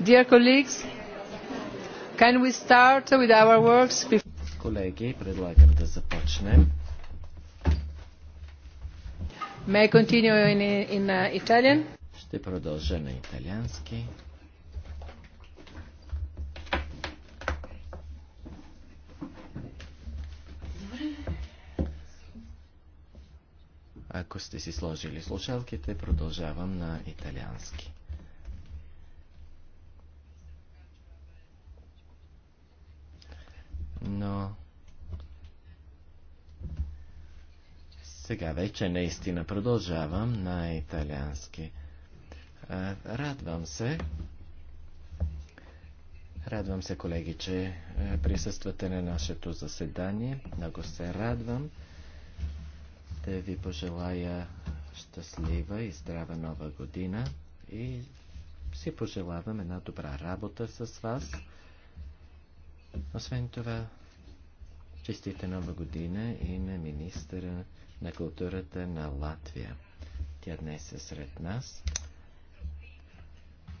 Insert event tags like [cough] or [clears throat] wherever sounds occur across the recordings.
Dear colleagues, can we start with our works? Колеги, предлагам да започнем. May continue in, in uh, Italian? Ще продължа на италиански. Ако сте си сложили слушалките, продължавам на италиански. но сега вече наистина продължавам на италиански. Радвам се. Радвам се, колеги, че е, присъствате на нашето заседание. Много се радвам да ви пожелая щастлива и здрава нова година и си пожелавам една добра работа с вас. Освен това, Честита нова година и на министъра на културата на Латвия. Тя днес е сред нас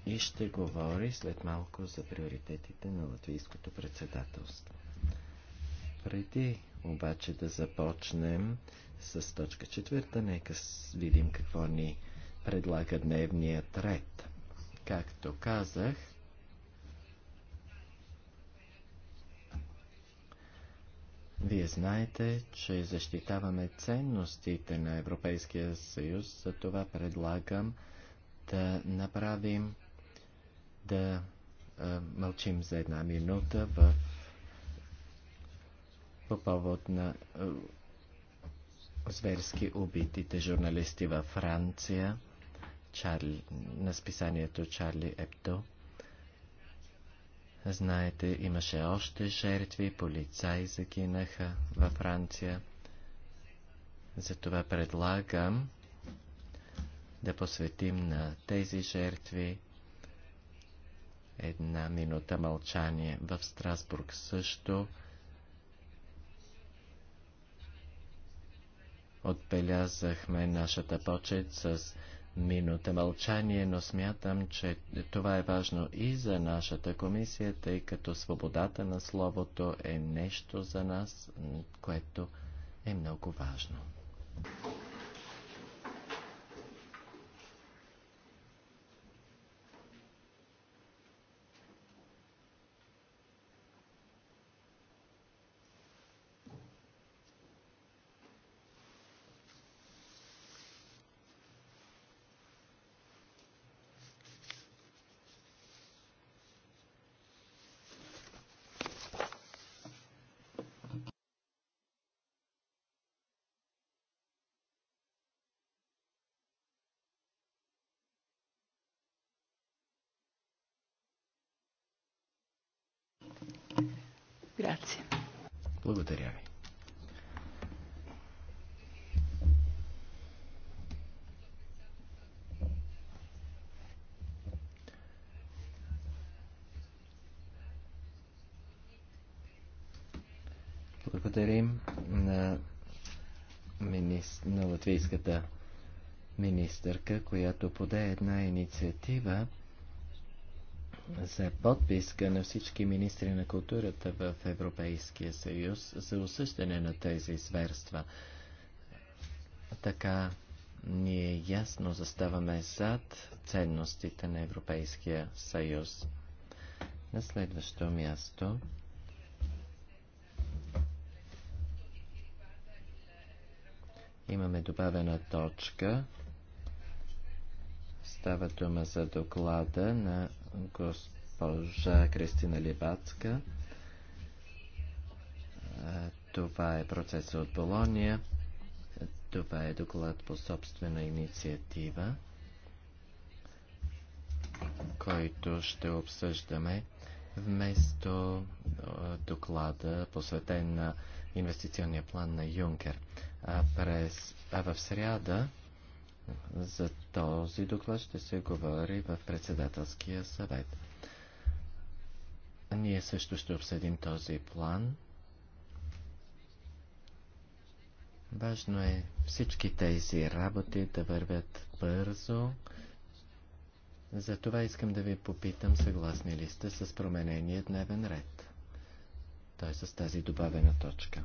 и ще говори след малко за приоритетите на латвийското председателство. Преди обаче да започнем с точка четвърта, нека видим какво ни предлага дневният ред. Както казах, Вие знаете, че защитаваме ценностите на Европейския съюз, за това предлагам да направим да а, мълчим за една минута в, по повод на а, зверски убитите журналисти във Франция, Чарли, на списанието Чарли Епто. Знаете, имаше още жертви, полицаи загинаха във Франция. Затова предлагам да посветим на тези жертви една минута мълчание. В Страсбург също отбелязахме нашата почет с минута мълчание, но смятам, че това е важно и за нашата комисия, тъй като свободата на словото е нещо за нас, което е много важно. Благодаря ви. Благодарим на, министр, на латвийската министърка, която поде една инициатива за подписка на всички министри на културата в Европейския съюз за осъждане на тези зверства. Така ние ясно заставаме зад ценностите на Европейския съюз. На следващо място имаме добавена точка. Става дума за доклада на госпожа Кристина Либацка. Това е процеса от Болония. Това е доклад по собствена инициатива, който ще обсъждаме вместо доклада, посветен на инвестиционния план на Юнкер. А, през, а в сряда за този доклад ще се говори в председателския съвет. Ние също ще обсъдим този план. Важно е всички тези работи да вървят бързо. Затова искам да ви попитам, съгласни ли сте с променения дневен ред? Той е с тази добавена точка.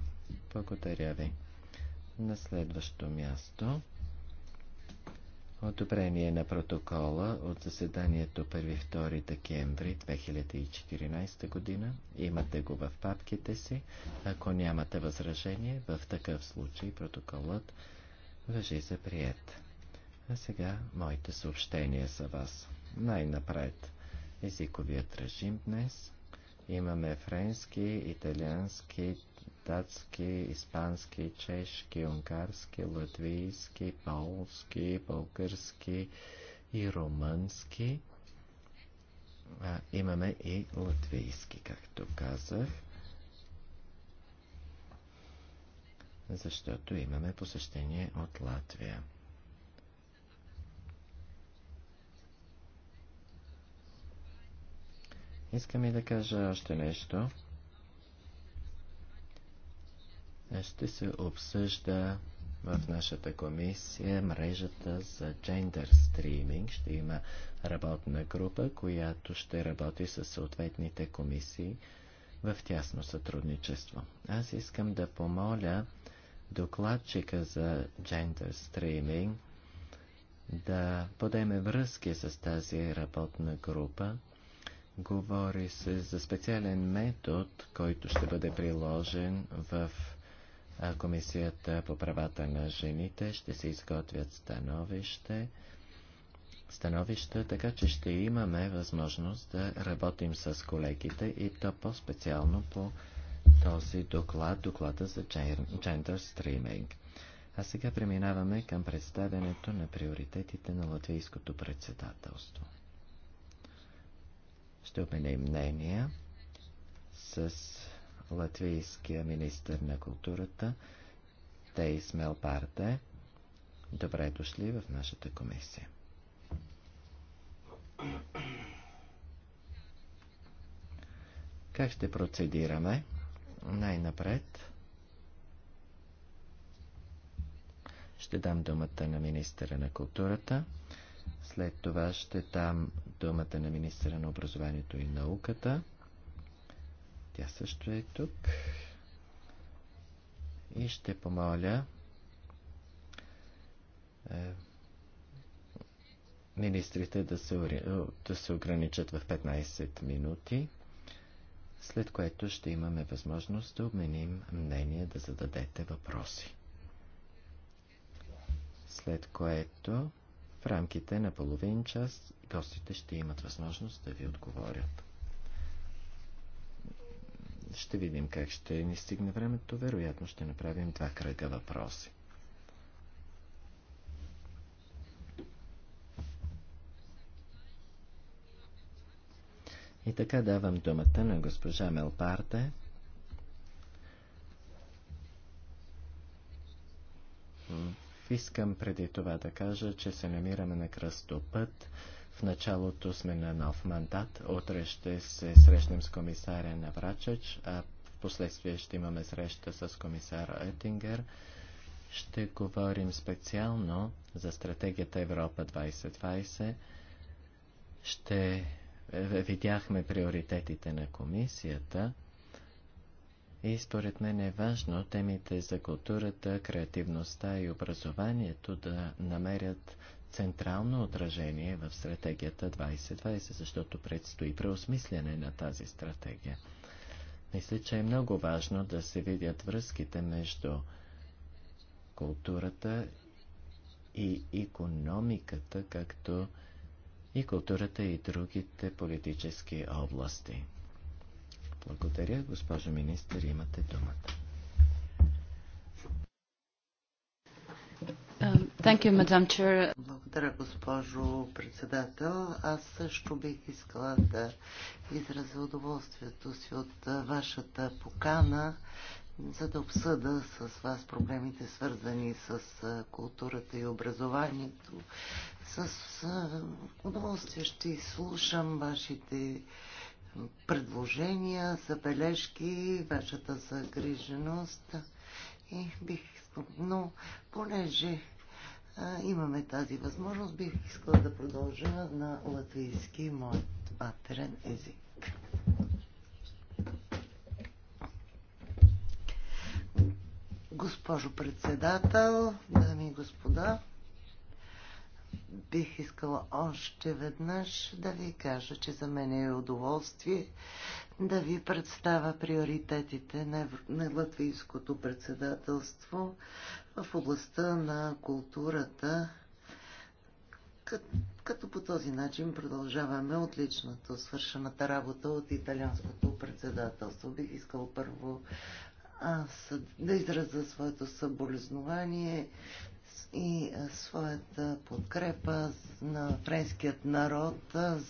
Благодаря ви. На следващо място одобрение на протокола от заседанието 1-2 декември 2014 година. Имате го в папките си. Ако нямате възражение, в такъв случай протоколът въжи за прият. А сега моите съобщения за вас. Най-напред езиковият режим днес. Имаме френски, италиански, датски, испански, чешки, унгарски, латвийски, полски, български и румънски. А, имаме и латвийски, както казах. Защото имаме посещение от Латвия. Искам и да кажа още нещо. ще се обсъжда в нашата комисия мрежата за джендър стриминг. Ще има работна група, която ще работи с съответните комисии в тясно сътрудничество. Аз искам да помоля докладчика за джендър стриминг да подеме връзки с тази работна група. Говори се за специален метод, който ще бъде приложен в Комисията по правата на жените ще се изготвят становище, становища, така че ще имаме възможност да работим с колегите и то по-специално по този доклад, доклада за gender streaming. А сега преминаваме към представянето на приоритетите на латвийското председателство. Ще обменим мнения с латвийския министр на културата Тейс Мелпарте. Добре дошли в нашата комисия. Как ще процедираме? Най-напред ще дам думата на министъра на културата. След това ще дам думата на министъра на образованието и науката. Тя също е тук. И ще помоля е, министрите да се, да се ограничат в 15 минути, след което ще имаме възможност да обменим мнение, да зададете въпроси. След което в рамките на половин час гостите ще имат възможност да ви отговорят. Ще видим как ще ни стигне времето. Вероятно ще направим два кръга въпроси. И така давам думата на госпожа Мелпарте. Искам преди това да кажа, че се намираме на кръстопът в началото сме на нов мандат. Утре ще се срещнем с комисаря Наврачач, а в последствие ще имаме среща с комисар Етингер. Ще говорим специално за стратегията Европа 2020. Ще е, е, видяхме приоритетите на комисията. И според мен е важно темите за културата, креативността и образованието да намерят централно отражение в стратегията 2020, защото предстои преосмислене на тази стратегия. Мисля, че е много важно да се видят връзките между културата и економиката, както и културата и другите политически области. Благодаря, госпожо министър, имате думата. You, Благодаря, госпожо председател. Аз също бих искала да изразя удоволствието си от вашата покана, за да обсъда с вас проблемите, свързани с културата и образованието. С удоволствие ще слушам вашите предложения, забележки, вашата загриженост. И бих но понеже а, имаме тази възможност, бих искала да продължа на латвийски, моят матерен език. Госпожо председател, дами и господа, бих искала още веднъж да ви кажа, че за мен е удоволствие да ви представя приоритетите на, Латвийското председателство в областта на културата, като по този начин продължаваме отличното свършената работа от италианското председателство. Бих искал първо съд, да изразя своето съболезнование и своята подкрепа на френският народ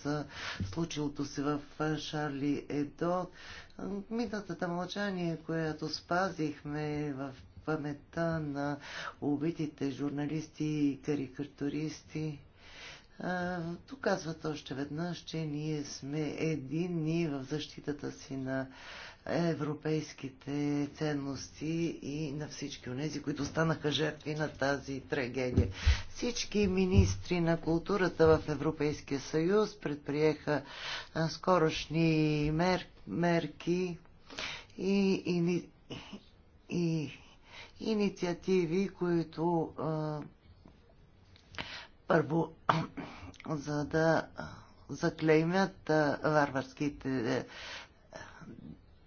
за случилото се в Шарли Едо. Митната мълчание, която спазихме в паметта на убитите журналисти и карикатуристи. Доказват още веднъж, че ние сме единни в защитата си на европейските ценности и на всички онези, които станаха жертви на тази трагедия. Всички министри на културата в Европейския съюз предприеха скорошни мер, мерки и, и, и, и инициативи, които а, първо [clears throat] за да заклеймят а, варварските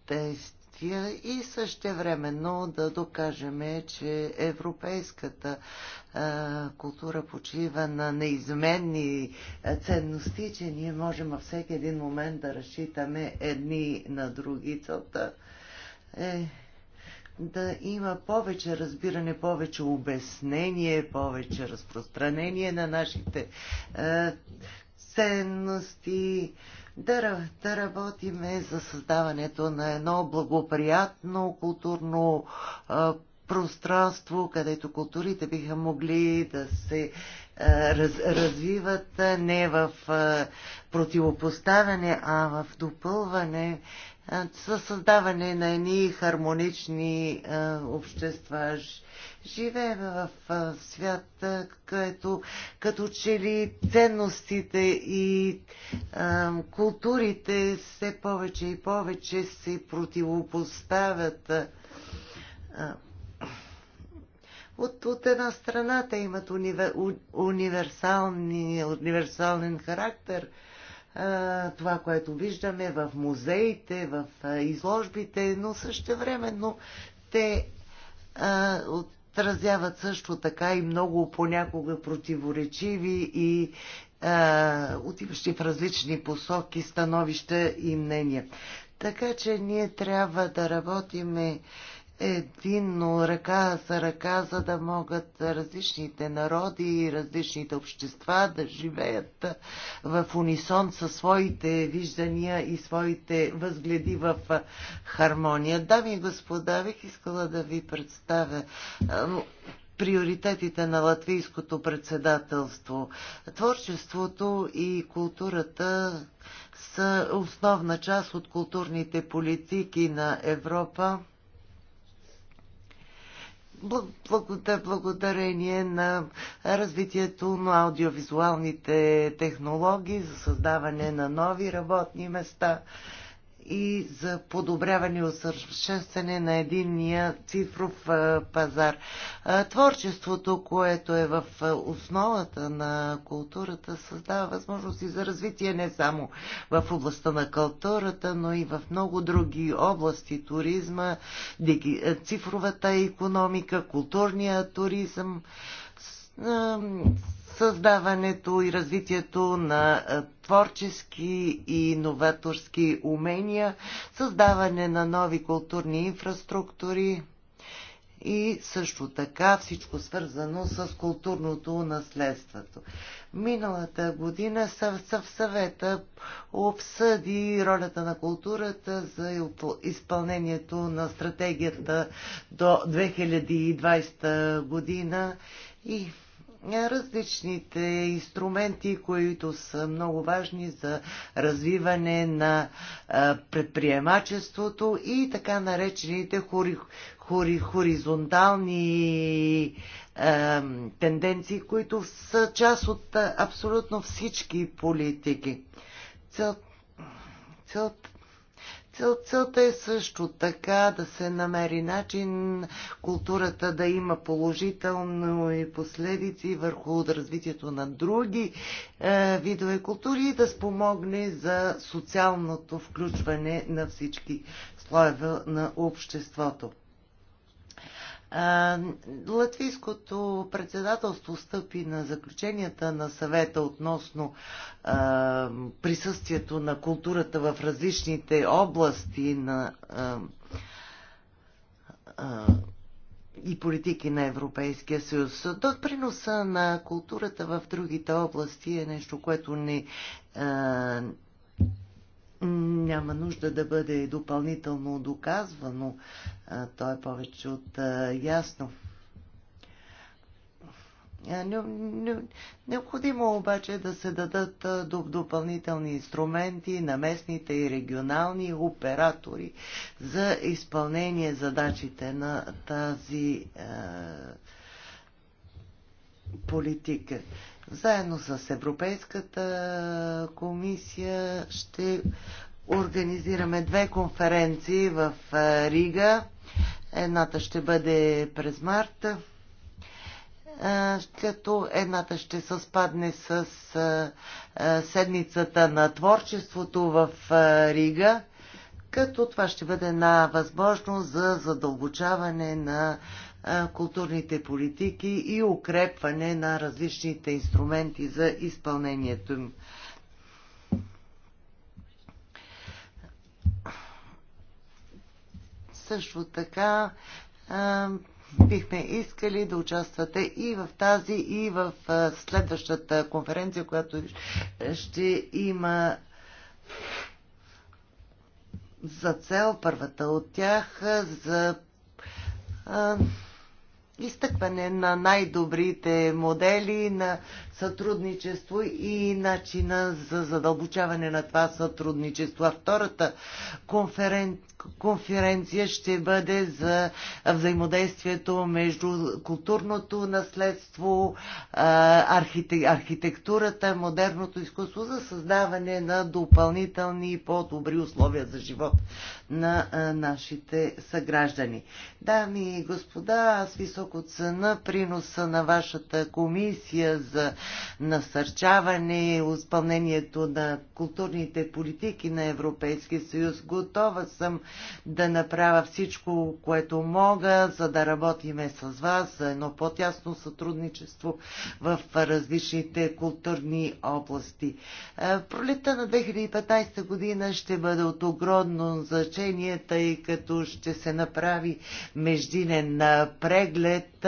действия и същевременно да докажем, че европейската а, култура почива на неизменни ценности, че ние можем във всеки един момент да разчитаме едни на други. Целта е да има повече разбиране, повече обяснение, повече разпространение на нашите е, ценности, да, да работиме за създаването на едно благоприятно културно е, пространство, където културите биха могли да се раз, развиват не в противопоставяне, а в допълване, със създаване на едни хармонични общества. Живеем в свят, където като че ли ценностите и културите все повече и повече се противопоставят от, от една страна те имат универ, универсални, универсален характер. Това, което виждаме в музеите, в изложбите, но същевременно те отразяват също така и много понякога противоречиви и а, отиващи в различни посоки становища и мнения. Така че ние трябва да работиме единно ръка за ръка, за да могат различните народи и различните общества да живеят в унисон със своите виждания и своите възгледи в хармония. Дами и господа, бих искала да ви представя приоритетите на латвийското председателство. Творчеството и културата са основна част от културните политики на Европа благодарение на развитието на аудиовизуалните технологии за създаване на нови работни места и за подобряване и усъвършенстване на единния цифров пазар. Творчеството, което е в основата на културата, създава възможности за развитие не само в областта на културата, но и в много други области. Туризма, цифровата економика, културния туризъм, създаването и развитието на творчески и новаторски умения, създаване на нови културни инфраструктури и също така всичко свързано с културното наследството. Миналата година в съвета обсъди ролята на културата за изпълнението на стратегията до 2020 година и различните инструменти, които са много важни за развиване на предприемачеството и така наречените хори, хори, хоризонтални тенденции, които са част от абсолютно всички политики. Цел, цел, Цел, целта е също така да се намери начин културата да има положително и последици върху развитието на други е, видове култури и да спомогне за социалното включване на всички слоеве на обществото. Латвийското председателство стъпи на заключенията на съвета относно присъствието на културата в различните области на и политики на Европейския съюз. До приноса на културата в другите области е нещо, което ни, няма нужда да бъде допълнително доказвано. То е повече от ясно. Необходимо обаче да се дадат допълнителни инструменти на местните и регионални оператори за изпълнение задачите на тази политика. Заедно с Европейската комисия ще организираме две конференции в е, Рига. Едната ще бъде през марта, е, като едната ще се спадне с е, седмицата на творчеството в Рига, като това ще бъде една възможност за задълбочаване на културните политики и укрепване на различните инструменти за изпълнението им. Също така бихме искали да участвате и в тази, и в следващата конференция, която ще има за цел първата от тях за изтъкване на най-добрите модели на сътрудничество и начина за задълбочаване на това сътрудничество. А втората конференция конференция ще бъде за взаимодействието между културното наследство, архитектурата, модерното изкуство за създаване на допълнителни и по-добри условия за живот на нашите съграждани. Дами и господа, аз високо цена приноса на вашата комисия за насърчаване и изпълнението на културните политики на Европейския съюз. Готова съм да направя всичко, което мога, за да работиме с вас за едно по-тясно сътрудничество в различните културни области. Е, Пролета на 2015 година ще бъде от огромно значение, тъй като ще се направи междинен преглед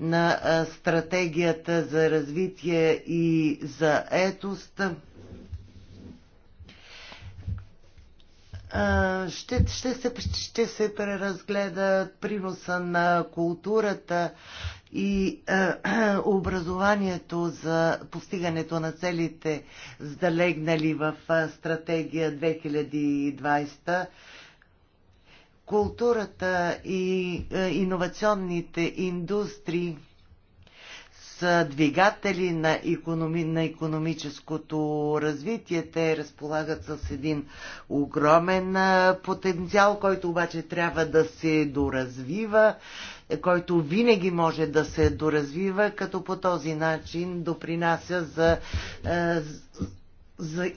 на стратегията за развитие и за етост ще, ще, се, ще се преразгледа приноса на културата и е, [clears throat] образованието за постигането на целите, залегнали в стратегия 2020. Културата и е, иновационните индустрии са двигатели на, економи, на економическото развитие. Те разполагат с един огромен потенциал, който обаче трябва да се доразвива, който винаги може да се доразвива, като по този начин допринася за, за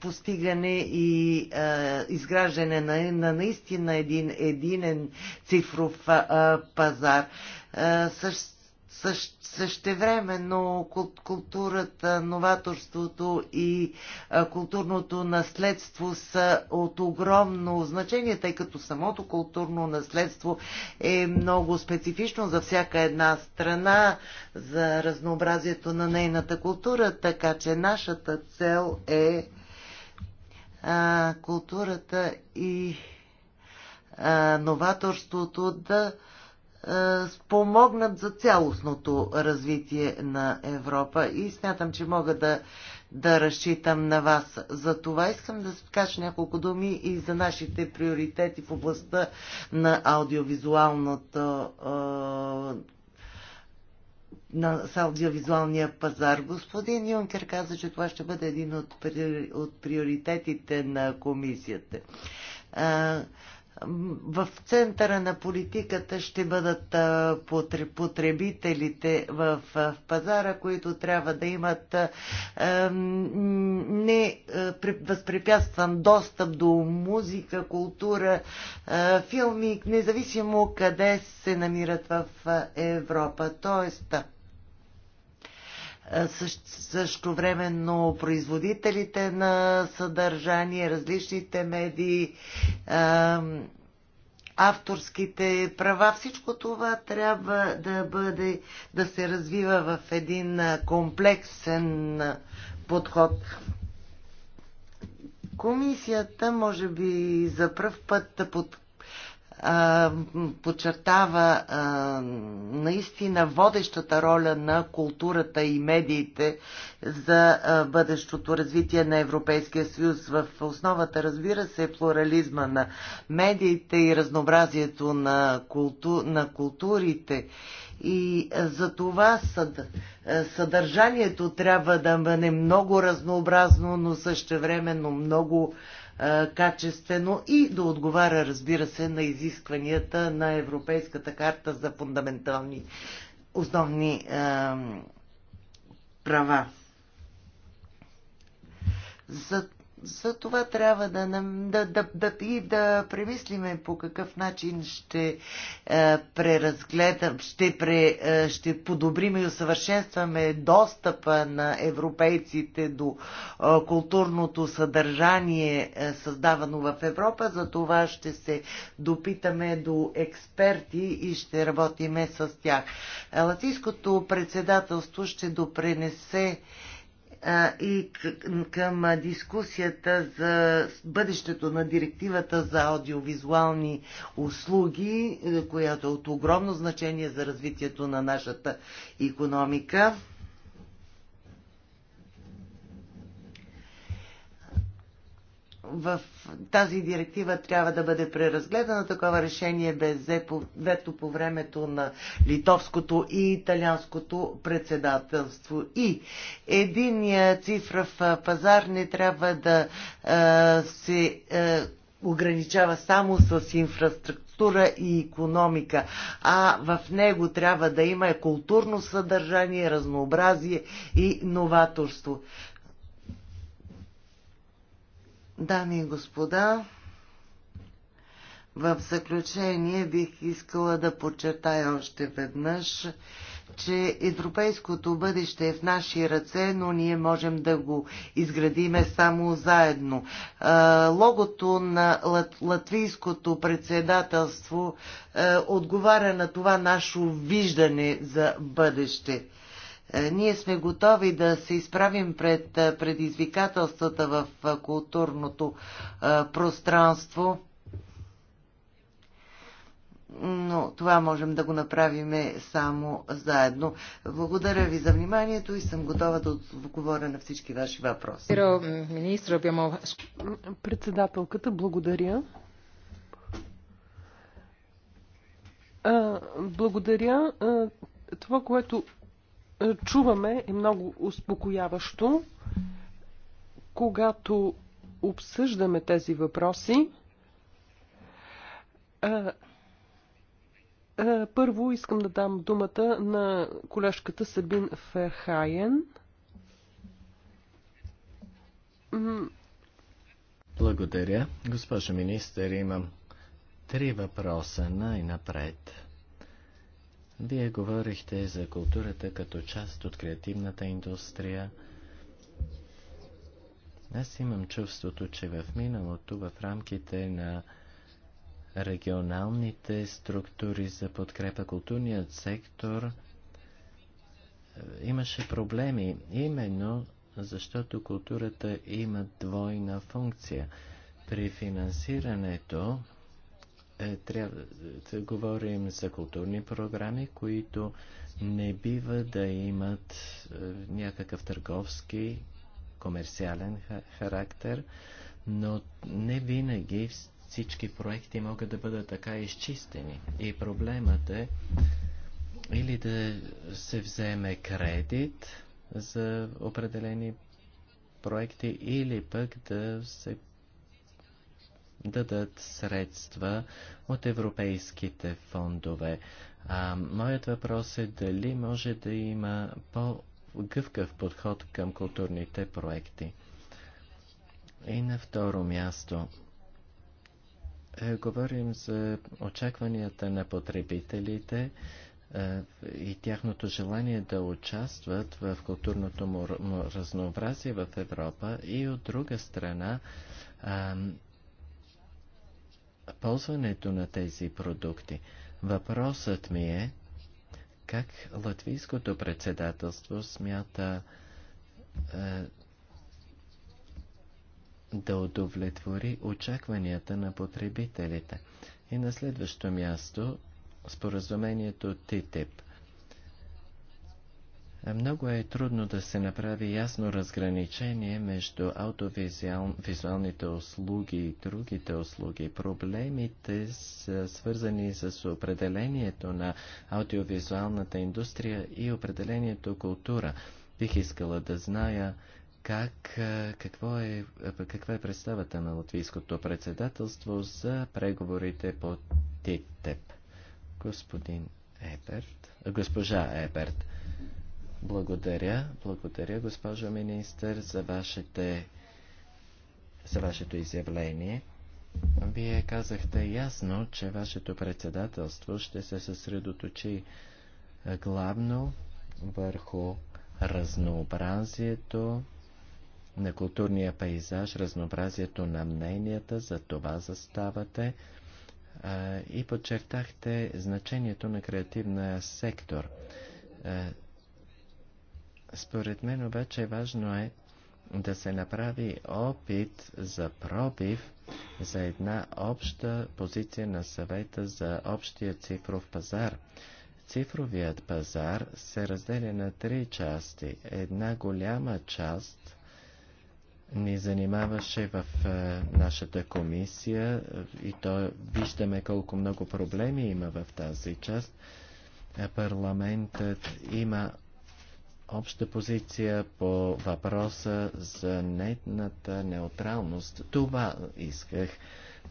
постигане и а, изграждане на, на наистина един единен цифров а, пазар. Е, същевременно културата, новаторството и е, културното наследство са от огромно значение, тъй като самото културно наследство е много специфично за всяка една страна, за разнообразието на нейната култура, така че нашата цел е, е културата и новаторството да е, спомогнат за цялостното развитие на Европа и смятам, че мога да, да разчитам на вас. За това искам да кажа няколко думи и за нашите приоритети в областта на аудиовизуалното е, на, с аудиовизуалния пазар. Господин Юнкер каза, че това ще бъде един от приоритетите на комисията. Е, в центъра на политиката ще бъдат потребителите в пазара, които трябва да имат не възпрепятстван достъп до музика, култура, филми, независимо къде се намират в Европа. Тоест, е, също времено производителите на съдържание, различните медии, е, авторските права, всичко това трябва да бъде, да се развива в един е, комплексен подход. Комисията, може би за пръв път, под, подчертава наистина водещата роля на културата и медиите за бъдещото развитие на Европейския съюз. В основата, разбира се, е плурализма на медиите и разнообразието на, култу... на културите. И за това съд... съдържанието трябва да бъде много разнообразно, но същевременно много е, качествено и да отговаря, разбира се, на изискванията на Европейската карта за фундаментални основни е, права. За за това трябва да, да, да, да, и да премислиме по какъв начин ще е, преразгледам, ще, пре, е, ще подобриме и усъвършенстваме достъпа на европейците до е, културното съдържание, е, създавано в Европа. За това ще се допитаме до експерти и ще работиме с тях. Латинското председателство ще допренесе и към дискусията за бъдещето на директивата за аудиовизуални услуги, е, която е от огромно значение за развитието на нашата економика. в тази директива трябва да бъде преразгледана. Такова решение бе взето по времето на литовското и италианското председателство. И единия цифров пазар не трябва да а, се а, ограничава само с инфраструктура и економика, а в него трябва да има културно съдържание, разнообразие и новаторство. Дами и господа, в заключение бих искала да подчертая още веднъж, че европейското бъдеще е в наши ръце, но ние можем да го изградиме само заедно. Логото на латвийското председателство отговаря на това наше виждане за бъдеще. Е, ние сме готови да се изправим пред е, предизвикателствата в е, културното пространство, но това можем да го направим само заедно. Благодаря ви за вниманието и съм готова да отговоря на всички ваши въпроси. Председателката, благодаря. Благодаря. Това, което чуваме е много успокояващо, когато обсъждаме тези въпроси. Първо искам да дам думата на колежката Сабин Ферхайен. Благодаря. Госпожо министър, имам три въпроса най-напред. Вие говорихте за културата като част от креативната индустрия. Аз имам чувството, че в миналото, в рамките на регионалните структури за подкрепа културният сектор е, имаше проблеми, именно защото културата има двойна функция. При финансирането е, трябва да е, говорим за културни програми, които не бива да имат е, някакъв търговски, комерциален характер, но не винаги всички проекти могат да бъдат така изчистени. И проблемът е или да се вземе кредит за определени проекти, или пък да се дадат средства от европейските фондове. А, моят въпрос е дали може да има по-гъвкав подход към културните проекти. И на второ място, е, говорим за очакванията на потребителите е, и тяхното желание да участват в културното му, разнообразие в Европа и от друга страна ползването на тези продукти. Въпросът ми е как латвийското председателство смята е, да удовлетвори очакванията на потребителите. И на следващо място споразумението ТИТИП. Е, много е трудно да се направи ясно разграничение между аудиовизуалните услуги и другите услуги. Проблемите са свързани с определението на аудиовизуалната индустрия и определението култура. Бих искала да зная как, е, какво е, е, каква е представата на латвийското председателство за преговорите по ТИТЕП. Господин Еберт, госпожа Еберт. Благодаря, благодаря, госпожо министър, за, вашите, за вашето изявление. Вие казахте ясно, че вашето председателство ще се съсредоточи главно върху разнообразието на културния пейзаж, разнообразието на мненията, за това заставате и подчертахте значението на креативния сектор. Според мен обаче важно е да се направи опит за пробив за една обща позиция на съвета за общия цифров пазар. Цифровият пазар се разделя на три части. Една голяма част ни занимаваше в е, нашата комисия е, и то виждаме колко много проблеми има в тази част. Е, парламентът има обща позиция по въпроса за нетната неутралност. Това исках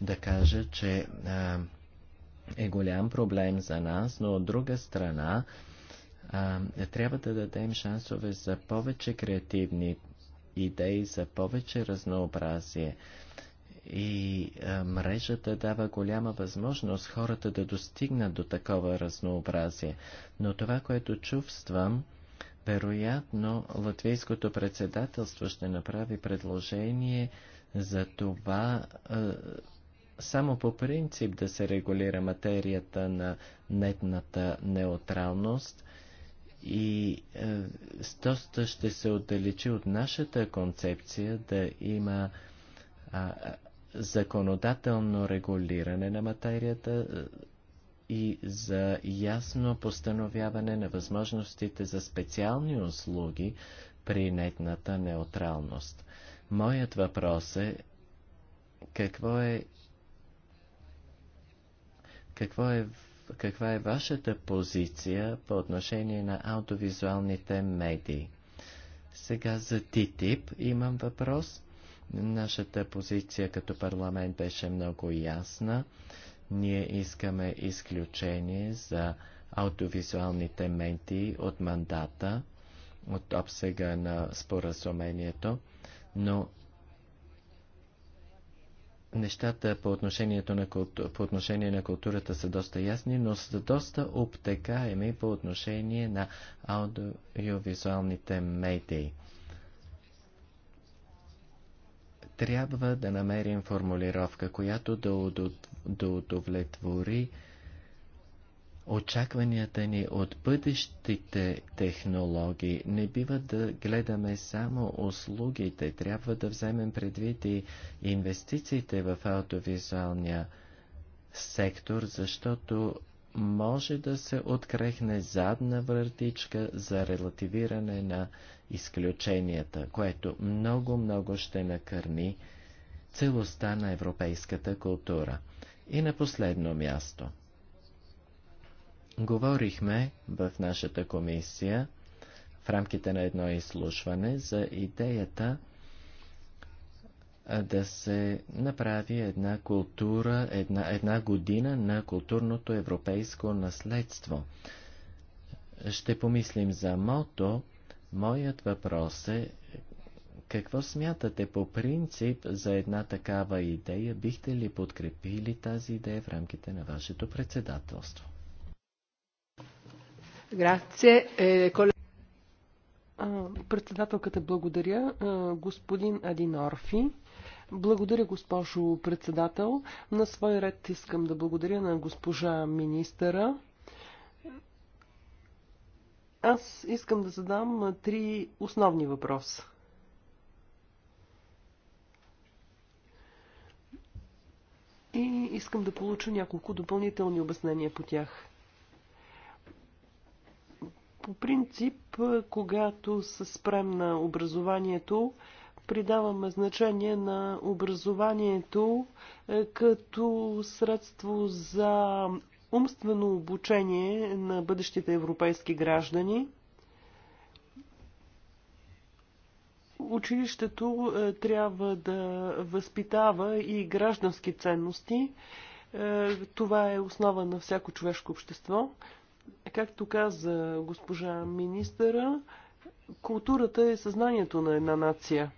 да кажа, че а, е голям проблем за нас, но от друга страна а, трябва да дадем шансове за повече креативни идеи, за повече разнообразие. И а, мрежата дава голяма възможност хората да достигнат до такова разнообразие. Но това, което чувствам, вероятно, латвийското председателство ще направи предложение за това е, само по принцип да се регулира материята на нетната неутралност и е, стоста ще се отдалечи от нашата концепция да има е, законодателно регулиране на материята, е, и за ясно постановяване на възможностите за специални услуги при нетната неутралност. Моят въпрос е какво е какво е каква е вашата позиция по отношение на аудиовизуалните медии? Сега за ТИТИП имам въпрос. Нашата позиция като парламент беше много ясна. Ние искаме изключение за аудиовизуалните менти от мандата, от обсега на споразумението, но нещата по, отношението на култу... по отношение на културата са доста ясни, но са доста обтекаеми по отношение на аудиовизуалните медии. Трябва да намерим формулировка, която да да удовлетвори очакванията ни от бъдещите технологии. Не бива да гледаме само услугите, трябва да вземем предвид и инвестициите в аудиовизуалния сектор, защото може да се открехне задна вратичка за релативиране на изключенията, което много-много ще накърни целостта на европейската култура. И на последно място. Говорихме в нашата комисия в рамките на едно изслушване за идеята да се направи една култура, една, една година на културното европейско наследство. Ще помислим за мото. Моят въпрос е какво смятате по принцип за една такава идея? Бихте ли подкрепили тази идея в рамките на вашето председателство? Е, председателката благодаря. Господин Адинорфи. Благодаря, госпожо председател. На свой ред искам да благодаря на госпожа министъра. Аз искам да задам три основни въпроса. и искам да получа няколко допълнителни обяснения по тях. По принцип, когато се спрем на образованието, придаваме значение на образованието е, като средство за умствено обучение на бъдещите европейски граждани – Училището е, трябва да възпитава и граждански ценности. Е, това е основа на всяко човешко общество. Както каза госпожа министъра, културата е съзнанието на една нация.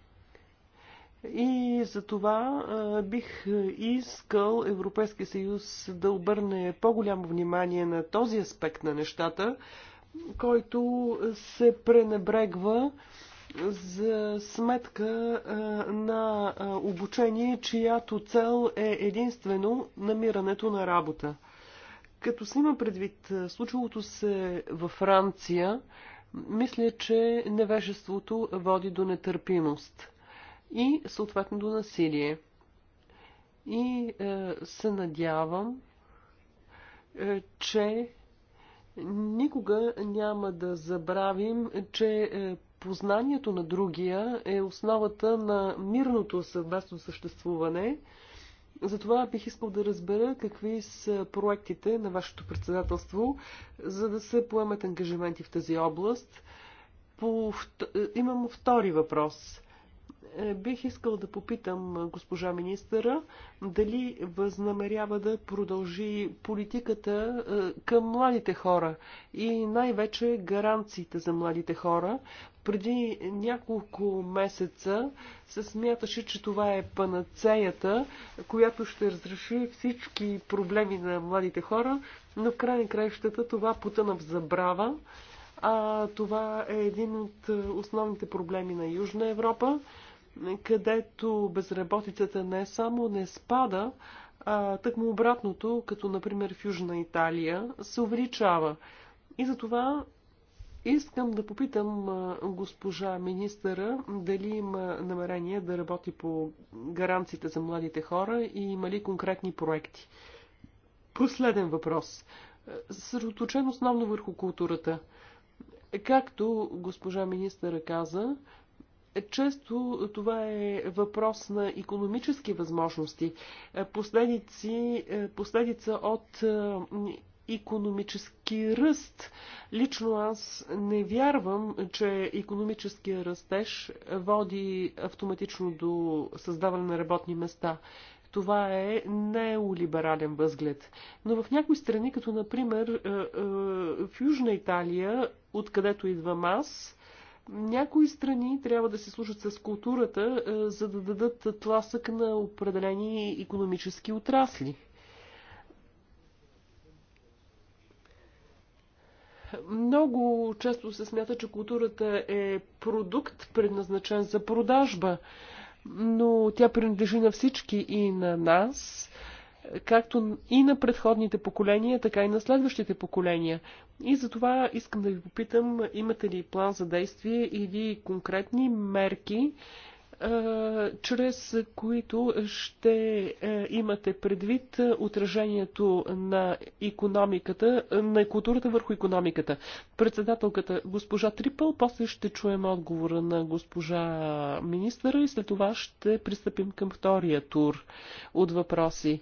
И за това е, бих искал Европейския съюз да обърне по-голямо внимание на този аспект на нещата, който се пренебрегва за сметка на обучение, чиято цел е единствено намирането на работа. Като се има предвид случилото се във Франция, мисля, че невежеството води до нетърпимост и съответно до насилие. И е, се надявам, е, че никога няма да забравим, че познанието на другия е основата на мирното съвместно съществуване. Затова бих искал да разбера какви са проектите на вашето председателство, за да се поемат ангажименти в тази област. По... Имам втори въпрос. Е, бих искал да попитам е, госпожа министъра дали възнамерява да продължи политиката е, към младите хора и най-вече гаранциите за младите хора, преди няколко месеца се смяташе, че това е панацеята, която ще разреши всички проблеми на младите хора, но в край на краищата това потъна в забрава. А това е един от основните проблеми на Южна Европа, където безработицата не само не спада, а тъкмо обратното, като например в Южна Италия, се увеличава. И затова Искам да попитам госпожа министъра дали има намерение да работи по гаранциите за младите хора и има ли конкретни проекти. Последен въпрос. Съсредоточен основно върху културата. Както госпожа министъра каза, често това е въпрос на економически възможности, последици, последица от економически ръст. Лично аз не вярвам, че економическия растеж води автоматично до създаване на работни места. Това е неолиберален възглед. Но в някои страни, като например е, е, в Южна Италия, откъдето идвам аз, някои страни трябва да се служат с културата, е, за да дадат тласък на определени економически отрасли. Много често се смята, че културата е продукт, предназначен за продажба, но тя принадлежи на всички и на нас, както и на предходните поколения, така и на следващите поколения. И за това искам да ви попитам, имате ли план за действие или конкретни мерки, чрез които ще имате предвид отражението на економиката, на културата върху економиката. Председателката госпожа Трипъл, после ще чуем отговора на госпожа министъра и след това ще пристъпим към втория тур от въпроси.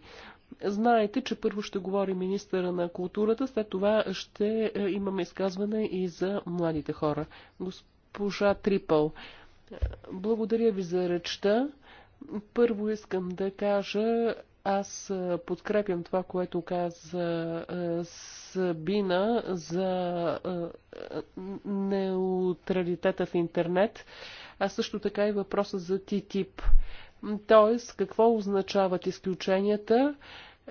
Знаете, че първо ще говори министъра на културата, след това ще имаме изказване и за младите хора. Госпожа Трипъл. Благодаря ви за речта. Първо искам да кажа, аз подкрепям това, което каза е, Сабина за е, неутралитета в интернет, а също така и въпроса за ТТИП. Тоест, какво означават изключенията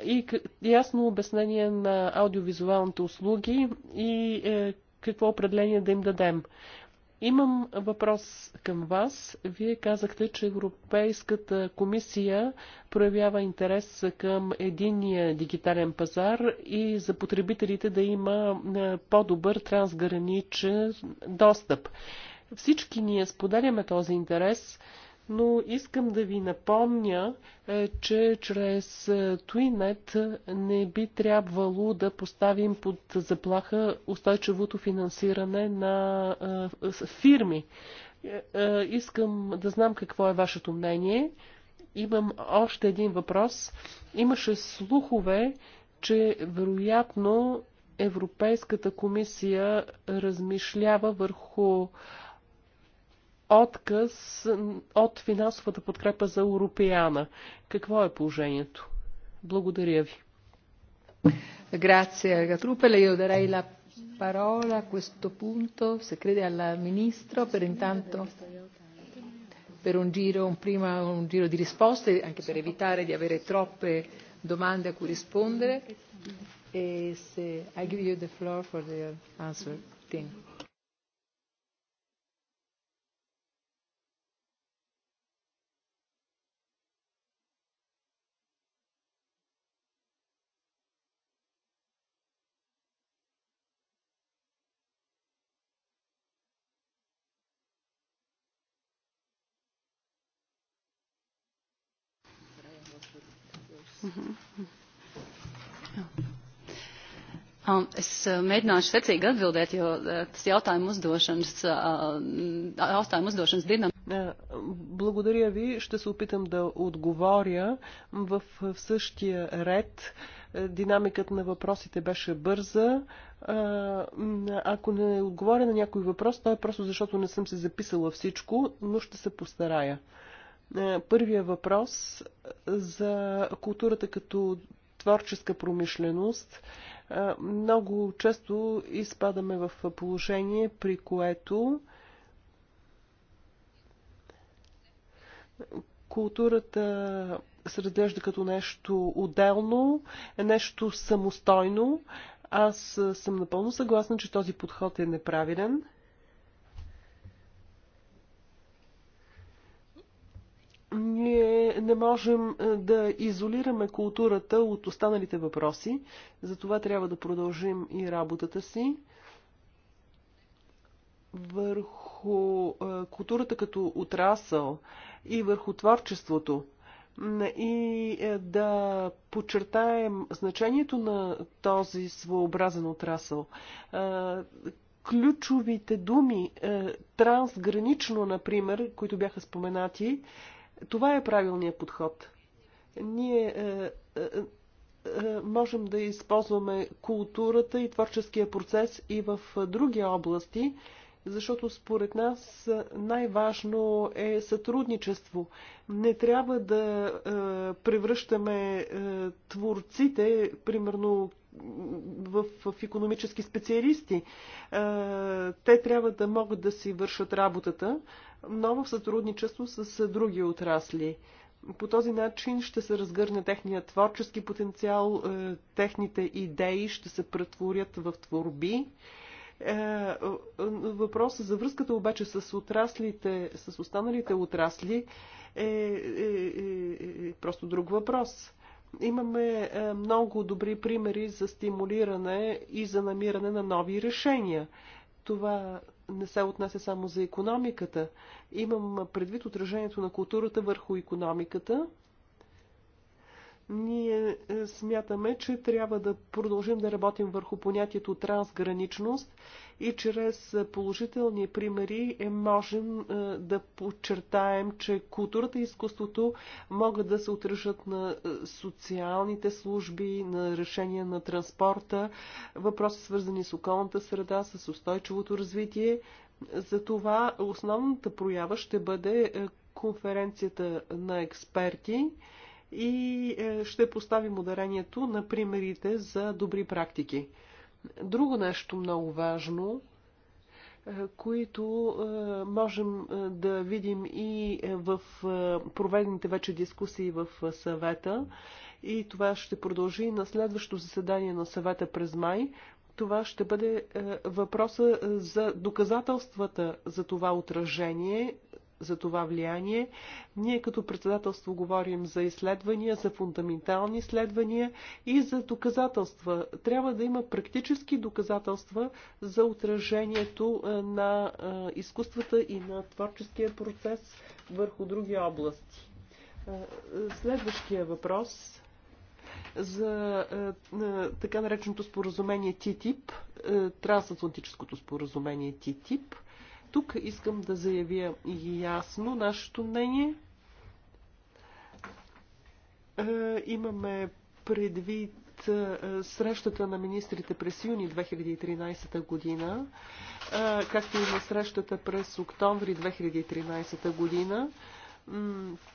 и ясно обяснение на аудиовизуалните услуги и е, какво определение да им дадем. Имам въпрос към вас. Вие казахте, че Европейската комисия проявява интерес към единния дигитален пазар и за потребителите да има е, по-добър трансграничен достъп. Всички ние споделяме този интерес но искам да ви напомня, е, че чрез Туинет не би трябвало да поставим под заплаха устойчивото финансиране на е, фирми. Е, искам да знам какво е вашето мнение. Имам още един въпрос. Имаше слухове, че вероятно Европейската комисия размишлява върху отказ от финансовата подкрепа за Европеяна. Какво е положението? Благодаря ви. Grazie, Gatrupele. Io darei la parola a questo punto, se crede, al Ministro per intanto per un giro, un prima, un giro di risposte, anche per evitare di avere troppe domande a cui rispondere. E se, I give you the floor for the answer. Thing. Es mēģināšu secīgi atbildēt, jo tas jautājums uzdošanas, jautājums uzdošanas dinam. Благодаря ви. Ще се опитам да отговоря в същия ред. Динамиката на въпросите беше бърза. Ако не отговоря на някой въпрос, то е просто защото не съм се записала всичко, но ще се постарая. Е, първия въпрос за културата като творческа промишленост. Е, много често изпадаме в положение, при което културата се разглежда като нещо отделно, нещо самостойно. Аз съм напълно съгласна, че този подход е неправилен – Ние не можем е, да изолираме културата от останалите въпроси, затова трябва да продължим и работата си върху е, културата като отрасъл и върху творчеството и е, да подчертаем значението на този своеобразен отрасъл. Ключовите думи, трансгранично, например, които бяха споменати, това е правилният подход. Ние е, е, е, можем да използваме културата и творческия процес и в други области, защото според нас най-важно е сътрудничество. Не трябва да е, превръщаме е, творците, примерно в, в економически специалисти. Те трябва да могат да си вършат работата, но в сътрудничество с други отрасли. По този начин ще се разгърне техния творчески потенциал, техните идеи ще се претворят в творби. Въпросът за връзката обаче с отраслите, с останалите отрасли е, е, е, е просто друг въпрос. Имаме е, много добри примери за стимулиране и за намиране на нови решения. Това не се отнася само за економиката. Имам предвид отражението на културата върху економиката ние е, смятаме, че трябва да продължим да работим върху понятието трансграничност и чрез е, положителни примери е можем да подчертаем, че културата и изкуството могат да се отръжат на социалните служби, на решения на транспорта, въпроси свързани с околната среда, с устойчивото развитие. Затова основната проява ще бъде конференцията на експерти – и е, ще поставим ударението на примерите за добри практики. Друго нещо много важно, е, които е, можем да видим и в проведените вече дискусии в съвета. И това ще продължи на следващото заседание на съвета през май. Това ще бъде въпроса за доказателствата за това отражение за това влияние. Ние като председателство говорим за изследвания, за фундаментални изследвания и за доказателства. Трябва да има практически доказателства за отражението на изкуствата и на творческия процес върху други области. Следващия въпрос за така нареченото споразумение ТИТИП, трансатлантическото споразумение ТИТИП – тук искам да заявя ясно нашето мнение. Е, имаме предвид е, срещата на министрите през юни 2013 година, е, както и на срещата през октомври 2013 година.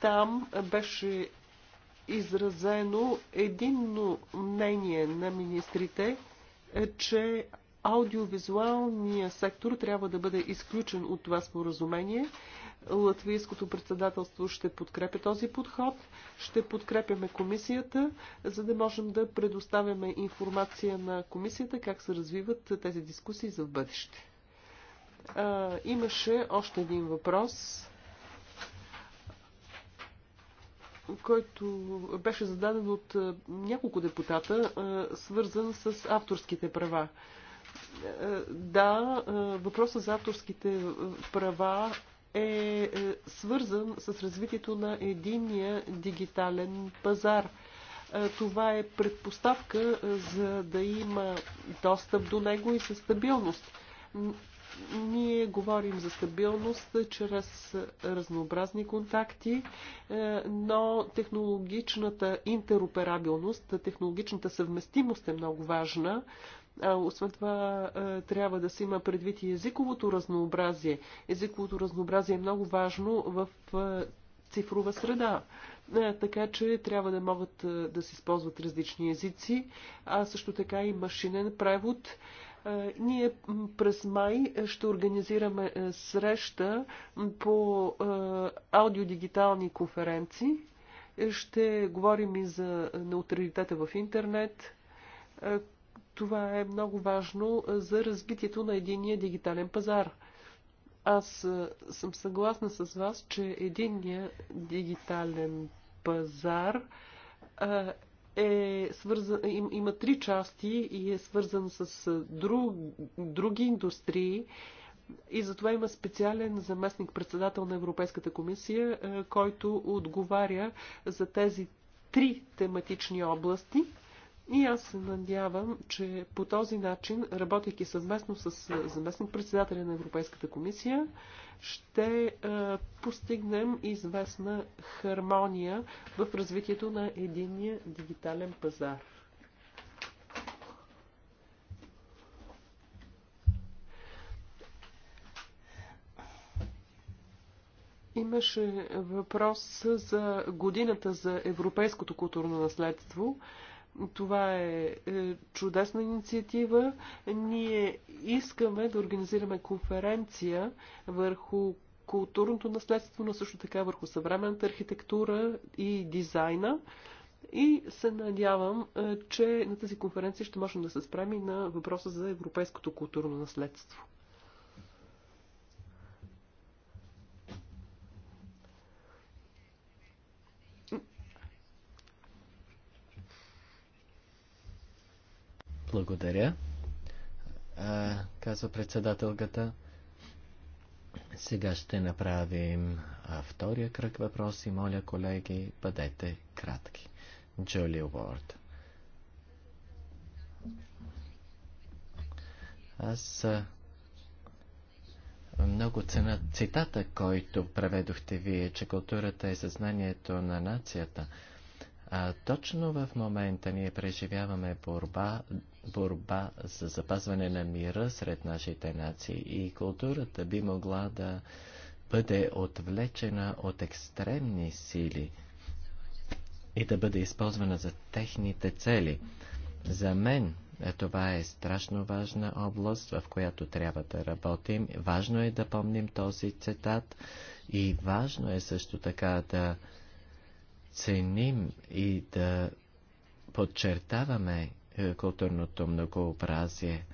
Там беше изразено единно мнение на министрите, че Аудиовизуалният сектор трябва да бъде изключен от това споразумение. Латвийското председателство ще подкрепя този подход. Ще подкрепяме комисията, за да можем да предоставяме информация на комисията как се развиват тези дискусии за в бъдеще. А, имаше още един въпрос, който беше зададен от няколко депутата, свързан с авторските права. Да, е, въпросът за авторските права е, е свързан с развитието на единия дигитален пазар. Е, това е предпоставка за да има достъп до него и за стабилност. Ние говорим за стабилност чрез разнообразни контакти, но технологичната интероперабилност, технологичната съвместимост е много важна. А, освен това, а, трябва да се има предвид и езиковото разнообразие. Езиковото разнообразие е много важно в а, цифрова среда. Така че трябва да могат да се използват различни езици, а също така и машинен превод. Ние през май ще организираме среща по аудиодигитални конференции. Ще говорим и за неутралитета в интернет, това е много важно за развитието на единия дигитален пазар. Аз съм съгласна с вас, че единния дигитален пазар е свързан, им, има три части и е свързан с друг, други индустрии. И затова има специален заместник-председател на Европейската комисия, който отговаря за тези три тематични области. И аз се надявам, че по този начин, работейки съвместно с заместник председателя на Европейската комисия, ще е, постигнем известна хармония в развитието на единния дигитален пазар. Имаше въпрос за годината за европейското културно наследство. Това е, е чудесна инициатива. Ние искаме да организираме конференция върху културното наследство, но също така върху съвременната архитектура и дизайна. И се надявам, е, че на тази конференция ще можем да се справим на въпроса за европейското културно наследство. Благодаря, а, казва председателката. Сега ще направим а, втория кръг въпроси. Моля, колеги, бъдете кратки. Джоли Уорд. Аз а, много цена цитата, който преведохте вие, че културата е съзнанието на нацията. А точно в момента ние преживяваме борба борба за запазване на мира сред нашите нации и културата би могла да бъде отвлечена от екстремни сили и да бъде използвана за техните цели. За мен е, това е страшно важна област, в която трябва да работим. Важно е да помним този цитат и важно е също така да ценим и да подчертаваме е, културното многообразие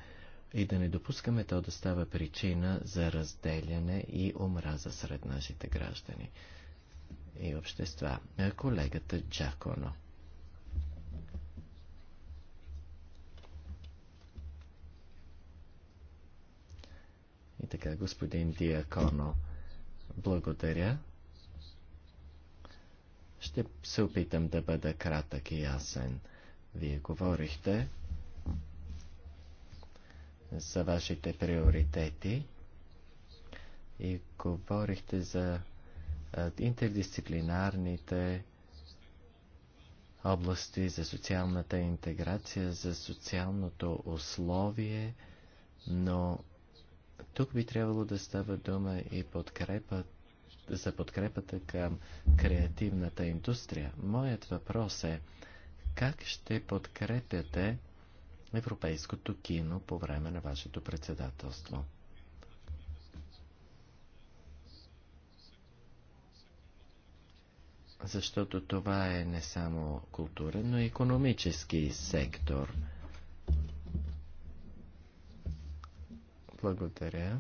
и да не допускаме то да става причина за разделяне и омраза сред нашите граждани и общества. Е, колегата Джаконо. И така, господин Диаконо, благодаря. Ще се опитам да бъда кратък и ясен. Вие говорихте за вашите приоритети и говорихте за интердисциплинарните области, за социалната интеграция, за социалното условие, но тук би трябвало да става дума и подкрепа, за подкрепата към креативната индустрия. Моят въпрос е, как ще подкрепяте европейското кино по време на вашето председателство? Защото това е не само културен, но и економически сектор. Благодаря.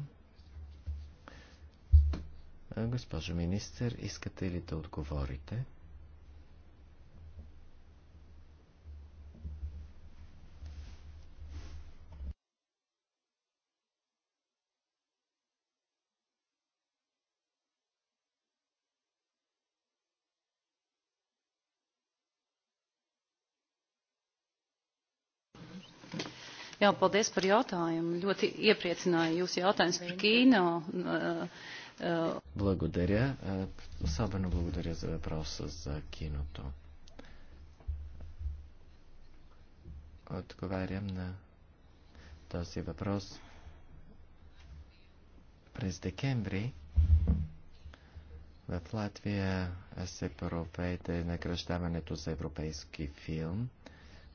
Госпожо министър, искате ли да отговорите? Jā, paldies par jautājumu. Ļoti iepriecināja jūsu jautājums par Ķīnu. Uh, благодаря. Е, особено благодаря за въпроса за киното. Отговарям на този въпрос. През декември в Латвия се проведе награждаването за европейски филм –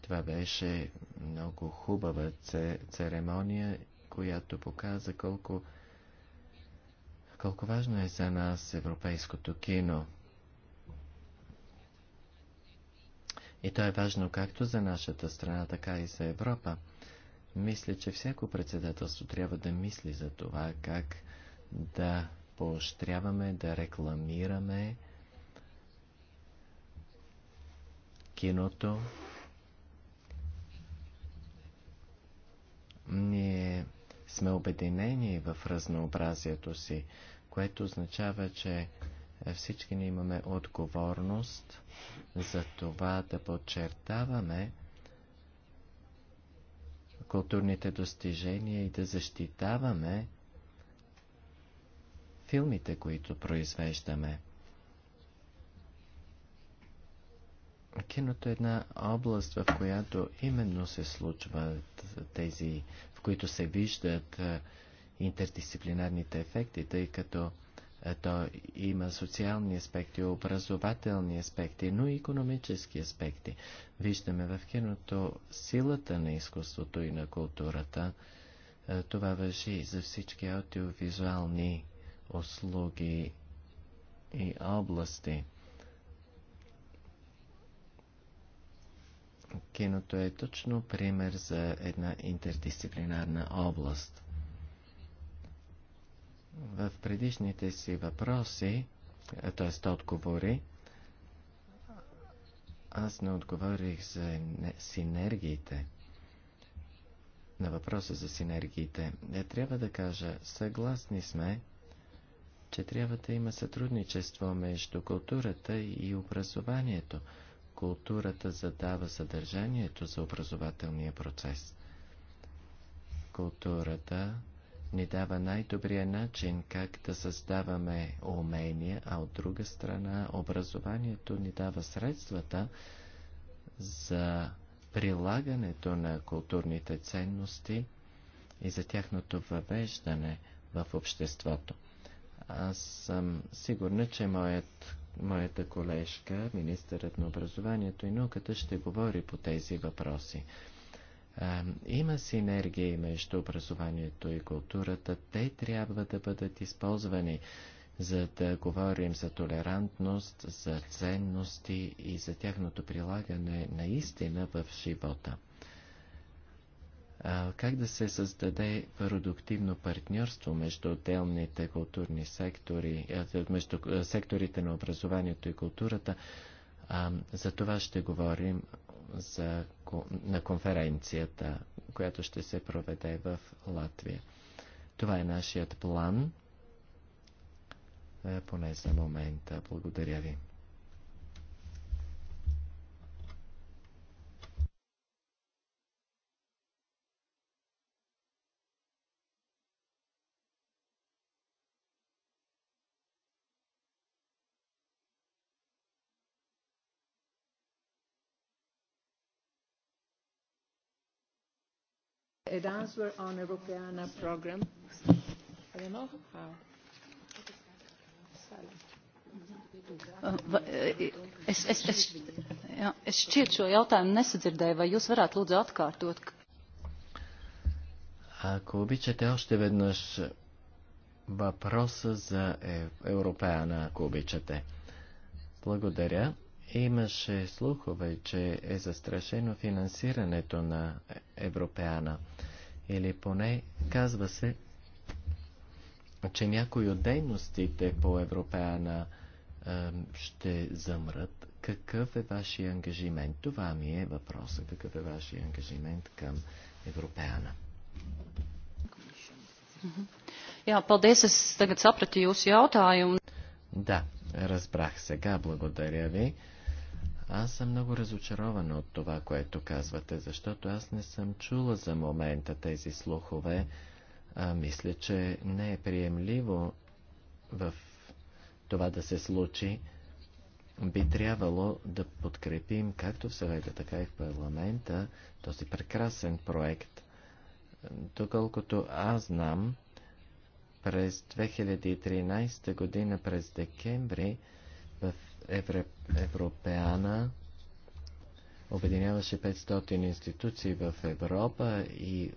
това беше много хубава церемония, която показа колко, колко важно е за нас европейското кино. И то е важно както за нашата страна, така и за Европа. Мисля, че всяко председателство трябва да мисли за това, как да поощряваме, да рекламираме киното, Ние сме обединени в разнообразието си, което означава, че всички ни имаме отговорност за това да подчертаваме културните достижения и да защитаваме филмите, които произвеждаме. киното е една област, в която именно се случват тези, в които се виждат интердисциплинарните ефекти, тъй като то има социални аспекти, образователни аспекти, но и економически аспекти. Виждаме в киното силата на изкуството и на културата. Това въжи за всички аудиовизуални услуги и области. киното е точно пример за една интердисциплинарна област. В предишните си въпроси, т.е. отговори, аз не отговорих за синергиите. На въпроса за синергиите, не трябва да кажа, съгласни сме, че трябва да има сътрудничество между културата и образованието културата задава съдържанието за образователния процес. Културата ни дава най-добрия начин как да създаваме умения, а от друга страна образованието ни дава средствата за прилагането на културните ценности и за тяхното въвеждане в обществото. Аз съм сигурна, че моят моята колежка, министърът на образованието и науката, ще говори по тези въпроси. А, има синергии между образованието и културата. Те трябва да бъдат използвани, за да говорим за толерантност, за ценности и за тяхното прилагане наистина в живота как да се създаде продуктивно партньорство между отделните културни сектори, между секторите на образованието и културата. За това ще говорим за, на конференцията, която ще се проведе в Латвия. Това е нашият план, поне за момента. Благодаря ви. ed answer on Europeana program. I don't know how. Es, es, es, jā, es šķiet šo jautājumu nesadzirdēju, vai jūs varētu lūdzu atkārtot? Ако обичате още веднъж въпроса за Европеана, ако обичате. Благодаря. Имаше слухове, че е застрашено финансирането на Европеана. Или поне казва се, че някои от дейностите по Европеана е, ще замрат. Какъв е вашия ангажимент? Това ми е въпросът: Какъв е вашия ангажимент към Европеана? Да, разбрах сега, благодаря ви. Аз съм много разочарована от това, което казвате, защото аз не съм чула за момента тези слухове. А, мисля, че не е приемливо в това да се случи. Би трябвало да подкрепим, както в съвета, така и в парламента, този прекрасен проект. Доколкото аз знам, през 2013 година, през декември, в Евре, Европеана обединяваше 500 институции в Европа и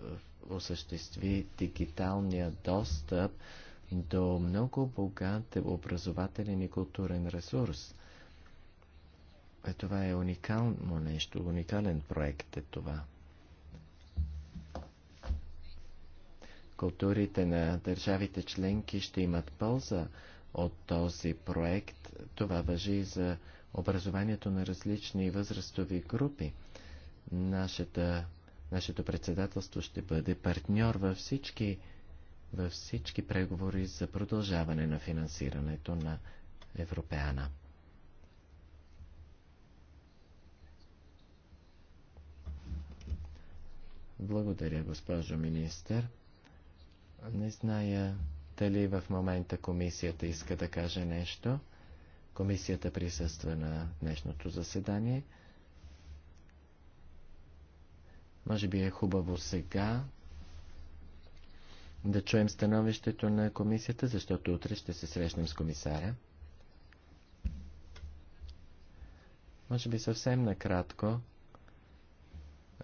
осъществи дигиталния достъп до много богат образователен и културен ресурс. Е, това е уникално нещо, уникален проект е това. Културите на държавите членки ще имат полза от този проект. Това въжи и за образованието на различни възрастови групи. Нашата, нашето председателство ще бъде партньор във всички, във всички преговори за продължаване на финансирането на Европеана. Благодаря, госпожо министър. Не зная дали в момента комисията иска да каже нещо? Комисията присъства на днешното заседание. Може би е хубаво сега да чуем становището на комисията, защото утре ще се срещнем с комисаря. Може би съвсем накратко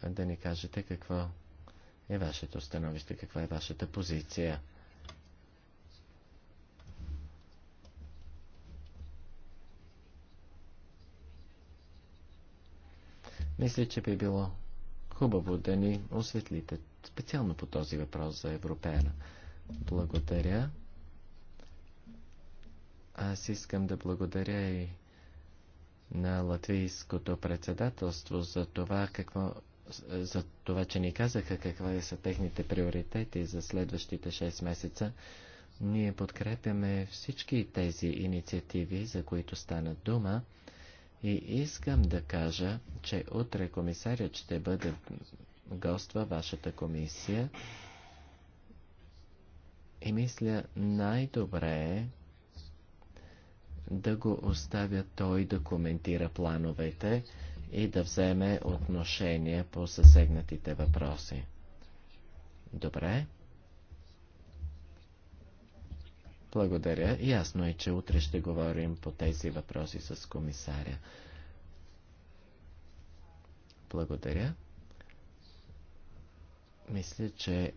да ни кажете какво е вашето становище, каква е вашата позиция. Мисля, че би било хубаво да ни осветлите специално по този въпрос за Европейна. Благодаря. Аз искам да благодаря и на латвийското председателство за това, какво, за това, че ни казаха какви са техните приоритети за следващите 6 месеца. Ние подкрепяме всички тези инициативи, за които стана дума. И искам да кажа, че утре комисарят ще бъде гост във вашата комисия. И мисля, най-добре е да го оставя той да коментира плановете и да вземе отношение по съсегнатите въпроси. Добре? Благодаря. Ясно е, че утре ще говорим по тези въпроси с комисаря. Благодаря. Мисля, че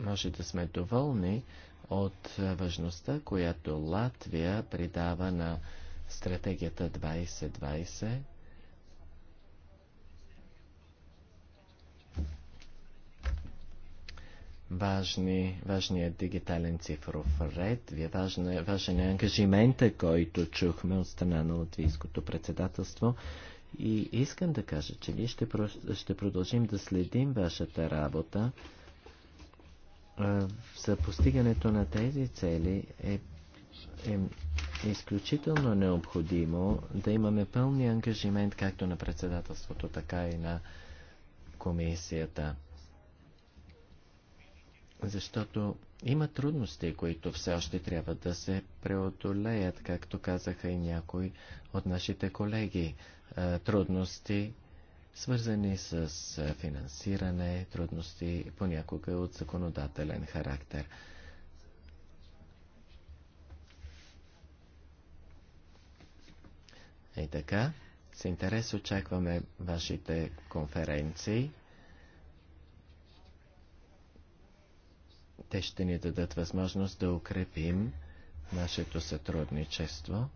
може да сме доволни от важността, която Латвия придава на стратегията 2020 важни, важният дигитален цифров ред. важен, важен е ангажимента, който чухме от страна на латвийското председателство. И искам да кажа, че ние ще, ще продължим да следим вашата работа. За постигането на тези цели е, е изключително необходимо да имаме пълния ангажимент както на председателството, така и на комисията защото има трудности, които все още трябва да се преодолеят, както казаха и някои от нашите колеги. Трудности, свързани с финансиране, трудности понякога от законодателен характер. И така, с интерес очакваме вашите конференции. Те ще ни дадат възможност да укрепим нашето сътрудничество.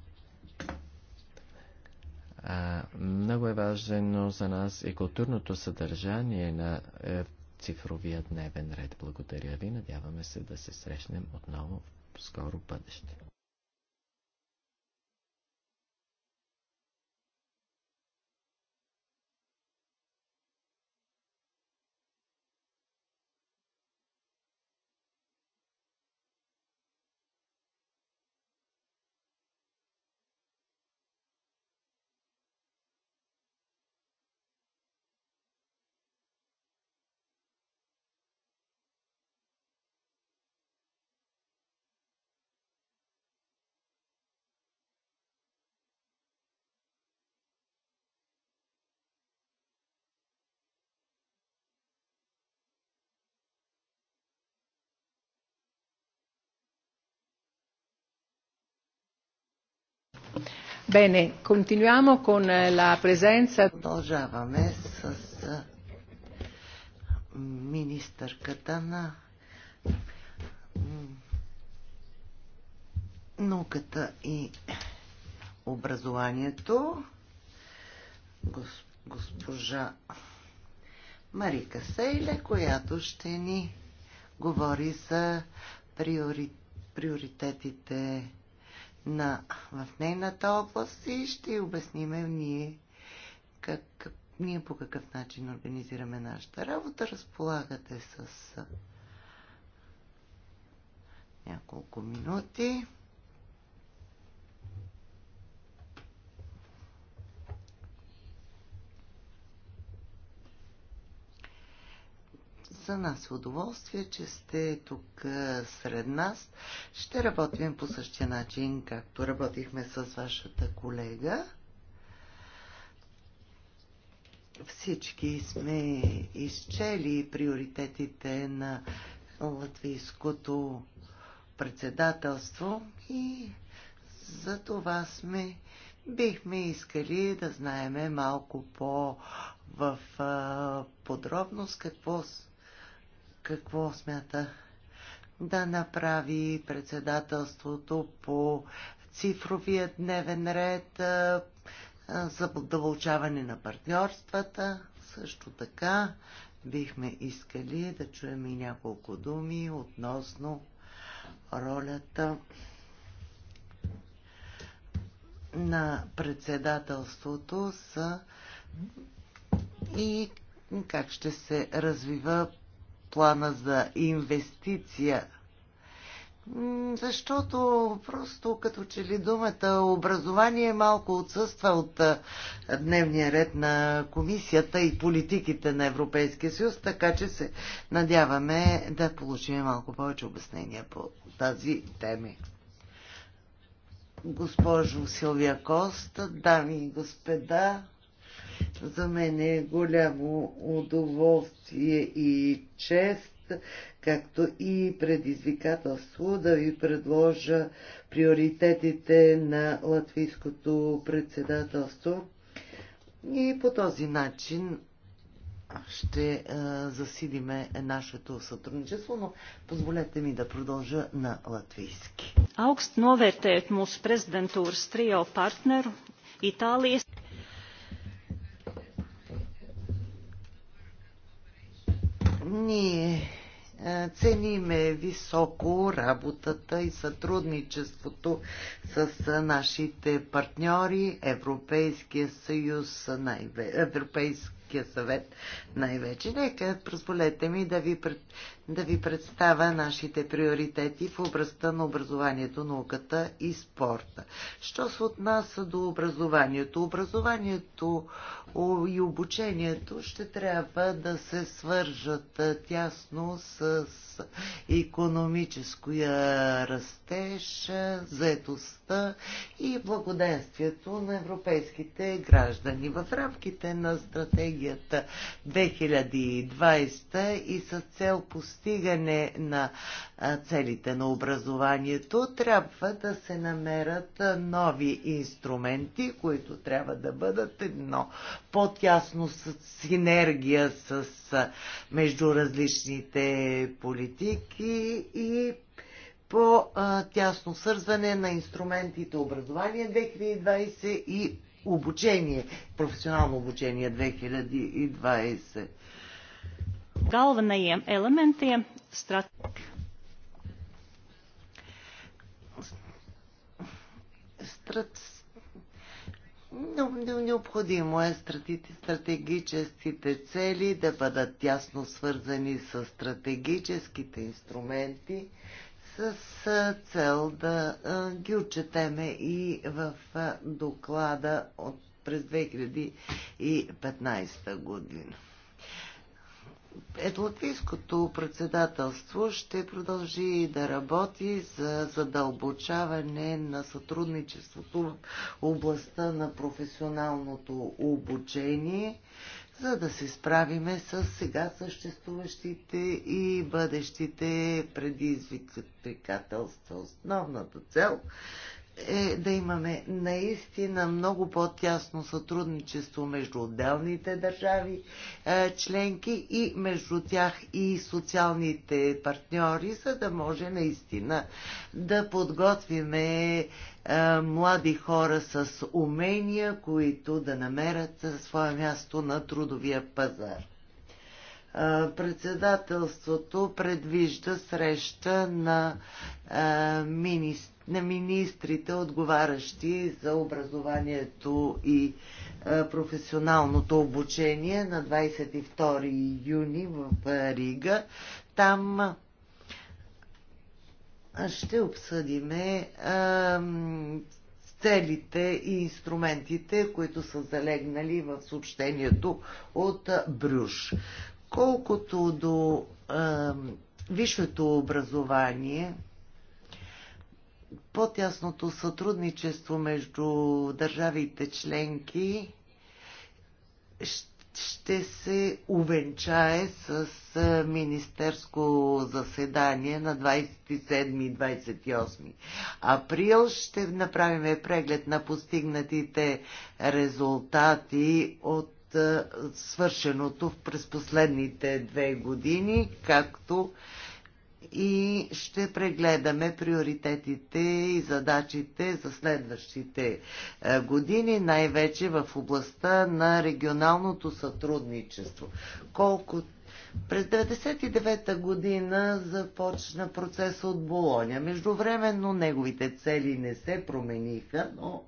А, много е важно за нас и културното съдържание на е, цифровия дневен ред. Благодаря ви. Надяваме се да се срещнем отново в скоро бъдеще. Bene, continuiamo con eh, la presenza. Продължаваме с министърката на науката и образованието, госпожа Марика Сейле, която ще ни говори за приоритетите на, в нейната област и ще обясниме ние как, ние по какъв начин организираме нашата работа. Разполагате с няколко минути. За нас е удоволствие, че сте тук сред нас. Ще работим по същия начин, както работихме с вашата колега. Всички сме изчели приоритетите на латвийското председателство и за това сме бихме искали да знаеме малко по в подробност какво какво смята да направи председателството по цифровия дневен ред за задълбочаване на партньорствата. Също така бихме искали да чуем и няколко думи относно ролята на председателството са и как ще се развива плана за инвестиция. Защото просто като че ли думата образование малко отсъства от дневния ред на комисията и политиките на Европейския съюз, така че се надяваме да получим малко повече обяснения по тази теми. Госпожо Силвия Кост, дами и господа, за мен е голямо удоволствие и чест, както и предизвикателство да ви предложа приоритетите на латвийското председателство. И по този начин ще а, засилиме нашето сътрудничество, но позволете ми да продължа на латвийски. Augst novērtēt mūsu президентур стрио партнер Италия. Ние е, цениме високо работата и сътрудничеството с е, нашите партньори, Европейския съюз, Европейския съвет най-вече. Нека позволете ми да ви, да ви представя нашите приоритети в областта на образованието, науката и спорта. Що се отнася до образованието? Образованието и обучението ще трябва да се свържат тясно с економическия растеж, заетостта и благоденствието на европейските граждани. В рамките на стратегията 2020 и с цел постигане на целите на образованието, трябва да се намерят нови инструменти, които трябва да бъдат едно по-тясно с синергия с, между различните политики и по-тясно свързване на инструментите образование 2020 и обучение, професионално обучение 2020. Galvenajiem elementiem strat... страт... Необходимо е стратегическите цели да бъдат тясно свързани с стратегическите инструменти, с цел да ги отчетеме и в доклада от през 2015 година. Етлатийското председателство ще продължи да работи за задълбочаване на сътрудничеството в областта на професионалното обучение, за да се справиме с сега съществуващите и бъдещите предизвикателства. Основната цел е да имаме наистина много по-тясно сътрудничество между отделните държави е, членки и между тях и социалните партньори, за да може наистина да подготвиме е, млади хора с умения, които да намерят своя място на трудовия пазар. Председателството предвижда среща на, на министрите, отговарящи за образованието и професионалното обучение на 22 юни в Рига. Там ще обсъдиме целите и инструментите, които са залегнали в съобщението от Брюш. Колкото до е, висшето образование, по-тясното сътрудничество между държавите членки ще се увенчае с министерско заседание на 27-28 април. Ще направим преглед на постигнатите резултати от свършеното през последните две години, както и ще прегледаме приоритетите и задачите за следващите години, най-вече в областта на регионалното сътрудничество. Колко през 1999 година започна процес от Болоня. Междувременно неговите цели не се промениха, но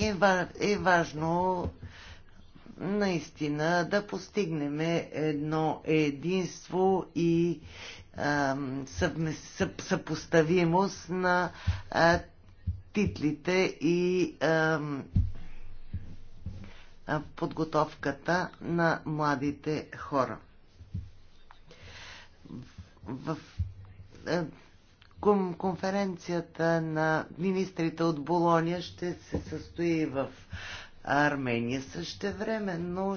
е, е важно наистина да постигнем едно единство и съпоставимост на титлите и подготовката на младите хора. В, в, конференцията на министрите от Болония ще се състои в Армения. също време, но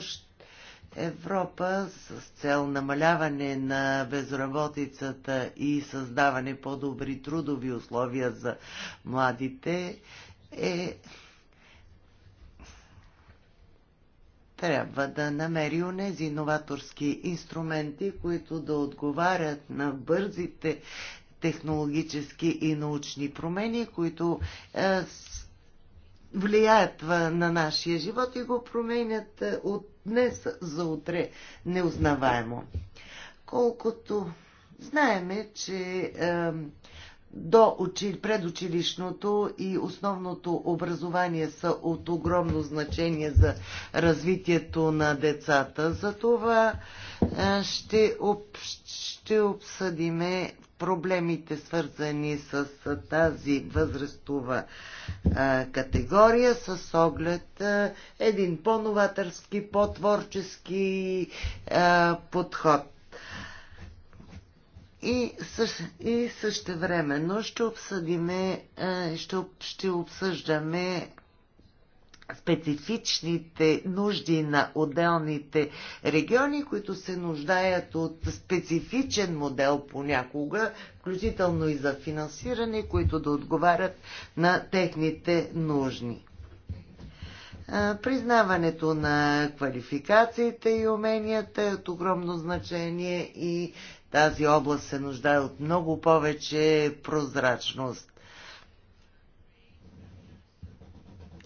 Европа с цел намаляване на безработицата и създаване по-добри трудови условия за младите е трябва да намери онези новаторски инструменти, които да отговарят на бързите технологически и научни промени, които е, влияят на нашия живот и го променят е, от днес за утре неузнаваемо. Колкото знаеме, че е, до предучилищното и основното образование са от огромно значение за развитието на децата. За това ще, об, ще обсъдиме проблемите свързани с тази възрастова категория с оглед един по-новаторски, по-творчески подход. И, също, и същевременно ще обсъдиме, ще, ще обсъждаме специфичните нужди на отделните региони, които се нуждаят от специфичен модел понякога, включително и за финансиране, които да отговарят на техните нужни. Признаването на квалификациите и уменията е от огромно значение и тази област се нуждае от много повече прозрачност.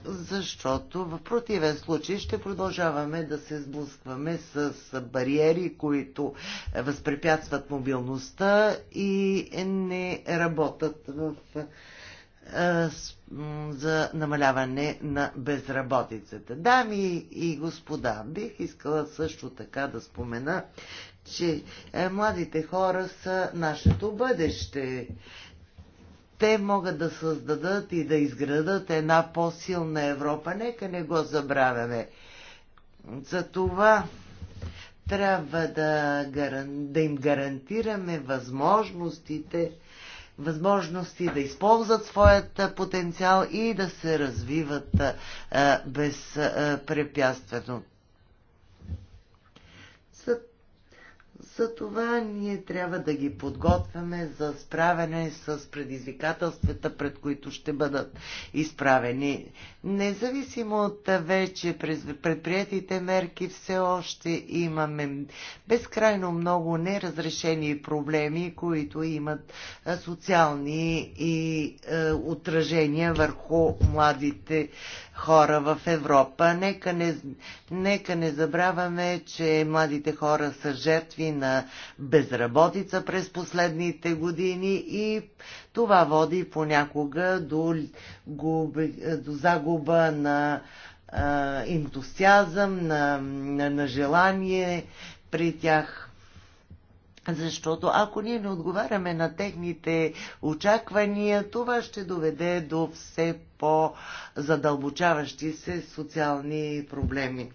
защото в противен случай ще продължаваме да се сблъскваме с бариери, които възпрепятстват мобилността и не работят в, за намаляване на безработицата. Дами и господа, бих искала също така да спомена, че младите хора са нашето бъдеще те могат да създадат и да изградат една по-силна Европа. Нека не го забравяме. Затова трябва да, гаран... да им гарантираме възможностите, възможности да използват своят потенциал и да се развиват безпрепятствено. Затова ние трябва да ги подготвяме за справяне с предизвикателствата, пред които ще бъдат изправени Независимо от вече през предприятите мерки, все още имаме безкрайно много неразрешени проблеми, които имат социални и е, отражения върху младите хора в Европа. Нека не, нека не забравяме, че младите хора са жертви на безработица през последните години и това води понякога до, до загуба на а, ентусиазъм, на, на, на желание при тях. Защото ако ние не отговаряме на техните очаквания, това ще доведе до все по-задълбочаващи се социални проблеми.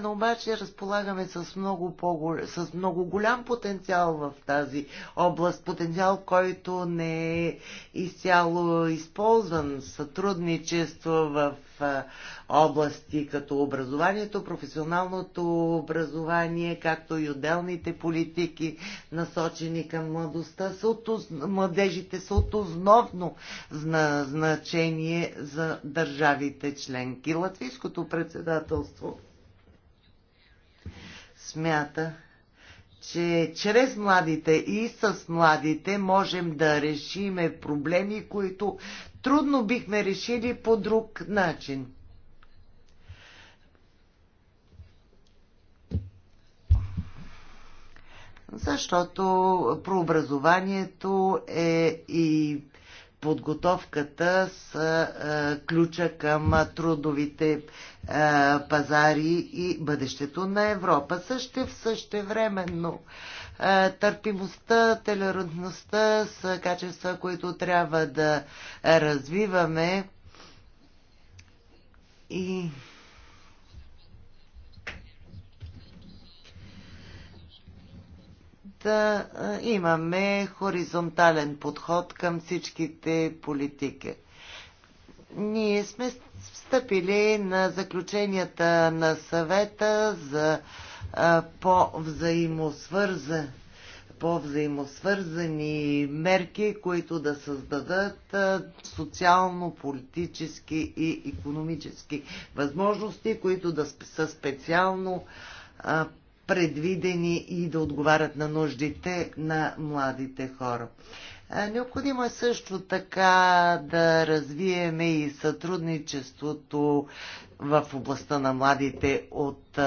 но обаче разполагаме с много, по с много голям потенциал в тази област, потенциал, който не е изцяло използван, сътрудничество в области като образованието, професионалното образование, както и отделните политики, насочени към младостта, са от, младежите са от основно значение за държавите членки. Латвийското председателство смята, че чрез младите и с младите можем да решиме проблеми, които трудно бихме решили по друг начин. Защото прообразованието е и подготовката с а, ключа към трудовите а, пазари и бъдещето на Европа. Също в същевременно временно е, търпимостта, толерантността са качества, които трябва да развиваме и да е, имаме хоризонтален подход към всичките политики. Ние сме стъпили на заключенията на съвета за по взаимосвързани мерки, които да създадат социално-политически и економически възможности, които да са специално предвидени и да отговарят на нуждите на младите хора. Необходимо е също така да развиеме и сътрудничеството в областта на младите от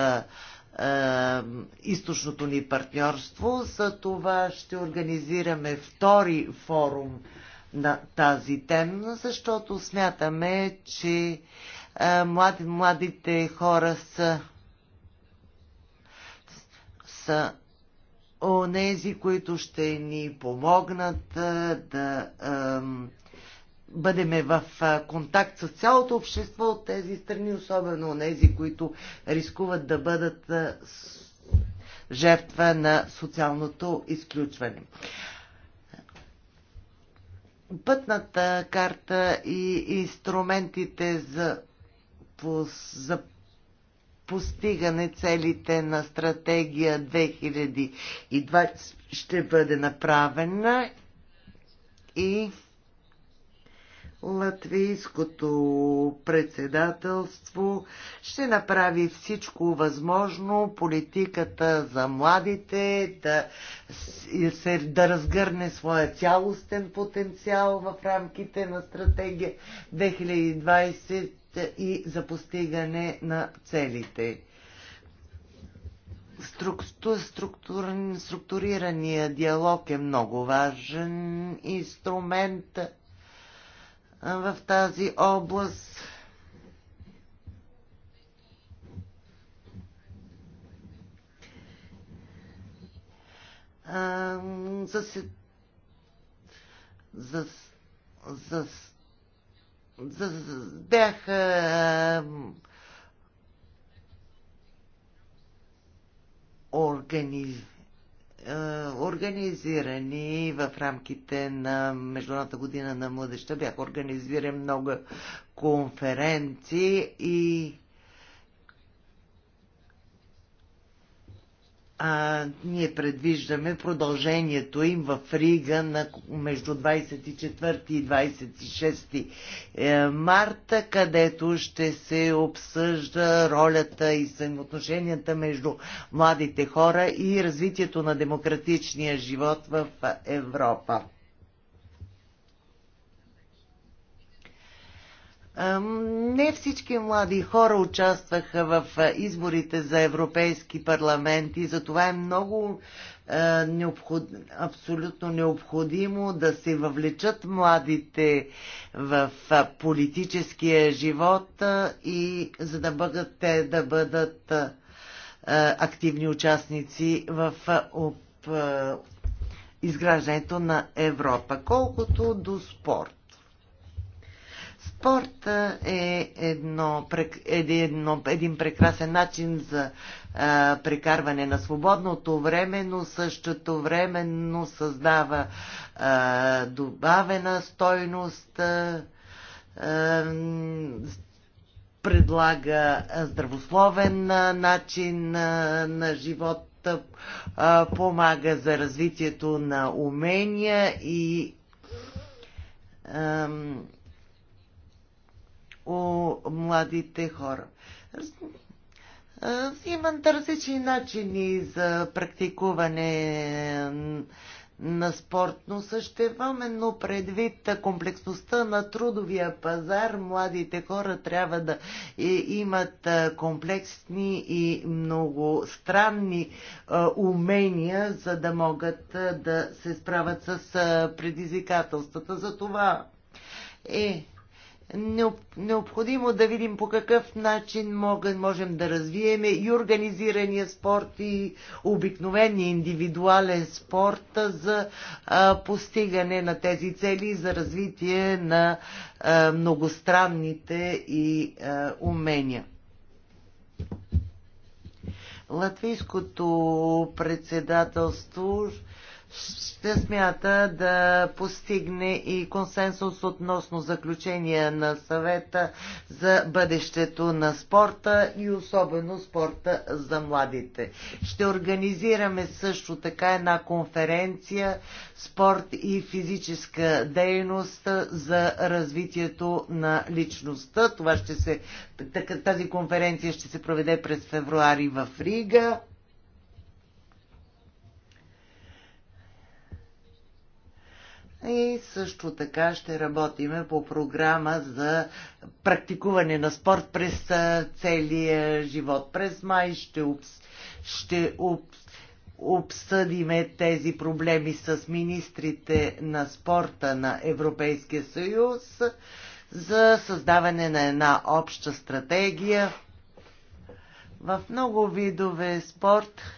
е, източното ни партньорство. За това ще организираме втори форум на тази тема, защото смятаме, че е, млади, младите хора са са онези, които ще ни помогнат е, да бъдеме в контакт с цялото общество от тези страни, особено тези, които рискуват да бъдат жертва на социалното изключване. Пътната карта и инструментите за, по, за постигане целите на стратегия 2020 ще бъде направена и латвийското председателство ще направи всичко възможно политиката за младите да, се, да разгърне своя цялостен потенциал в рамките на стратегия 2020 и за постигане на целите. структурирания диалог е много важен инструмент в тази област. За, се... за, за, за, бяха Организ... Е, организирани в рамките на Международната година на младеща. бях организирани много конференции и а, ние предвиждаме продължението им в Рига на между 24 и 26 е, марта, където ще се обсъжда ролята и взаимоотношенията между младите хора и развитието на демократичния живот в Европа. Не всички млади хора участваха в изборите за Европейски парламент и затова е много необход... абсолютно необходимо да се въвлечат младите в политическия живот и за да бъдат те да бъдат активни участници в изграждането на Европа. Колкото до спорт. Спорт е едно, едно, един прекрасен начин за а, прекарване на свободното време, но същото времено създава а, добавена стойност, а, а, предлага здравословен начин а, на живот, помага за развитието на умения и у младите хора. Имат различни начини за практикуване на спорт, но същевременно предвид комплексността на трудовия пазар, младите хора трябва да имат комплексни и много странни умения, за да могат да се справят с предизвикателствата. За това е необходимо да видим по какъв начин можем да развием и организирания спорт, и обикновения индивидуален спорт за постигане на тези цели и за развитие на многостранните и умения. Латвийското председателство ще смята да постигне и консенсус относно заключения на съвета за бъдещето на спорта и особено спорта за младите. Ще организираме също така една конференция спорт и физическа дейност за развитието на личността. Това ще се, тази конференция ще се проведе през февруари в Рига. И също така ще работиме по програма за практикуване на спорт през целия живот. През май ще, обс... ще обс... обсъдиме тези проблеми с министрите на спорта на Европейския съюз за създаване на една обща стратегия в много видове спорт –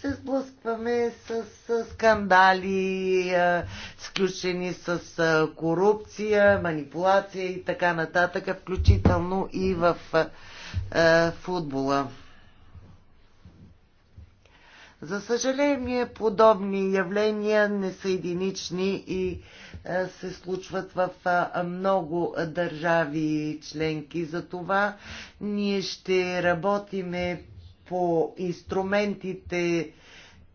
се сблъскваме с скандали, сключени с корупция, манипулация и така нататък, включително и в футбола. За съжаление, подобни явления не са единични и се случват в много държави членки. Затова ние ще работиме по инструментите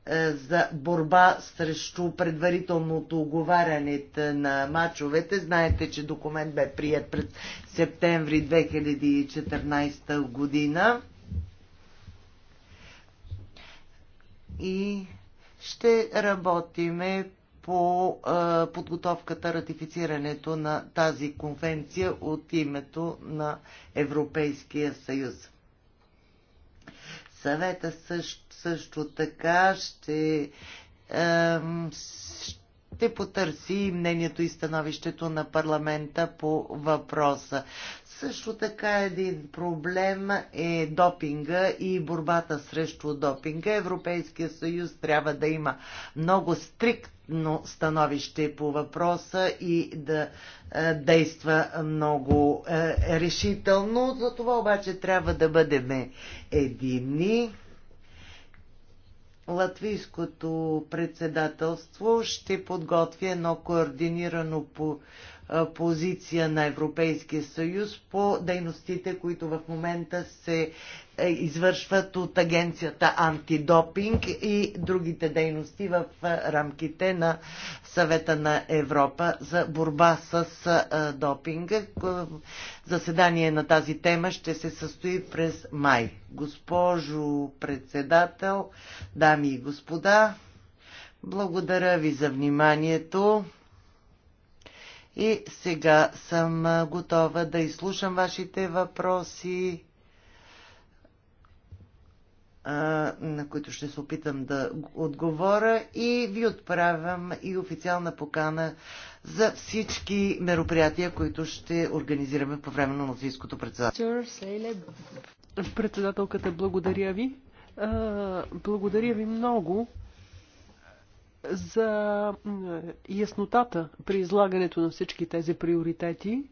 е, за борба срещу предварителното оговаряне на мачовете. Знаете, че документ бе прият пред септември 2014 година. И ще работиме по а, е, подготовката, ратифицирането на тази конвенция от името на Европейския съюз. Съвета също, също така ще, ще потърси мнението и становището на парламента по въпроса. Също така един проблем е допинга и борбата срещу допинга. Европейския съюз трябва да има много стриктно становище по въпроса и да е, действа много е, решително. За това обаче трябва да бъдем единни латвийското председателство ще подготви едно координирано по позиция на Европейския съюз по дейностите, които в момента се е, извършват от агенцията антидопинг и другите дейности в е, рамките на съвета на Европа за борба с е, допинга. Заседание на тази тема ще се състои през май. Госпожо председател, дами и господа, благодаря ви за вниманието. И сега съм готова да изслушам вашите въпроси на които ще се опитам да отговоря и ви отправям и официална покана за всички мероприятия, които ще организираме по време на Мазийското председателство. Председателката, благодаря ви. Благодаря ви много за яснотата при излагането на всички тези приоритети.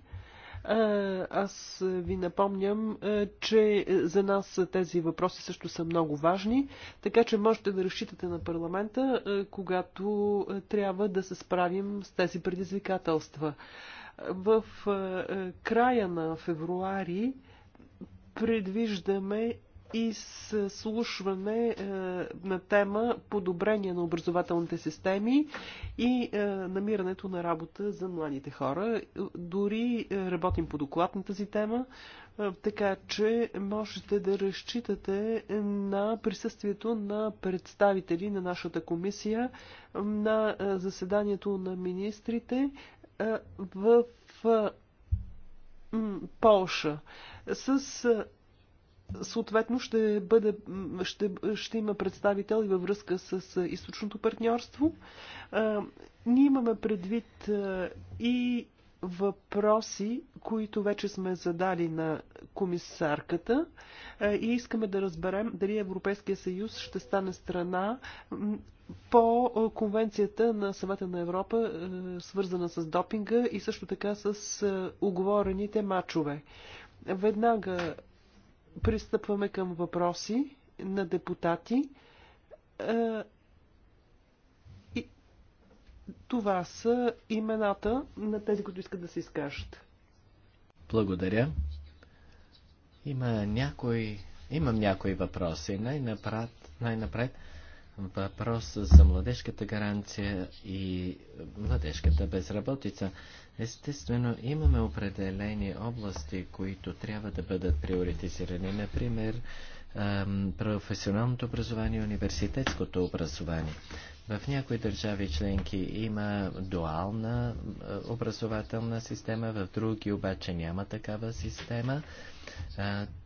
Е, аз ви напомням, е, че за нас тези въпроси също са много важни, така че можете да разчитате на парламента, е, когато трябва да се справим с тези предизвикателства. В края на февруари предвиждаме изслушване е, на тема подобрение на образователните системи и е, намирането на работа за младите хора. Дори е, работим по доклад на тази тема, така че можете да разчитате на присъствието на представители на нашата комисия на заседанието на министрите в Полша с Съответно ще, бъде, ще, ще има представител и във връзка с източното партньорство. Ние имаме предвид и въпроси, които вече сме задали на комисарката и искаме да разберем дали Европейския съюз ще стане страна по конвенцията на съвета на Европа, свързана с допинга и също така с оговорените мачове. Веднага Пристъпваме към въпроси на депутати. Е, и това са имената на тези, които искат да се изкажат. Благодаря. Има някои, имам някои въпроси. Най-напред, най-напред въпрос за младежката гаранция и младежката безработица. Естествено, имаме определени области, които трябва да бъдат приоритизирани. Например, професионалното образование и университетското образование. В някои държави членки има дуална образователна система, в други обаче няма такава система.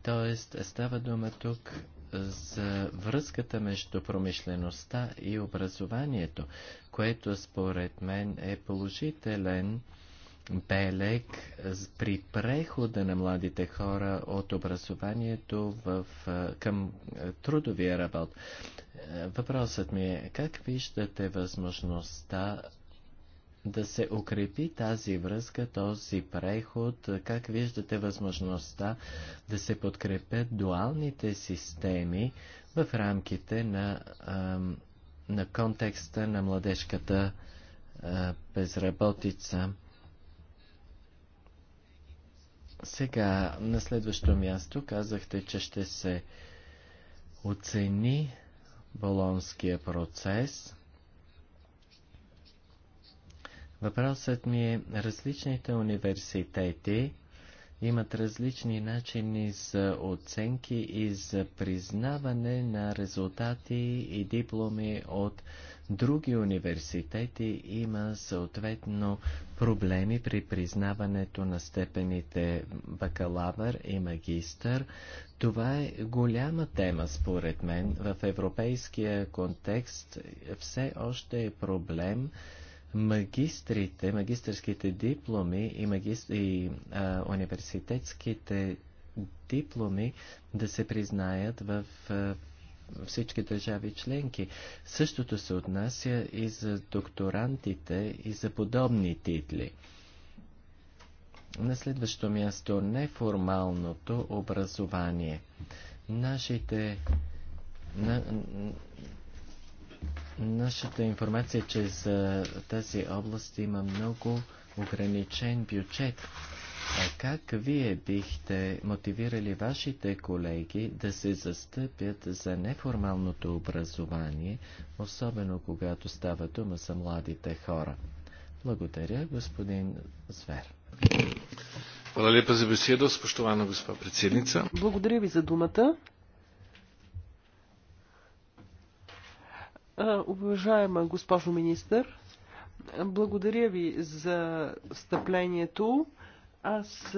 Тоест, става дума тук за връзката между промишлеността и образованието, което според мен е положителен белег при прехода на младите хора от образованието в, към трудовия работ. Е, въпросът ми е, как виждате възможността да се укрепи тази връзка, този преход, как виждате възможността да се подкрепят дуалните системи в рамките на, на контекста на младежката безработица. Сега, на следващо място казахте, че ще се оцени болонския процес. Въпросът ми е, различните университети имат различни начини за оценки и за признаване на резултати и дипломи от други университети има съответно проблеми при признаването на степените бакалавър и магистър. Това е голяма тема, според мен. В европейския контекст все още е проблем магистрите, магистърските дипломи и, магистр... и а, университетските дипломи да се признаят в всички държави членки. Същото се отнася и за докторантите и за подобни титли. На следващо място неформалното образование. Нашите на, нашата информация, че за тази област има много ограничен бюджет. Как вие бихте мотивирали вашите колеги да се застъпят за неформалното образование, особено когато става дума за младите хора? Благодаря, господин Звер. Hvala lepa za besedo, spoštovana gospa predsednica. Благодаря ви за думата. Уважаема госпожо министър, благодаря ви за встъплението. Аз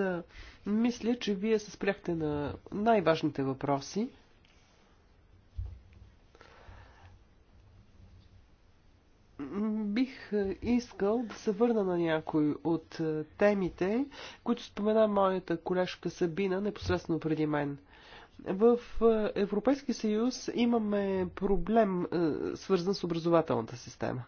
мисля, че вие се спряхте на най-важните въпроси. Бих искал да се върна на някои от темите, които спомена моята колежка Сабина непосредствено преди мен. В Европейския съюз имаме проблем, свързан с образователната система.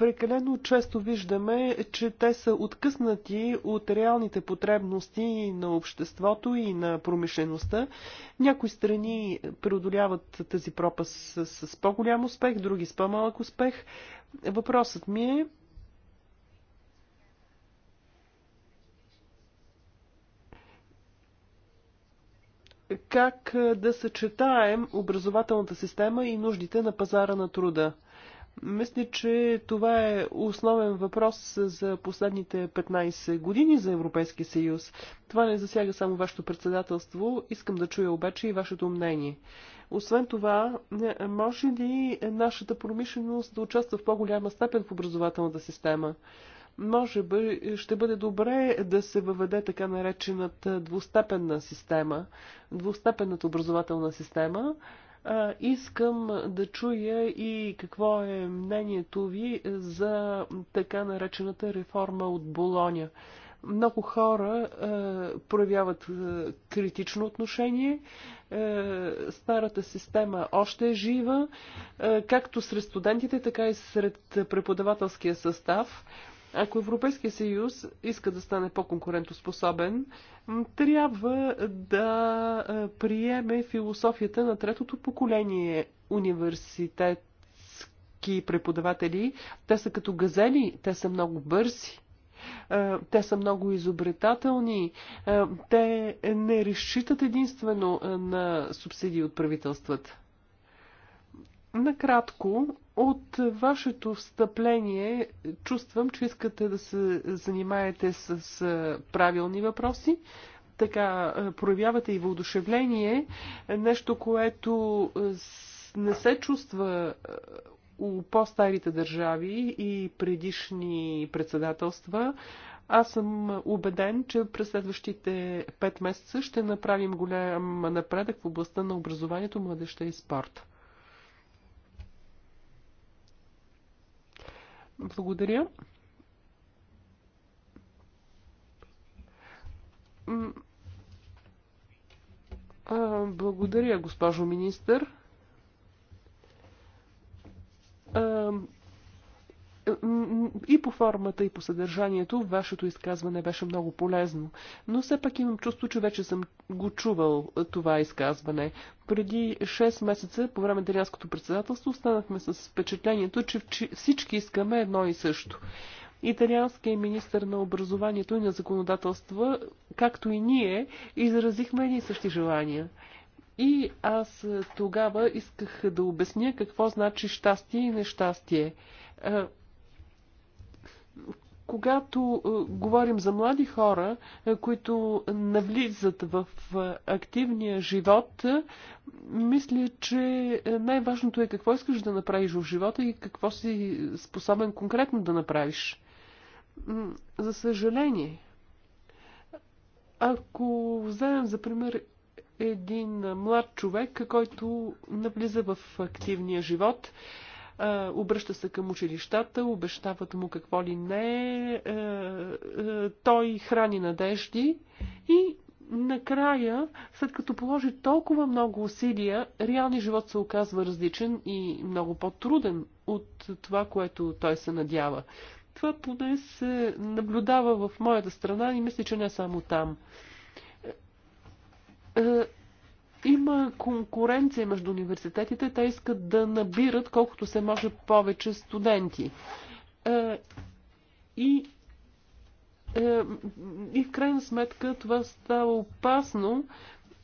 Прекалено често виждаме, че те са откъснати от реалните потребности на обществото и на промишлеността. Някои страни преодоляват тази пропаст с, с по-голям успех, други с по-малък успех. Въпросът ми е как да съчетаем образователната система и нуждите на пазара на труда. Мисля, че това е основен въпрос за последните 15 години за Европейския съюз. Това не засяга само вашето председателство. Искам да чуя обаче и вашето мнение. Освен това, може ли нашата промишленост да участва в по-голяма степен в образователната система? Може би ще бъде добре да се въведе така наречената двустепенна система, двустепенната образователна система, Искам да чуя и какво е мнението ви за така наречената реформа от Болоня. Много хора е, проявяват е, критично отношение. Е, старата система още е жива, е, както сред студентите, така и сред преподавателския състав. Е, ако Европейския съюз иска да стане по-конкурентоспособен, трябва да приеме философията на третото поколение университетски преподаватели. Те са като газели, те са много бързи. Те са много изобретателни. Те не разчитат единствено на субсидии от правителствата. Накратко, от вашето встъпление чувствам, че искате да се занимаете с правилни въпроси, така проявявате и въодушевление, нещо, което не се чувства у по-старите държави и предишни председателства. Аз съм убеден, че през следващите 5 месеца ще направим голям напредък в областта на образованието, младеща и спорта. Благодаря. Благодаря, госпожо министър и по формата, и по съдържанието, вашето изказване беше много полезно. Но все пак имам чувство, че вече съм го чувал това изказване. Преди 6 месеца, по време на италианското председателство, останахме с впечатлението, че всички искаме едно и също. Италианският министр на образованието и на законодателства, както и ние, изразихме едни същи желания. И аз тогава исках да обясня какво значи щастие и нещастие когато е, говорим за млади хора, е, които навлизат в е, активния живот, мисля, че най-важното е какво искаш да направиш в живота и какво си способен конкретно да направиш. За съжаление, ако вземем за пример един млад човек, който навлиза в активния живот, обръща се към училищата, обещават му какво ли не, той храни надежди и накрая, след като положи толкова много усилия, реалният живот се оказва различен и много по-труден от това, което той се надява. Това поне се наблюдава в моята страна и мисля, че не само там има конкуренция между университетите. Те искат да набират колкото се може повече студенти. Е, и е, и в крайна сметка това става опасно,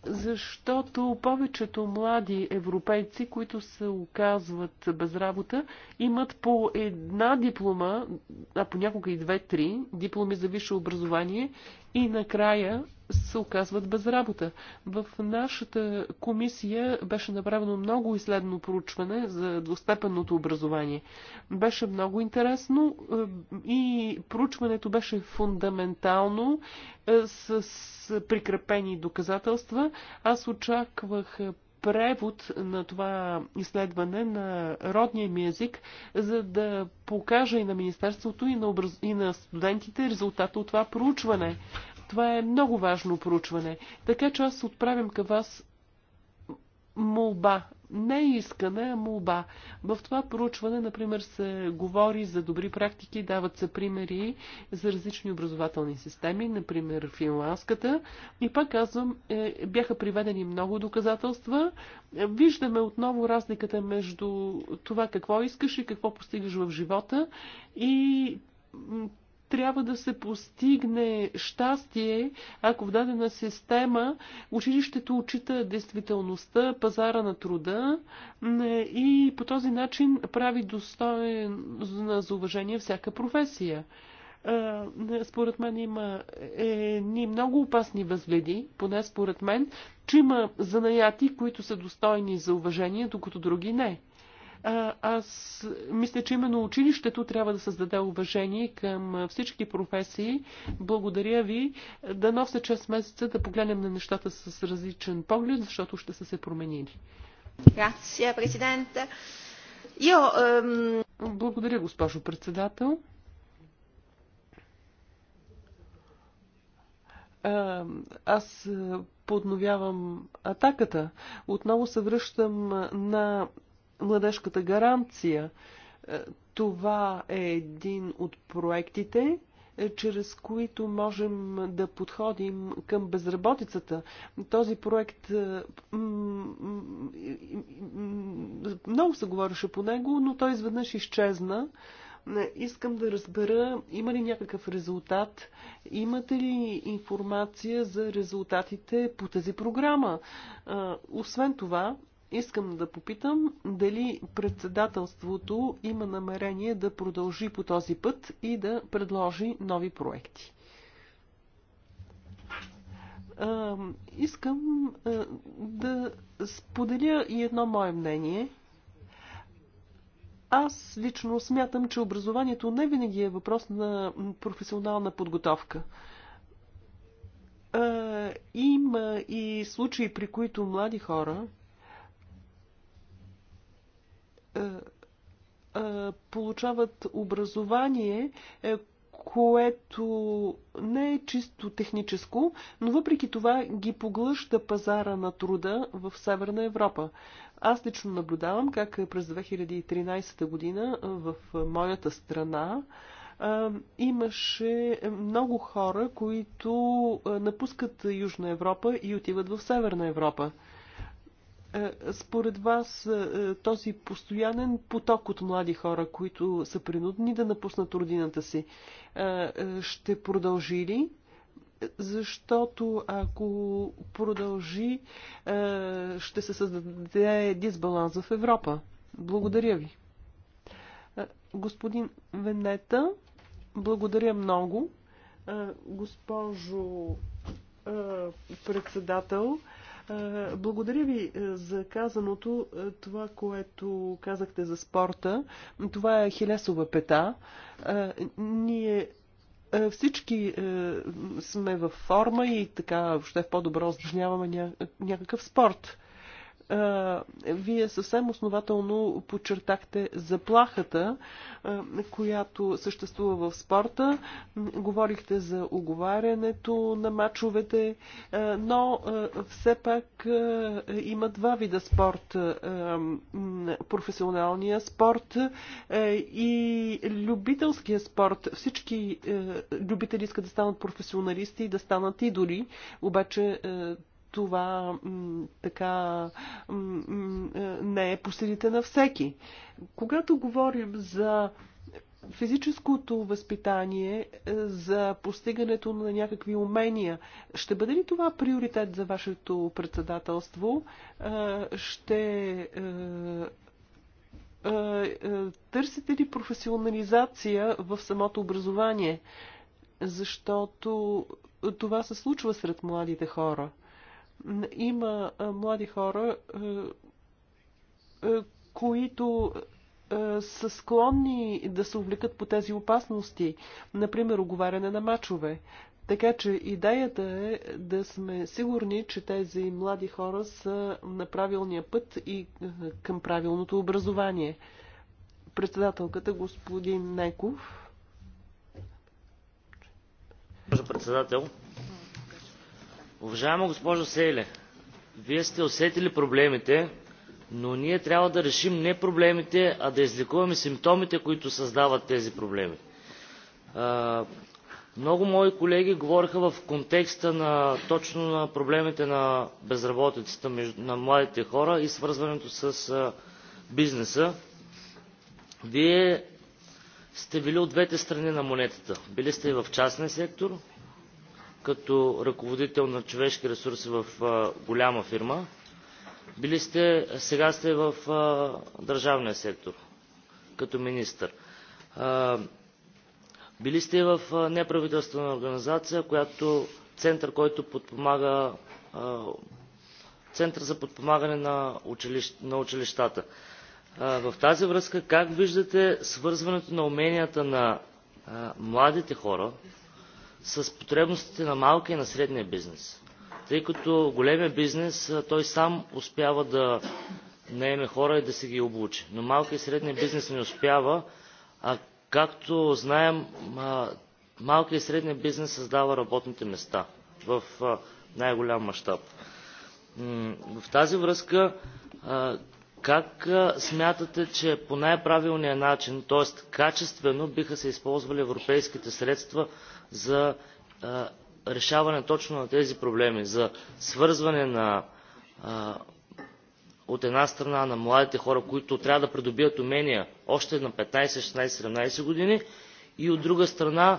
защото повечето млади европейци, които се оказват без работа, имат по една диплома, а понякога и две-три дипломи за висше образование и накрая се оказват без работа. В нашата комисия беше направено много изследно проучване за двустепенното образование. Беше много интересно е, и проучването беше фундаментално е, с прикрепени доказателства. Аз очаквах превод на това изследване на родния ми език, за да покажа и на Министерството, и на, образ... и на студентите резултата от това проучване. Това е много важно проучване. Така че аз отправям към вас молба не е искане, а молба. В това проучване, например, се говори за добри практики, дават се примери за различни образователни системи, например финландската. И пак казвам, е, бяха приведени много доказателства. Виждаме отново разликата между това какво искаш и какво постигаш в живота и трябва да се постигне щастие, ако в дадена система училището учита действителността, пазара на труда и по този начин прави достойна за уважение всяка професия. Според мен има ни много опасни възгледи, поне според мен, че има занаяти, които са достойни за уважение, докато други не. Аз мисля, че именно училището трябва да създаде уважение към всички професии. Благодаря ви. Дано след 6 месеца да погледнем на нещата с различен поглед, защото ще са се променили. Грация, президент. Йо, ем... Благодаря, госпожо председател. Аз подновявам атаката. Отново се връщам на младежката гаранция. Е, това е един от проектите, е, чрез които можем да подходим към безработицата. Този проект е, много се говореше по него, но той изведнъж изчезна. Искам да разбера, има ли някакъв резултат, имате ли информация за резултатите по тази програма. Освен това, Искам да попитам дали председателството има намерение да продължи по този път и да предложи нови проекти. Искам да споделя и едно мое мнение. Аз лично смятам, че образованието не винаги е въпрос на професионална подготовка има и случаи, при които млади хора е, е, получават образование, е, което не е чисто техническо, но въпреки това ги поглъща пазара на труда в Северна Европа. Аз лично наблюдавам как през 2013 година в моята страна имаше много хора, които напускат Южна Европа и отиват в Северна Европа. Е, според вас е, е, този постоянен поток от млади хора, които са принудни да напуснат родината си, ще продължи ли? Защото ако продължи, ще се създаде дисбаланс в Европа. Благодаря ви. Господин Венета, благодаря много. Госпожо председател, благодаря ви е, за казаното, е, това, което казахте за спорта. Това е Хилесова пета. Е, ние всички сме във форма и така въобще в по-добро упражняваме някакъв спорт. Вие съвсем основателно подчертахте заплахата, която съществува в спорта. Говорихте за оговарянето на мачовете, но все пак има два вида спорт. Професионалния спорт и любителския спорт. Всички любители искат да станат професионалисти и да станат идоли, обаче това така е, не е по силите на всеки. Когато говорим за физическото възпитание, е, за постигането на някакви умения. Ще бъде ли това приоритет за вашето председателство? Е, ще търсите ли професионализация в самото образование? Защото това се случва сред младите хора. Има млади хора, които са склонни да се увлекат по тези опасности, например оговаряне на мачове. Така че идеята е да сме сигурни, че тези млади хора са на правилния път и към правилното образование. Председателката господин Неков. Госпожо председател, Уважаема госпожо Сейле, вие сте усетили проблемите, но ние трябва да решим не проблемите, а да излекуваме симптомите, които създават тези проблеми. Много мои колеги говориха в контекста на точно на проблемите на безработицата на младите хора и свързването с бизнеса. Вие сте били от двете страни на монетата. Били сте и в частния сектор, като ръководител на човешки ресурси в голяма фирма. Били сте, сега сте в държавния сектор, като министър. Били сте в неправителствена организация, която център, който подпомага център за подпомагане на, училищ, на училищата. В тази връзка как виждате свързването на уменията на младите хора, с потребностите на малкия и на средния бизнес. Тъй като големия бизнес, той сам успява да наеме хора и да си ги обучи. Но малкия и средния бизнес не успява, а както знаем, малкия и средния бизнес създава работните места в най-голям мащаб. В тази връзка как смятате че по най-правилния начин, т.е. качествено, биха се използвали европейските средства за решаване точно на тези проблеми, за свързване на от една страна на младите хора, които трябва да придобият умения още на 15, 16, 17 години и от друга страна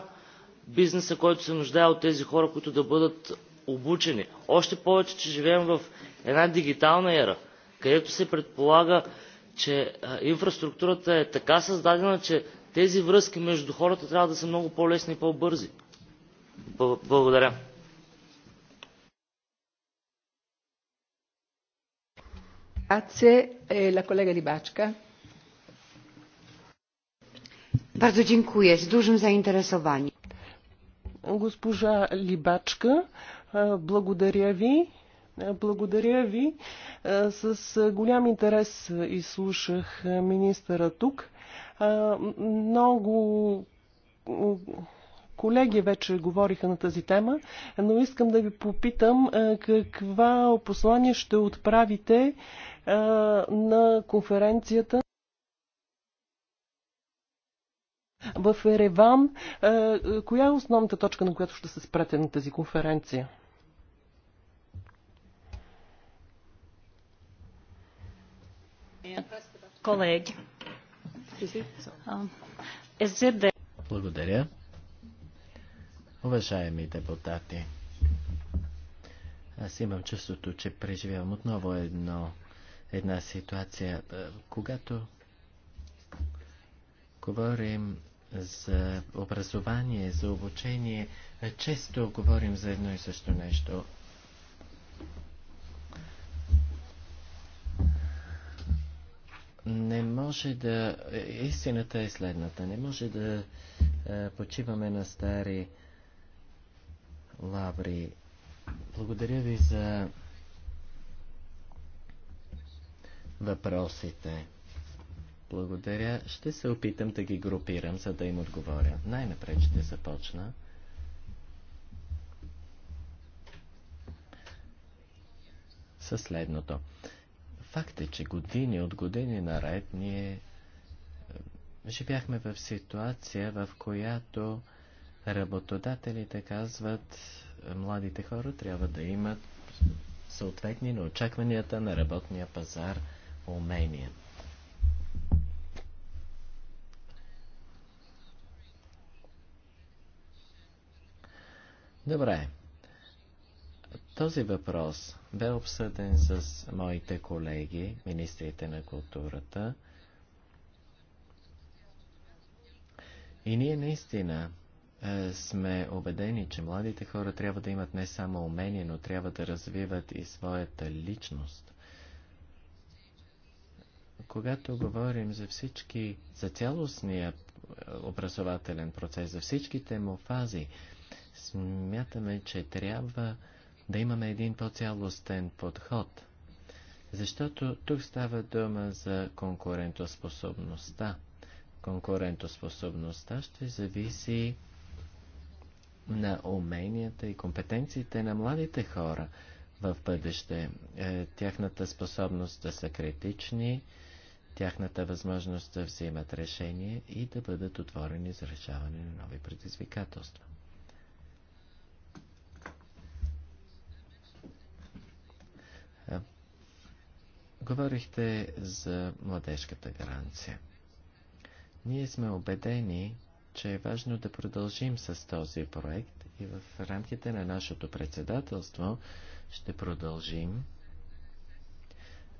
бизнеса, който се нуждае от тези хора, които да бъдат обучени. Още повече, че живеем в една дигитална ера където се предполага, че инфраструктурата е така създадена, че тези връзки между хората трябва да са много по-лесни и по-бързи. Благодаря. Е, Bardzo dziękuję. Z dużym zainteresowaniem. Госпожа Либачка, благодаря ви. Благодаря ви. С голям интерес изслушах министъра тук. Много колеги вече говориха на тази тема, но искам да ви попитам каква послание ще отправите на конференцията в Ереван. Коя е основната точка, на която ще се спрете на тази конференция? Колеги, благодаря. Уважаеми депутати, аз имам чувството, че преживявам отново едно, една ситуация, е, когато говорим за образование, за обучение, е, често говорим за едно и също нещо. не може да... Е, истината е следната. Не може да е, почиваме на стари лаври. Благодаря ви за въпросите. Благодаря. Ще се опитам да ги групирам, за да им отговоря. Най-напред ще започна. Със следното. Факт е, че години от години наред ние е, живяхме в ситуация, в която работодателите казват, е, младите хора трябва да имат съответни на очакванията на работния пазар умения. Добре, този въпрос бе обсъден с моите колеги, министрите на културата. И ние наистина е, сме убедени, че младите хора трябва да имат не само умение, но трябва да развиват и своята личност. Когато говорим за всички, за цялостния е, образователен процес, за всичките му фази, смятаме, че трябва да имаме един по-цялостен подход. Защото тук става дума за конкурентоспособността. Конкурентоспособността ще зависи на уменията и компетенциите на младите хора в бъдеще. Е, тяхната способност да са критични, тяхната възможност да взимат решение и да бъдат отворени за решаване на нови предизвикателства. Говорихте за младежката гаранция. Ние сме убедени, че е важно да продължим с този проект и в рамките на нашето председателство ще продължим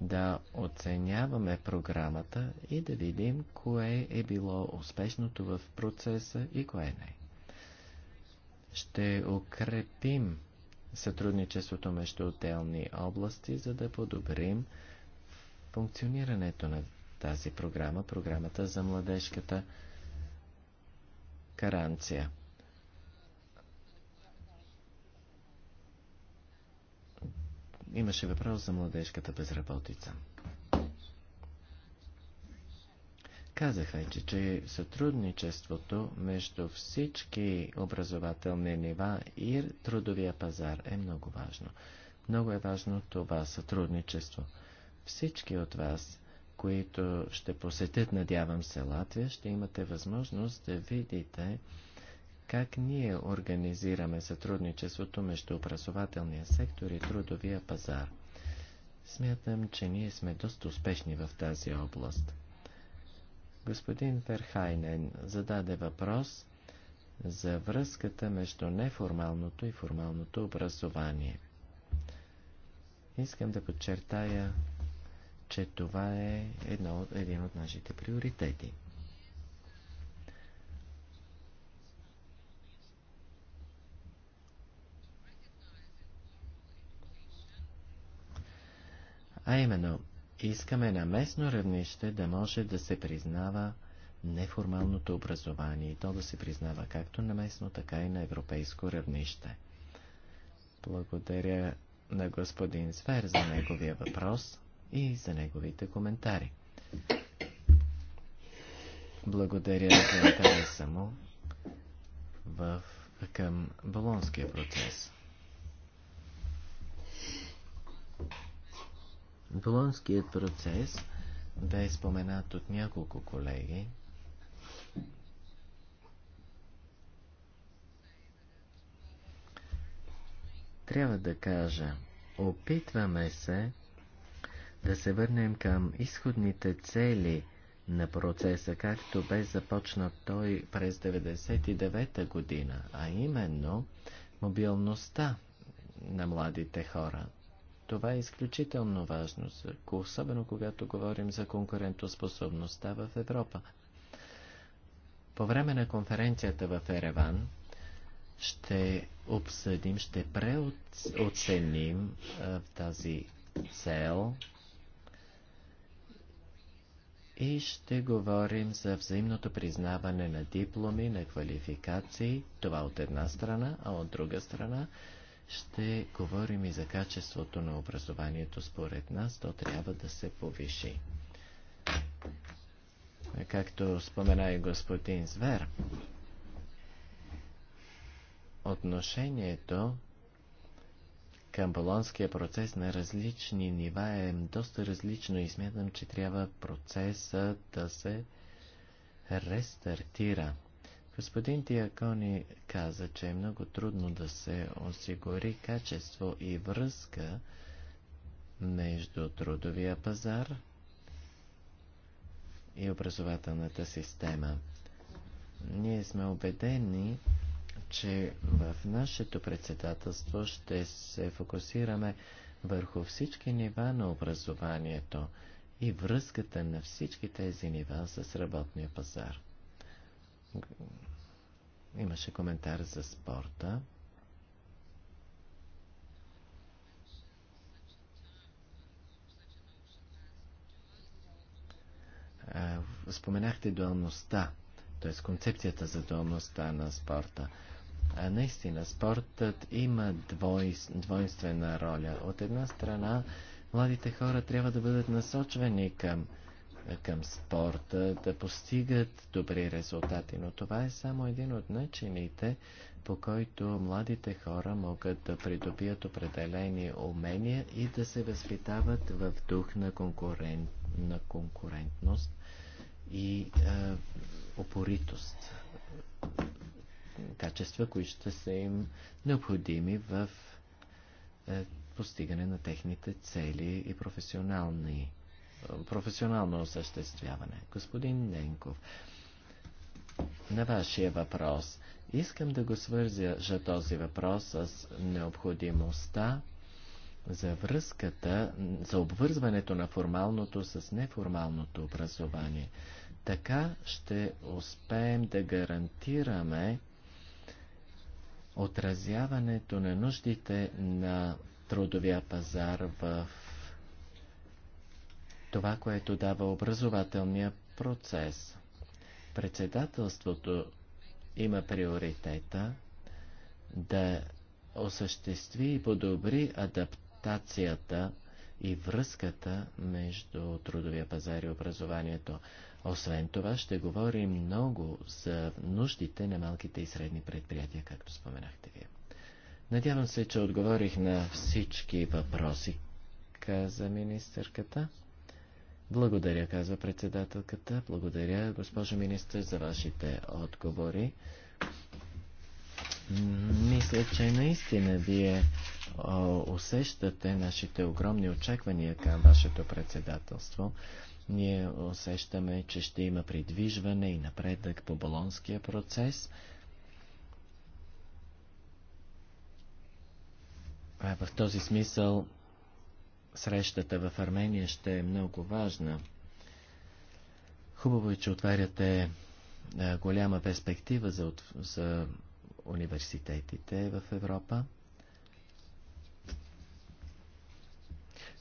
да оценяваме програмата и да видим кое е било успешното в процеса и кое не. Ще укрепим сътрудничеството между отделни области, за да подобрим функционирането на тази програма, програмата за младежката гаранция. Имаше въпрос за младежката безработица. Казаха вече, че сътрудничеството между всички образователни нива и трудовия пазар е много важно. Много е важно това сътрудничество – всички от вас, които ще посетят, надявам се, Латвия, ще имате възможност да видите как ние организираме сътрудничеството между образователния сектор и трудовия пазар. Смятам, че ние сме доста успешни в тази област. Господин Ферхайнен зададе въпрос за връзката между неформалното и формалното образование. Искам да подчертая че това е едно, един от нашите приоритети. А именно, искаме на местно равнище да може да се признава неформалното образование и то да се признава както на местно, така и на европейско равнище. Благодаря на господин Сфер за неговия въпрос и за неговите коментари. Благодаря за интереса само в, към Болонския процес. Болонският процес бе е споменат от няколко колеги. Трябва да кажа, опитваме се да се върнем към изходните цели на процеса, както бе започнат той през 1999-та година, а именно мобилността на младите хора. Това е изключително важно, особено когато говорим за конкурентоспособността в Европа. По време на конференцията в Ереван ще обсъдим, ще преоценим тази цел и ще говорим за взаимното признаване на дипломи, на квалификации, това от една страна, а от друга страна ще говорим и за качеството на образованието. Според нас то трябва да се повиши. Както спомена и господин Звер, отношението към болонския процес на различни нива е доста различно и смятам, че трябва процеса да се рестартира. Господин Диакони каза, че е много трудно да се осигури качество и връзка между трудовия пазар и образователната система. Ние сме убедени, че в нашето председателство ще се фокусираме върху всички нива на образованието и връзката на всички тези нива с работния пазар. Имаше коментар за спорта. Споменахте дуалността, т.е. концепцията за дуалността на спорта наистина спортът има двой, двойствена роля. От една страна, младите хора трябва да бъдат насочвани към, към спорта, да постигат добри резултати, но това е само един от начините, по който младите хора могат да придобият определени умения и да се възпитават в дух на, конкурент, на конкурентност и е, опоритост качества, които ще са им необходими в е, постигане на техните цели и професионални, професионално осъществяване. Господин Ненков, на вашия въпрос. Искам да го свързя този въпрос с необходимостта за връзката, за обвързването на формалното с неформалното образование. Така ще успеем да гарантираме отразяването на нуждите на трудовия пазар в това, което дава образователния процес. Председателството има приоритета да осъществи и подобри адаптацията и връзката между трудовия пазар и образованието. Освен това, ще говорим много за нуждите на малките и средни предприятия, както споменахте вие. Надявам се, че отговорих на всички въпроси, каза министърката. Благодаря, казва председателката. Благодаря, госпожо министър, за вашите отговори. Мисля, че наистина вие усещате нашите огромни очаквания към вашето председателство. Ние усещаме, че ще има придвижване и напредък по балонския процес. А в този смисъл срещата в Армения ще е много важна. Хубаво е, че отваряте е, голяма перспектива за, за университетите в Европа.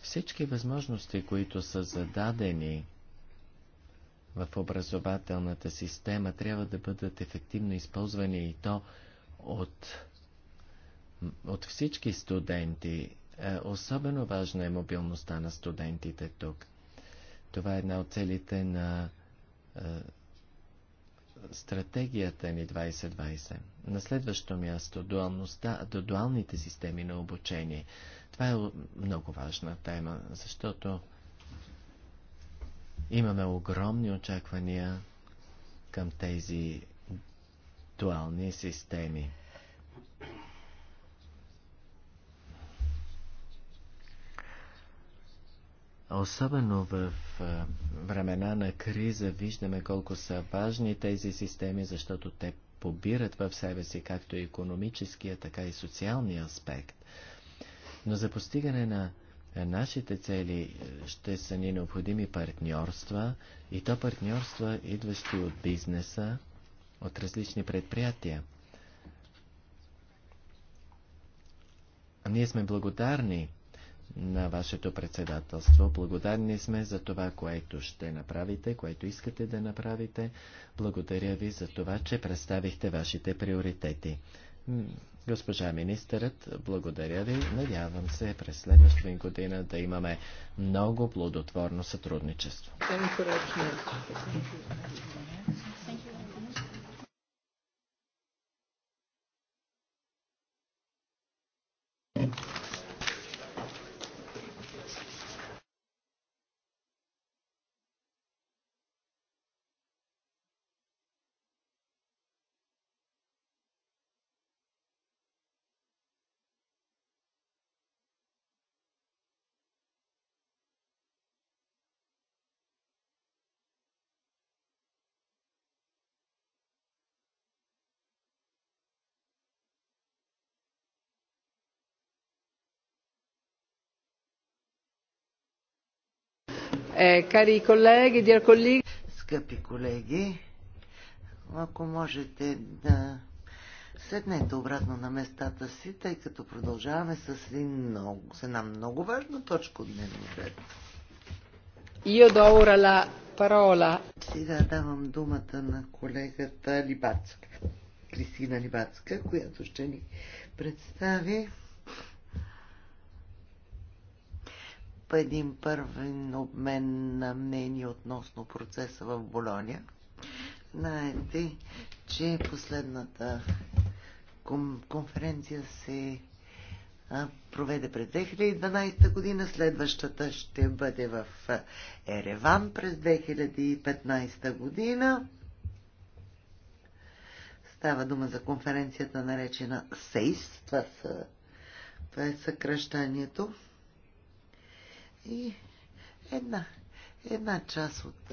Всички възможности, които са зададени в образователната система, трябва да бъдат ефективно използвани и то от, от всички студенти. Е, особено важна е мобилността на студентите тук. Това е една от целите на е, стратегията ни 2020. На следващо място дуалността, дуалните системи на обучение – това е много важна тема, защото имаме огромни очаквания към тези дуални системи. Особено в времена на криза виждаме колко са важни тези системи, защото те побират в себе си както економическия, така и социалния аспект – но за постигане на е, нашите цели е, ще са ни необходими партньорства и то партньорства, идващи от бизнеса, от различни предприятия. Ние сме благодарни на вашето председателство. Благодарни сме за това, което ще направите, което искате да направите. Благодаря ви за това, че представихте вашите приоритети. Госпожа министърът, благодаря ви. Надявам се през следващата година да имаме много плодотворно сътрудничество. Е, кари колеги, dear колеги. Скъпи колеги, ако можете да седнете обратно на местата си, тъй като продължаваме с, много, с една много важна точка от дневния ред. Io do ora la parola. Сега давам думата на колегата Либацка, Кристина Либацка, която ще ни представи един първен обмен на мнение относно процеса в Болония. Знаете, че последната конференция се проведе през 2012 година, следващата ще бъде в Ереван през 2015 година. Става дума за конференцията наречена СЕЙС, това са, това е съкръщанието. И една, една част от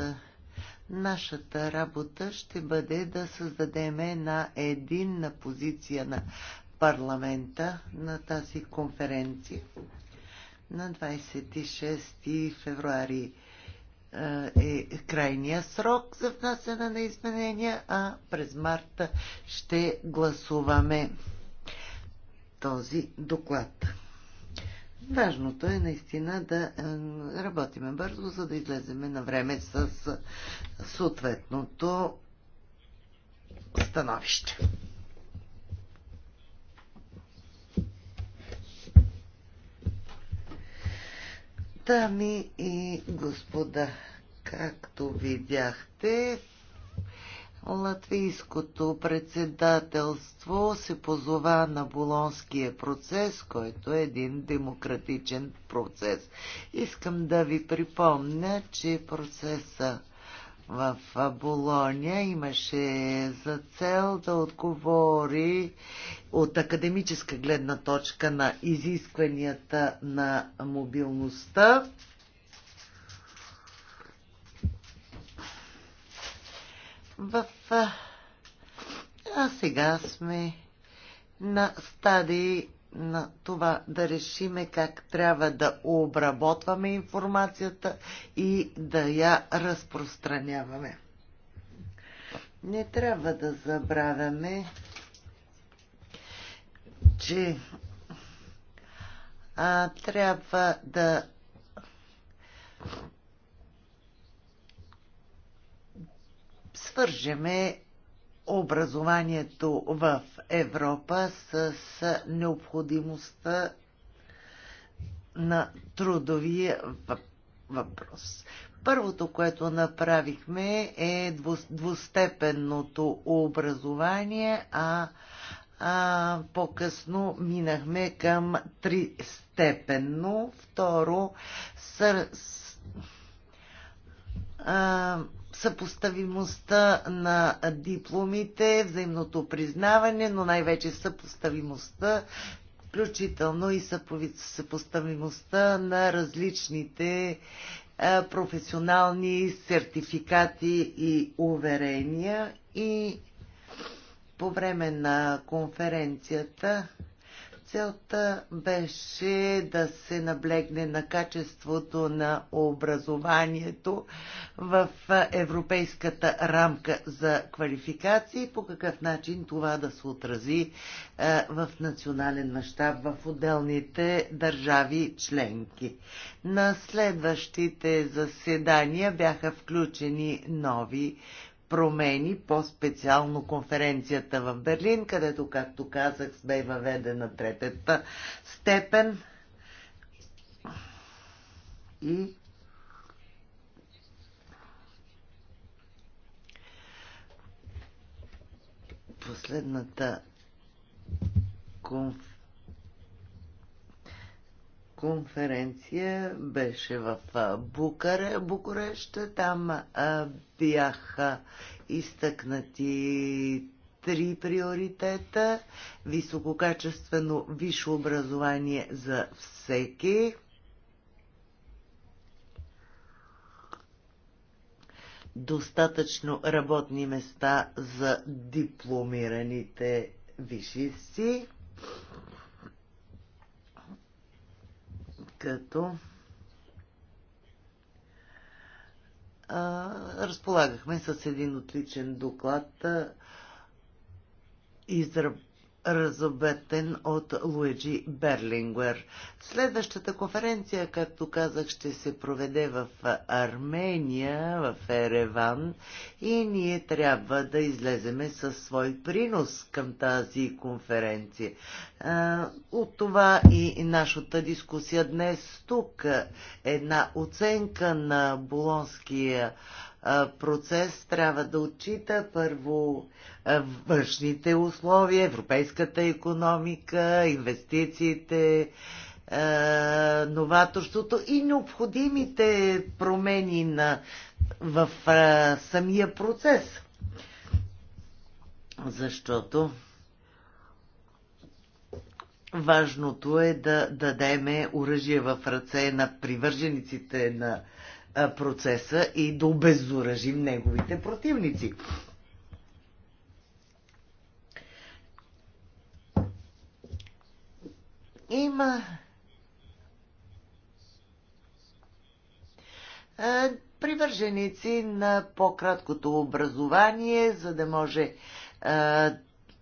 нашата работа ще бъде да създадем на единна позиция на парламента на тази конференция. На 26 февруари е крайния срок за внасяне на изменения, а през марта ще гласуваме този доклад. Важното е наистина да е, работиме бързо, за да излеземе на време с съответното становище. Дами и господа, както видяхте, Латвийското председателство се позова на Болонския процес, който е един демократичен процес. Искам да ви припомня, че процеса в Болония имаше за цел да отговори от академическа гледна точка на изискванията на мобилността В... А сега сме на стадии на това да решиме как трябва да обработваме информацията и да я разпространяваме. Не трябва да забравяме, че а, трябва да свържеме образованието в Европа с необходимостта на трудовия въпрос. Първото, което направихме е двустепенното образование, а, а по-късно минахме към тристепенно. Второ, сър, а, съпоставимостта на дипломите, взаимното признаване, но най-вече съпоставимостта, включително и съпоставимостта на различните професионални сертификати и уверения и по време на конференцията Целта беше да се наблегне на качеството на образованието в европейската рамка за квалификации, по какъв начин това да се отрази е, в национален мащаб в отделните държави членки. На следващите заседания бяха включени нови промени, по-специално конференцията в Берлин, където, както казах, сме въведена третата степен. И последната конференция конференция беше в Букаре, Букурещ. Там а, бяха изтъкнати три приоритета. Висококачествено висше образование за всеки. Достатъчно работни места за дипломираните вишисти като а, разполагахме с един отличен доклад, изръб разобетен от Луиджи Берлингер. Следващата конференция, както казах, ще се проведе в Армения, в Ереван и ние трябва да излеземе със свой принос към тази конференция. От това и нашата дискусия днес тук. Една оценка на Болонския процес трябва да отчита първо външните условия, европейската економика, инвестициите, новаторството и необходимите промени на, в самия процес. Защото важното е да дадеме оръжие в ръце на привържениците на процеса и да обезоръжим неговите противници. Има привърженици на по-краткото образование, за да може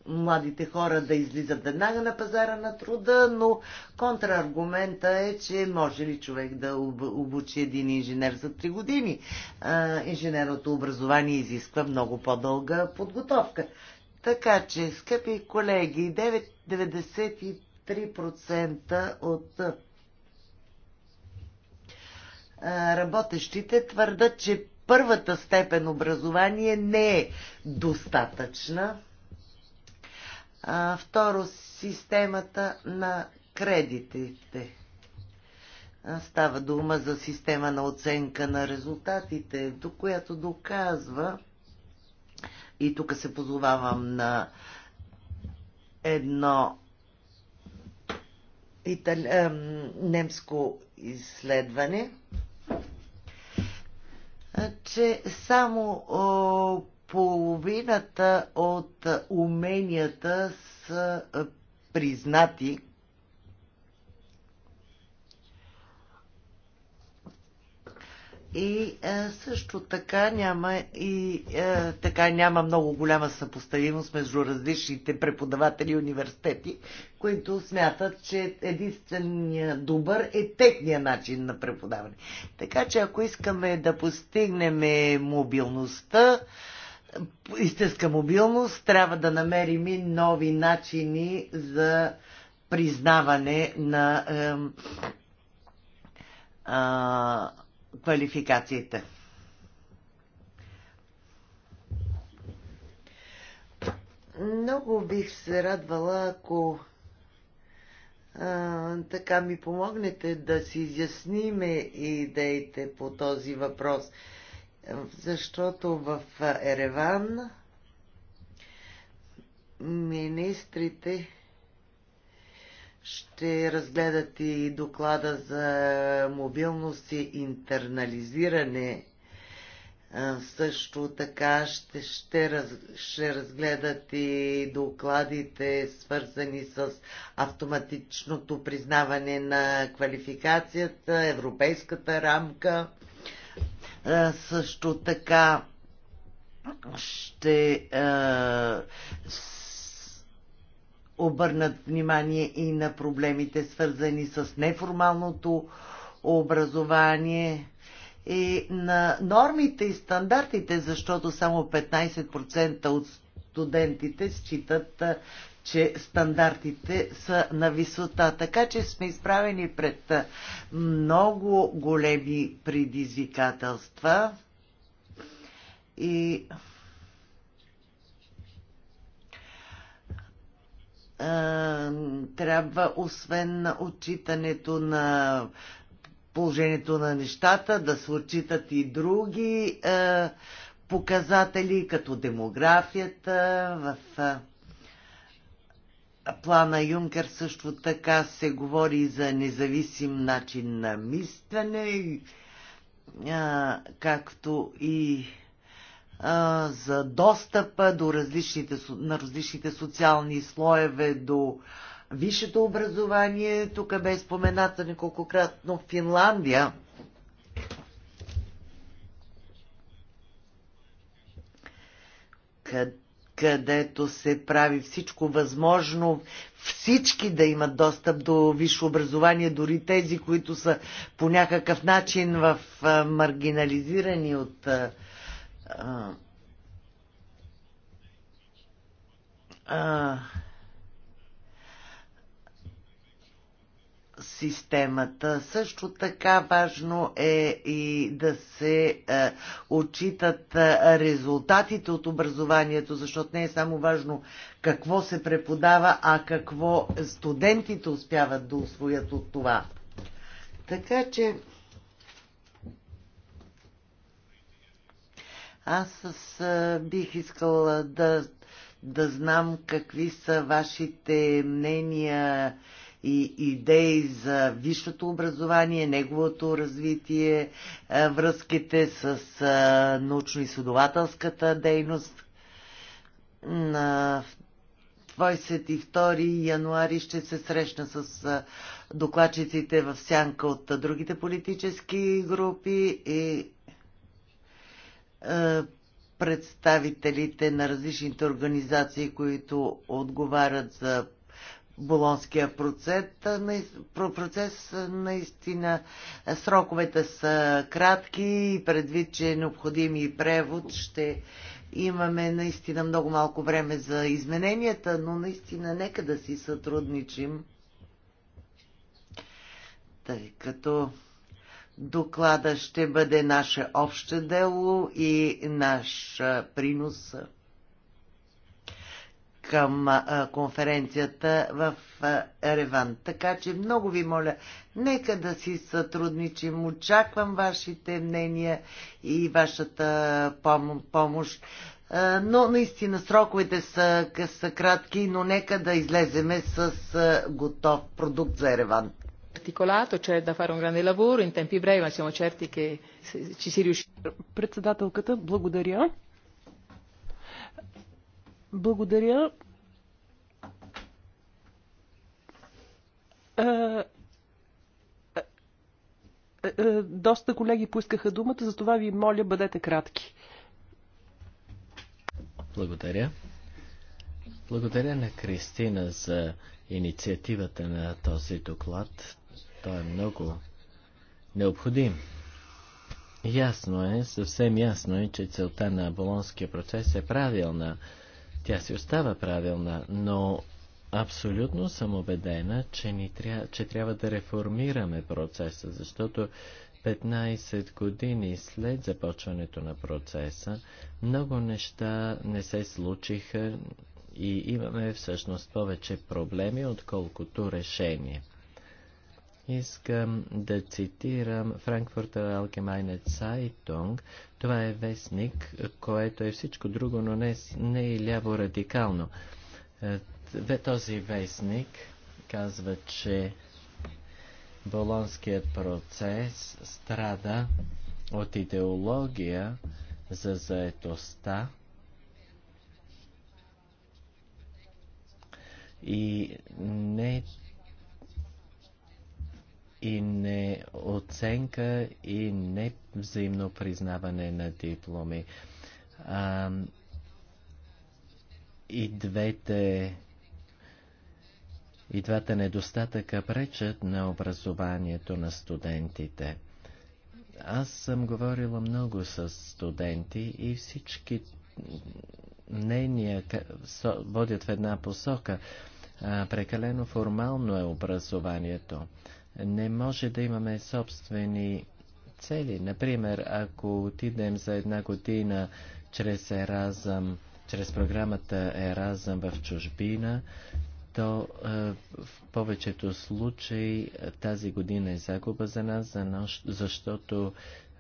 младите хора да излизат веднага на пазара на труда, но контраргумента е, че може ли човек да обучи един инженер за 3 години. инженерното образование изисква много по-дълга подготовка. Така че, скъпи колеги, 93% от работещите твърдат, че първата степен образование не е достатъчна а, второ, системата на кредитите. Става дума за система на оценка на резултатите, до която доказва, и тук се позовавам на едно итали... немско изследване, че само половината от уменията са е, признати И е, също така няма и е, така няма много голяма съпоставимост между различните преподаватели и университети, които смятат, че единствения добър е техния начин на преподаване. Така че ако искаме да постигнем мобилността, истинска мобилност, трябва да намерим и нови начини за признаване на е, е, квалификациите. Много бих се радвала, ако а, така ми помогнете да си изясниме идеите по този въпрос. А, защото в Ереван министрите ще разгледат и доклада за мобилност и интернализиране. Също така ще, ще, раз, ще разгледат и докладите, свързани с автоматичното признаване на квалификацията, европейската рамка е, също така ще е, обърнат внимание и на проблемите, свързани с неформалното образование и на нормите и стандартите, защото само 15% от студентите считат, е, че стандартите са на висота. Така че сме изправени пред много големи предизвикателства и трябва освен на отчитането на положението на нещата да се отчитат и други а, показатели, като демографията в плана Юнкер също така се говори за независим начин на мислене, както и за достъпа до различните, на различните социални слоеве, до висшето образование. Тук бе спомената неколкократно Финландия. Къд, където се прави всичко възможно, всички да имат достъп до висше образование, дори тези, които са по някакъв начин в а, маргинализирани от а, а, системата. Също така важно е и да се е, отчитат е, резултатите от образованието, защото не е само важно какво се преподава, а какво студентите успяват да освоят от това. Така че аз с, е, бих искала да, да знам какви са вашите мнения и идеи за висшето образование, неговото развитие, е, връзките с е, научно-изследователската дейност. На 22 януари ще се срещна с е, докладчиците в сянка от другите политически групи и представителите на различните организации, които отговарят за Болонския процес, процес наистина сроковете са кратки и предвид, че е необходим и превод, ще имаме наистина много малко време за измененията, но наистина нека да си сътрудничим, тъй като доклада ще бъде наше общо дело и наш принос към конференцията в Ереван. Така че много ви моля, нека да си сътрудничим. Очаквам вашите мнения и вашата помощ. Но наистина сроковете са, са кратки, но нека да излеземе с готов продукт за Ереван. Articolato, c'è da fare un grande lavoro in tempi brevi, ma siamo certi che ci si riuscirà. Председателката, благодаря. Благодаря. Е, е, е, доста колеги поискаха думата, затова ви моля, бъдете кратки. Благодаря. Благодаря на Кристина за инициативата на този доклад. Той е много необходим. Ясно е, съвсем ясно е, че целта на Болонския процес е правилна. Тя си остава правилна, но абсолютно съм убедена, че, ни тря... че трябва да реформираме процеса, защото 15 години след започването на процеса много неща не се случиха и имаме всъщност повече проблеми, отколкото решение. Искам да цитирам Frankfurter Allgemeine Zeitung. Това е вестник, което е всичко друго, но не, не е ляво радикално. Е, този вестник казва, че Болонският процес страда от идеология за заетостта и не и не оценка и не взаимно признаване на дипломи. А, и двете и двата недостатъка пречат на образованието на студентите. Аз съм говорила много с студенти и всички мнения водят в една посока. А, прекалено формално е образованието не може да имаме собствени цели. Например, ако отидем за една година чрез Еразъм, чрез програмата Еразъм в чужбина, то е, в повечето случаи е, тази година е загуба за нас, защото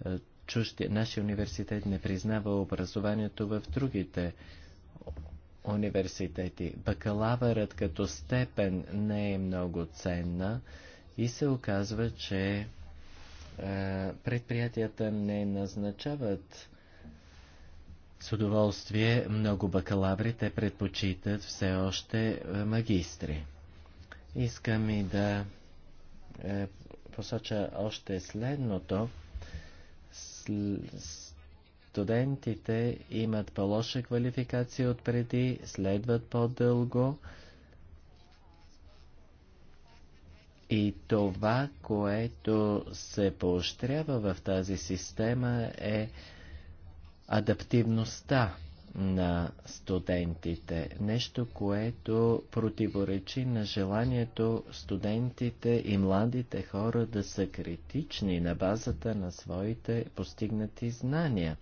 е, чужди, нашия университет не признава образованието в другите университети. Бакалавърът като степен не е много ценна и се оказва, че е, предприятията не назначават с удоволствие много бакалаври, те предпочитат все още е, магистри. Искам и да е, посоча още следното. Студентите имат по-лоша квалификация от преди, следват по-дълго И това, което се поощрява в тази система е адаптивността на студентите. Нещо, което противоречи на желанието студентите и младите хора да са критични на базата на своите постигнати знания.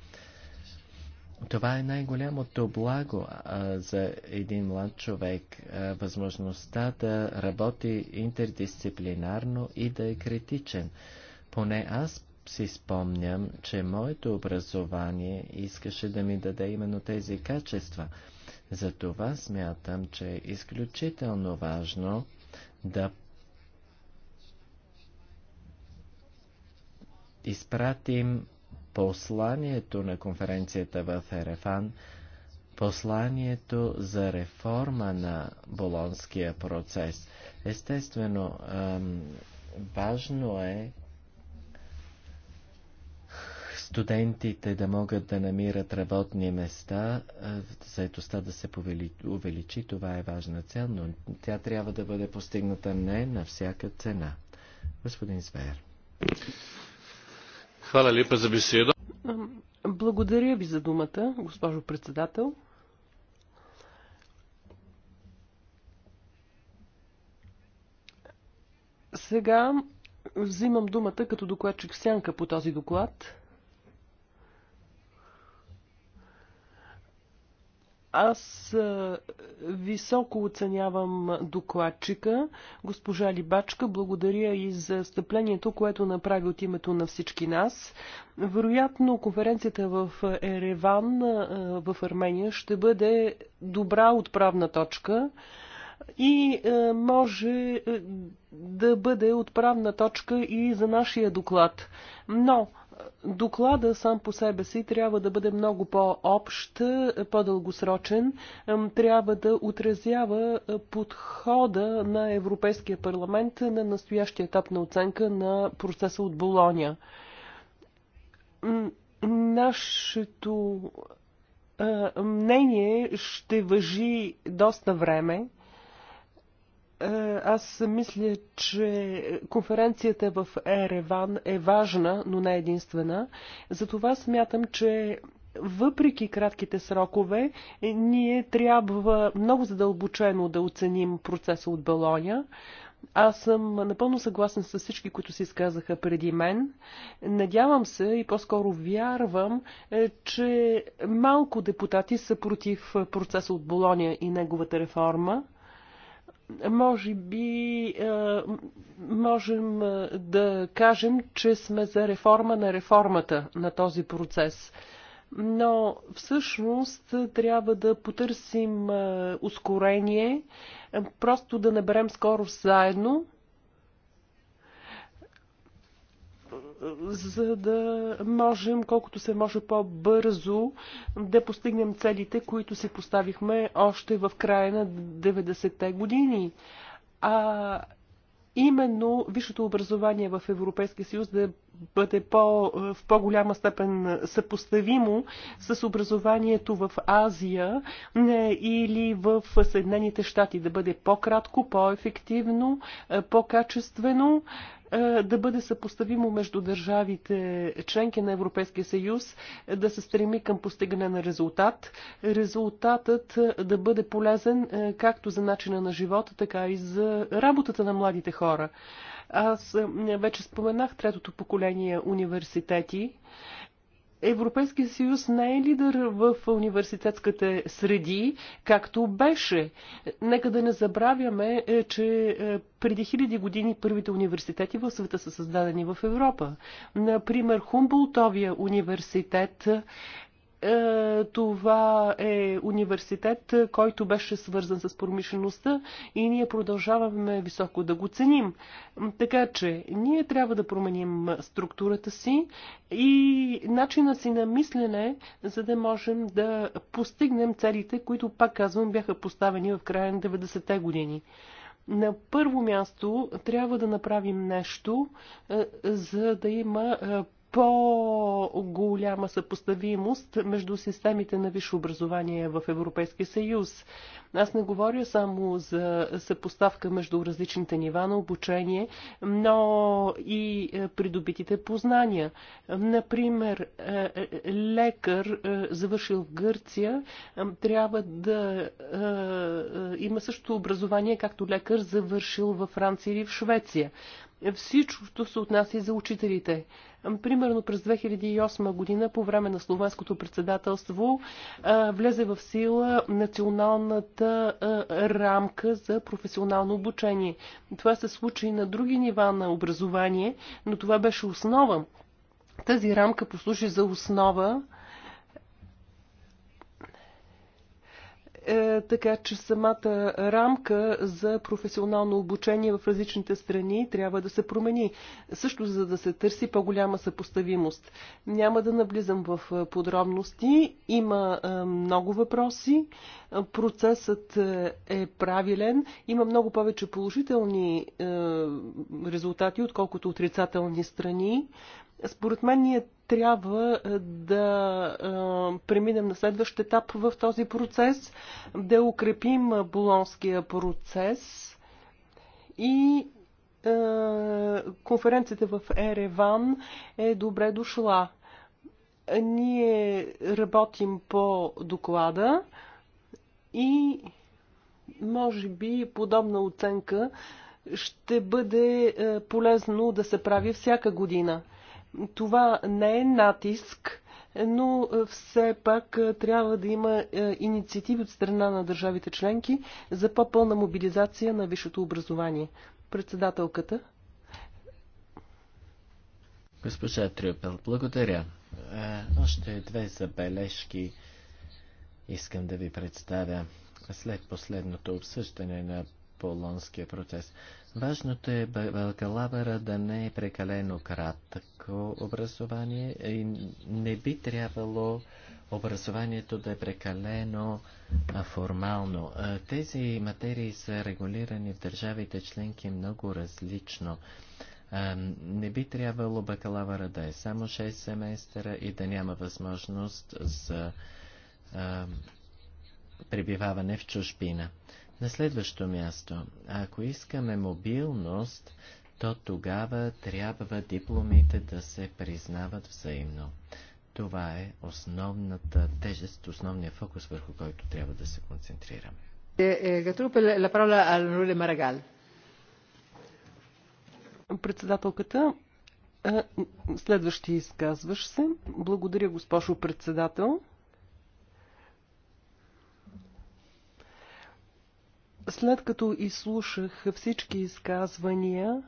Това е най-голямото благо а, за един млад човек а, възможността да работи интердисциплинарно и да е критичен. Поне аз си спомням, че моето образование искаше да ми даде именно тези качества. Затова смятам, че е изключително важно да изпратим посланието на конференцията в Ерефан, посланието за реформа на болонския процес. Естествено, важно е студентите да могат да намират работни места, заедостта да се увеличи, това е важна цел, но тя трябва да бъде постигната не на всяка цена. Господин Звер. Хвала лепа за беседа. Благодаря ви за думата, госпожо председател. Сега взимам думата като докладчик сянка по този доклад. Аз високо оценявам докладчика, госпожа Либачка. Благодаря и за стъплението, което направи от името на всички нас. Вероятно, конференцията в Ереван, в Армения, ще бъде добра отправна точка и може да бъде отправна точка и за нашия доклад. Но доклада сам по себе си трябва да бъде много по-общ, по-дългосрочен. Трябва да отразява подхода на Европейския парламент на настоящия етап на оценка на процеса от Болония. Нашето мнение ще въжи доста време е, аз мисля, че конференцията в Ереван е важна, но не единствена. Затова смятам, че въпреки кратките срокове, ние трябва много задълбочено да оценим процеса от Балоня. Аз съм напълно съгласен с всички, които се изказаха преди мен. Надявам се и по-скоро вярвам, е, че малко депутати са против процеса от Болония и неговата реформа може би е, можем е, да кажем, че сме за реформа на реформата на този процес. Но всъщност трябва да потърсим е, ускорение, просто да наберем скорост заедно за да можем колкото се може по-бързо да постигнем целите, които си поставихме още в края на 90-те години. А именно висшето образование в Европейския съюз да бъде по, в по-голяма степен съпоставимо с образованието в Азия е, или в Съединените щати, да бъде по-кратко, по-ефективно, е, по-качествено. Е, да бъде съпоставимо между държавите членки на Европейския съюз, е, да се стреми към постигане на резултат. Резултатът е, да бъде полезен както за начина на живота, така и за работата на младите хора. Аз вече споменах третото поколение университети. Европейския съюз не е лидер в университетските среди, както беше. Нека да не забравяме, е, че е, преди хиляди години първите университети в света са създадени в Европа. Например, Хумболтовия университет е, това е университет, който беше свързан с промишлеността и ние продължаваме високо да го ценим. Така че ние трябва да променим структурата си и начина си на мислене, за да можем да постигнем целите, които, пак казвам, бяха поставени в края на 90-те години. На първо място трябва да направим нещо, е, за да има е, по-голяма съпоставимост между системите на висше образование в Европейския съюз. Аз не говоря само за съпоставка между различните нива на обучение, но и е, придобитите познания. Например, е, е, лекар, завършил в Гърция, трябва да има същото образование, както лекар, завършил във Франция или в Швеция. Всичкото се отнася и за учителите. Примерно през 2008 година, по време на словенското председателство, влезе в сила националната рамка за професионално обучение. Това се случи и на други нива на образование, но това беше основа. Тази рамка послужи за основа Е, така че самата рамка за професионално обучение в различните страни трябва да се промени, също за да се търси по-голяма съпоставимост. Няма да наблизам в е, подробности, има е, много въпроси, процесът е правилен, има много повече положителни резултати, отколкото отрицателни страни. Според мен ние трябва е, да е, преминем на следващ етап в този процес, да укрепим болонския процес и е, конференцията в Ереван е добре дошла. Ние работим по доклада и може би подобна оценка ще бъде полезно да се прави всяка година. Това не е натиск, но е, все пак е, трябва да има е, инициативи от страна на държавите членки за по-пълна мобилизация на висшето образование. Председателката. Госпожа Трюпел, благодаря. Още две забележки искам да ви представя след последното обсъждане на болонския процес. Важното е бакалавъра да не е прекалено кратко образование и не би трябвало образованието да е прекалено формално. Тези материи са регулирани в държавите членки много различно. Не би трябвало бакалавъра да е само 6 семестъра и да няма възможност за пребиваване в чужбина. На следващо място, ако искаме мобилност, то тогава трябва дипломите да се признават взаимно. Това е основната тежест, основния фокус, върху който трябва да се концентрираме. Е, е, Председателката, е, следващи изказваш се. Благодаря, госпожо председател. След като изслушах всички изказвания,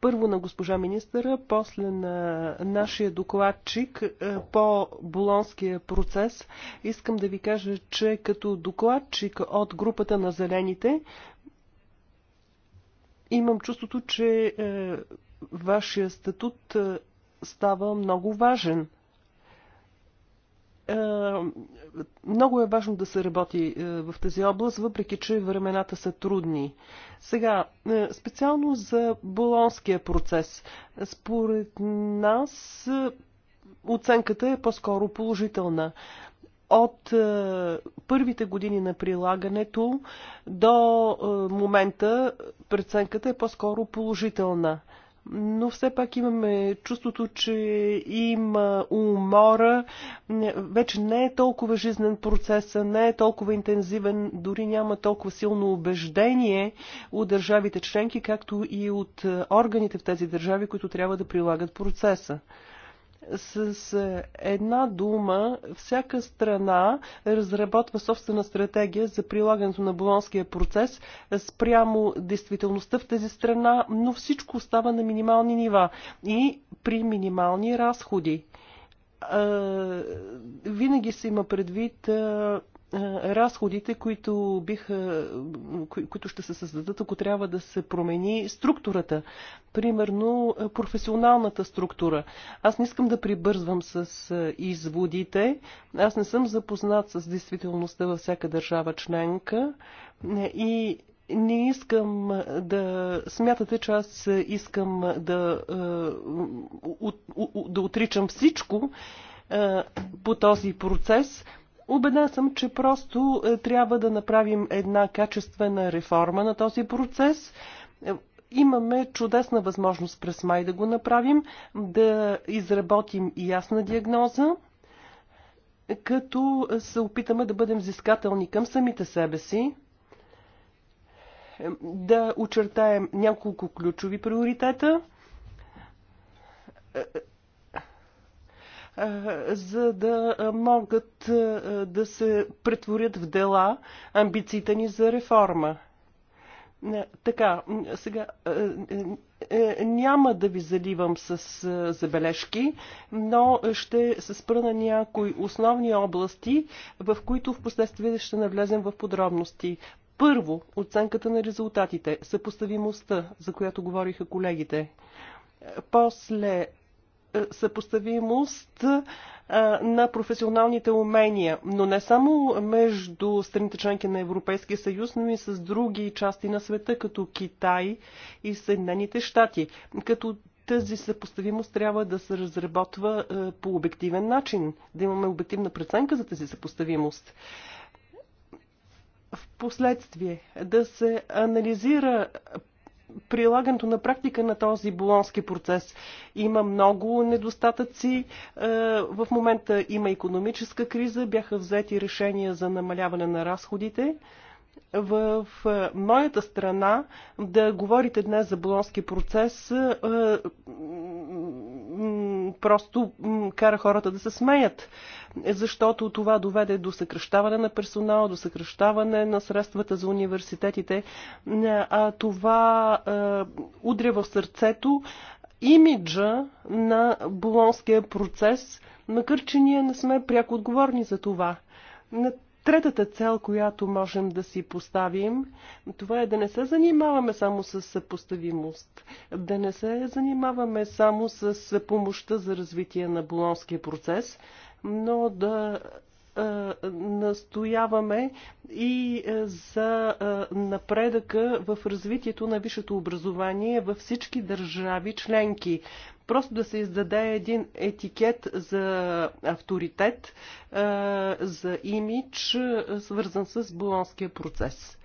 първо на госпожа министъра, после на нашия докладчик е, по Болонския процес. Искам да ви кажа, че като докладчик от групата на зелените, имам чувството, че е, вашия статут е, става много важен. Е, много е важно да се работи е, в тази област, въпреки че времената са трудни. Сега, е, специално за болонския процес. Според нас оценката е по-скоро положителна. От първите години на прилагането до момента преценката е по-скоро положителна но все пак имаме чувството, че има умора. Вече не е толкова жизнен процеса, не е толкова интензивен, дори няма толкова силно убеждение от държавите членки, както и от органите в тези държави, които трябва да прилагат процеса. С е, една дума, всяка страна разработва собствена стратегия за прилагането на болонския процес спрямо действителността в тази страна, но всичко остава на минимални нива и при минимални разходи е, винаги се има предвид е, разходите, които, биха, които ще се създадат, ако трябва да се промени структурата. Примерно професионалната структура. Аз не искам да прибързвам с изводите. Аз не съм запознат с действителността във всяка държава членка и не искам да смятате, че аз искам да, да отричам всичко по този процес – Обедна съм, че просто е, трябва да направим една качествена реформа на този процес. Е, имаме чудесна възможност през май да го направим, да изработим ясна диагноза, като се опитаме да бъдем взискателни към самите себе си, е, да очертаем няколко ключови приоритета, за да могат да се претворят в дела амбициите ни за реформа. Така, сега е, е, няма да ви заливам с забележки, но ще се спра на някои основни области, в които в последствие ще навлезем в подробности. Първо, оценката на резултатите, съпоставимостта, за която говориха колегите. После е, съпоставимост е, на професионалните умения, но не само между страните членки на Европейския съюз, но и с други части на света, като Китай и Съединените щати. Като тази съпоставимост трябва да се разработва е, по обективен начин, да имаме обективна преценка за тази съпоставимост в последствие да се анализира прилагането на практика на този болонски процес. Има много недостатъци. Е, в момента има економическа криза, бяха взети решения за намаляване на разходите в е, моята страна да говорите днес за болонски процес е, просто кара хората да се смеят, защото това доведе до съкръщаване на персонала, до съкръщаване на средствата за университетите, е, а това удря в сърцето имиджа на болонския процес, макар че ние не сме пряко отговорни за това. Третата цел, която можем да си поставим, това е да не се занимаваме само с съпоставимост, да не се занимаваме само с помощта за развитие на болонския процес, но да настояваме и за напредъка в развитието на висшето образование във всички държави членки. Просто да се издаде един етикет за авторитет, за имидж, свързан с болонския процес.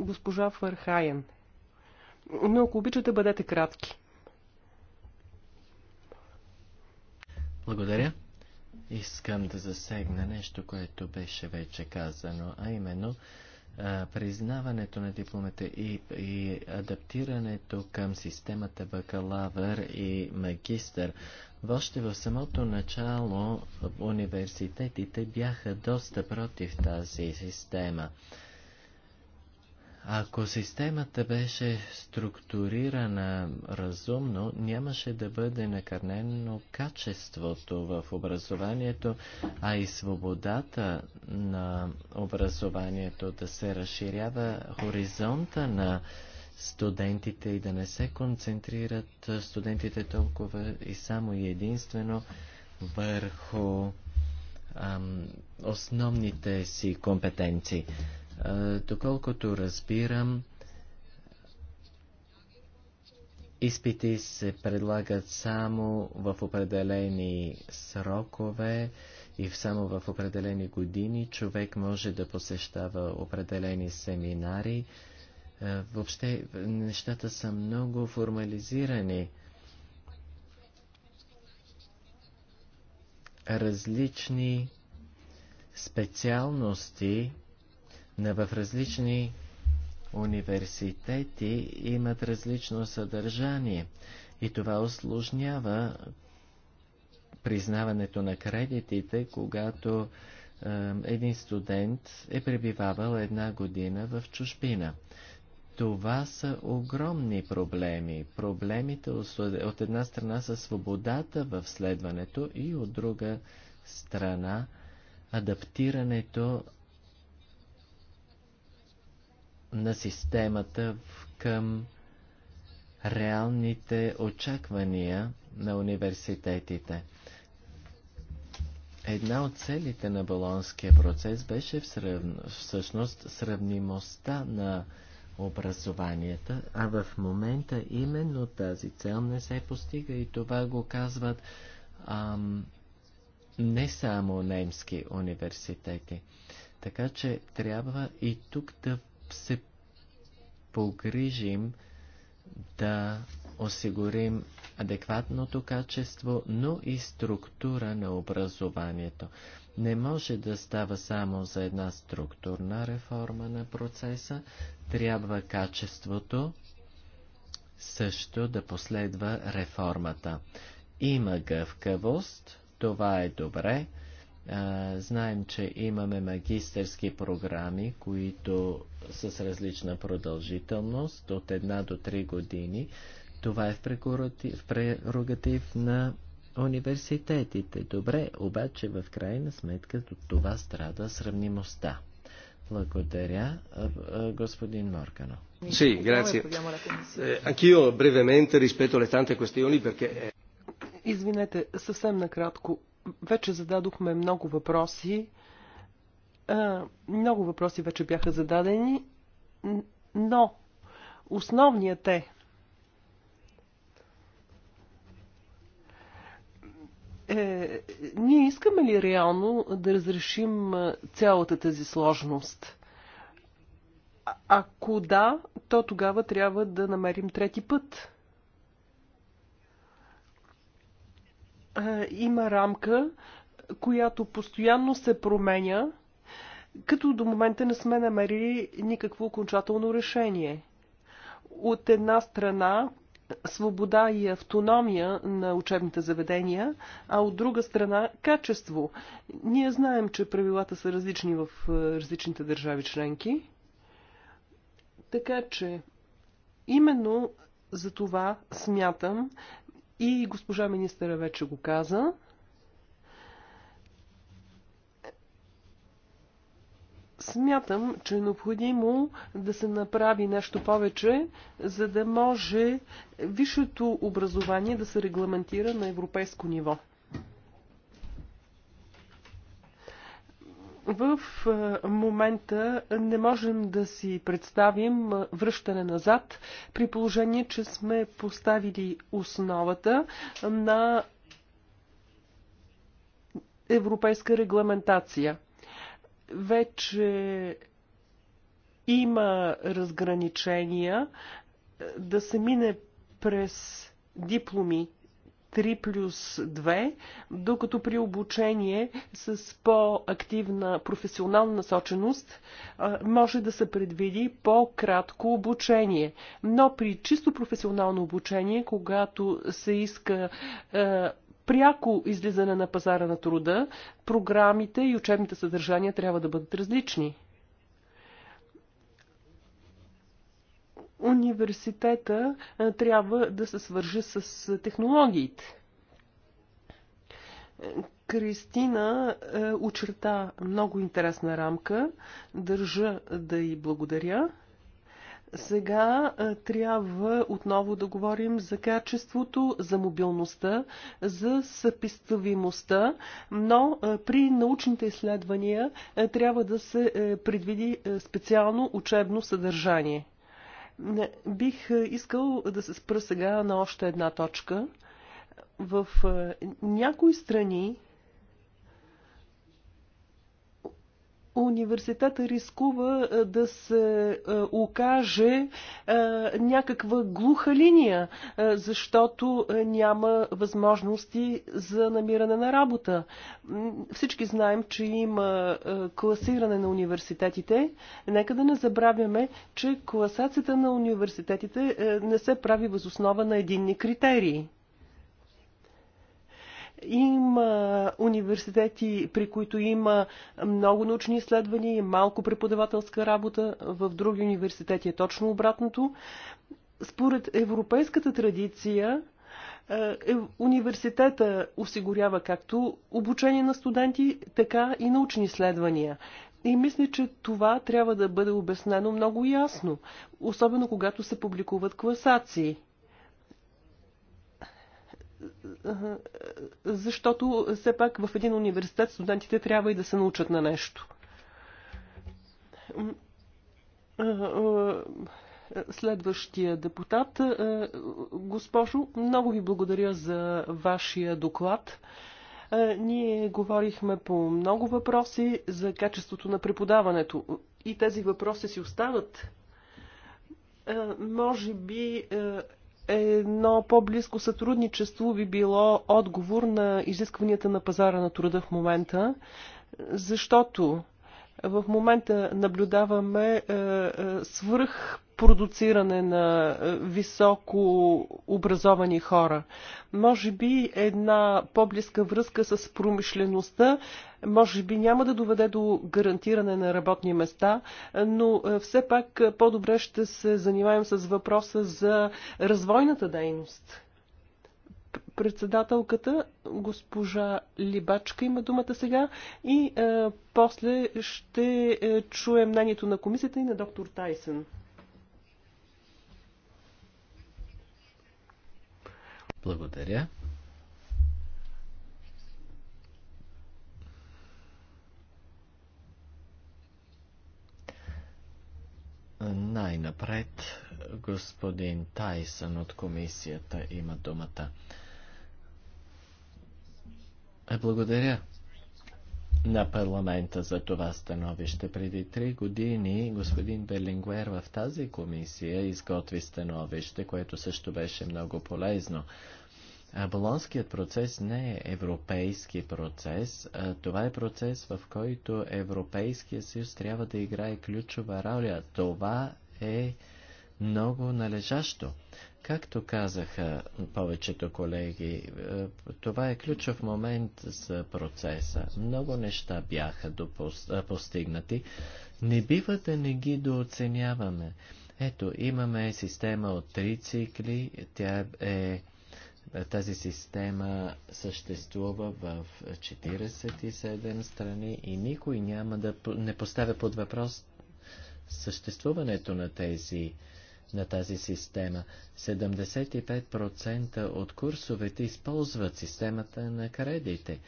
Госпожа Фархаен. Но ако обичате, бъдете кратки. Благодаря искам да засегна нещо, което беше вече казано, а именно а, признаването на дипломата и, и адаптирането към системата бакалавър и магистър. Въобще в самото начало университетите бяха доста против тази система. Ако системата беше структурирана разумно, нямаше да бъде накърнено качеството в образованието, а и свободата на образованието да се разширява хоризонта на студентите и да не се концентрират студентите толкова и само и единствено върху ам, основните си компетенции. Доколкото разбирам, изпити се предлагат само в определени срокове и само в определени години. Човек може да посещава определени семинари. Въобще нещата са много формализирани. Различни специалности в различни университети имат различно съдържание и това осложнява признаването на кредитите, когато е, един студент е пребивавал една година в чужбина. Това са огромни проблеми. Проблемите от една страна са свободата в следването и от друга страна адаптирането на системата към реалните очаквания на университетите. Една от целите на Болонския процес беше всръв... всъщност сравнимостта на образованията, а в момента именно тази цел не се постига и това го казват ам, не само немски университети. Така че трябва и тук да се погрижим да осигурим адекватното качество, но и структура на образованието. Не може да става само за една структурна реформа на процеса, трябва качеството също да последва реформата. Има гъвкавост, това е добре, Знаем, че имаме магистърски програми, които с различна продължителност от една до три години. Това е в прерогатив на университетите. Добре, обаче в крайна сметка до това страда сравнимостта. Благодаря, господин Моргано. Sì, grazie. Eh, е, anch'io brevemente rispetto alle tante questioni perché... Е, Извинете, съвсем накратко вече зададохме много въпроси. Много въпроси вече бяха зададени, но основният е е, ние искаме ли реално да разрешим цялата тази сложност? А, ако да, то тогава трябва да намерим трети път. има рамка, която постоянно се променя, като до момента не сме намерили никакво окончателно решение. От една страна свобода и автономия на учебните заведения, а от друга страна качество. Ние знаем, че правилата са различни в различните държави членки. Така че именно за това смятам, и госпожа министъра вече го каза. смятам, че е необходимо да се направи нещо повече, за да може висшето образование да се регламентира на европейско ниво. В момента не можем да си представим връщане назад, при положение, че сме поставили основата на европейска регламентация. Вече има разграничения да се мине през дипломи 3 плюс 2, докато при обучение с по-активна професионална насоченост може да се предвиди по-кратко обучение. Но при чисто професионално обучение, когато се иска пряко излизане на пазара на труда, програмите и учебните съдържания трябва да бъдат различни. университета трябва да се свържи с технологиите. Кристина очерта много интересна рамка. Държа да й благодаря. Сега трябва отново да говорим за качеството, за мобилността, за съпиставимостта, но при научните изследвания трябва да се предвиди специално учебно съдържание. Не Бих е, искал да се спра сега на още една точка. В е, някои страни университета рискува е, да се е, окаже е, някаква глуха линия, защото няма възможности за намиране на работа. Всички знаем, че има класиране на университетите. Нека да не забравяме, че класацията на университетите не се прави възоснова на единни критерии. Има университети, при които има много научни изследвания и малко преподавателска работа. В други университети е точно обратното. Според европейската традиция, е, университета осигурява както обучение на студенти, така и научни изследвания. И мисля, че това трябва да бъде обяснено много ясно, особено когато се публикуват класации защото все пак в един университет студентите трябва и да се научат на нещо. Следващия депутат. Госпожо, много ви благодаря за вашия доклад. Ние говорихме по много въпроси за качеството на преподаването и тези въпроси си остават. Може би едно по-близко сътрудничество би било отговор на изискванията на пазара на труда в момента, защото в момента наблюдаваме е, е, свръхпродуциране продуциране на е, високо образовани хора. Може би една по-близка връзка с промишлеността, може би няма да доведе до гарантиране на работни места, но все пак по-добре ще се занимаем с въпроса за развойната дейност председателката, госпожа Либачка има думата сега и е, после ще е, чуем мнението на комисията и на доктор Тайсън. Благодаря. Най-напред Господин Тайсън от комисията има думата. Е, благодаря на парламента за това становище. Преди три години господин Берлингуер в тази комисия изготви становище, което също беше много полезно. Болонският процес не е европейски процес, това е процес, в който Европейския съюз трябва да играе ключова роля. Това е много належащо. Както казаха повечето колеги, е, това е ключов момент за процеса. Много неща бяха е, постигнати. Не бива да не ги дооценяваме. Ето, имаме система от три цикли. Тя е, е тази система съществува в 47 страни и никой няма да не поставя под въпрос съществуването на тези на тази система. 75% от курсовете използват системата на кредити.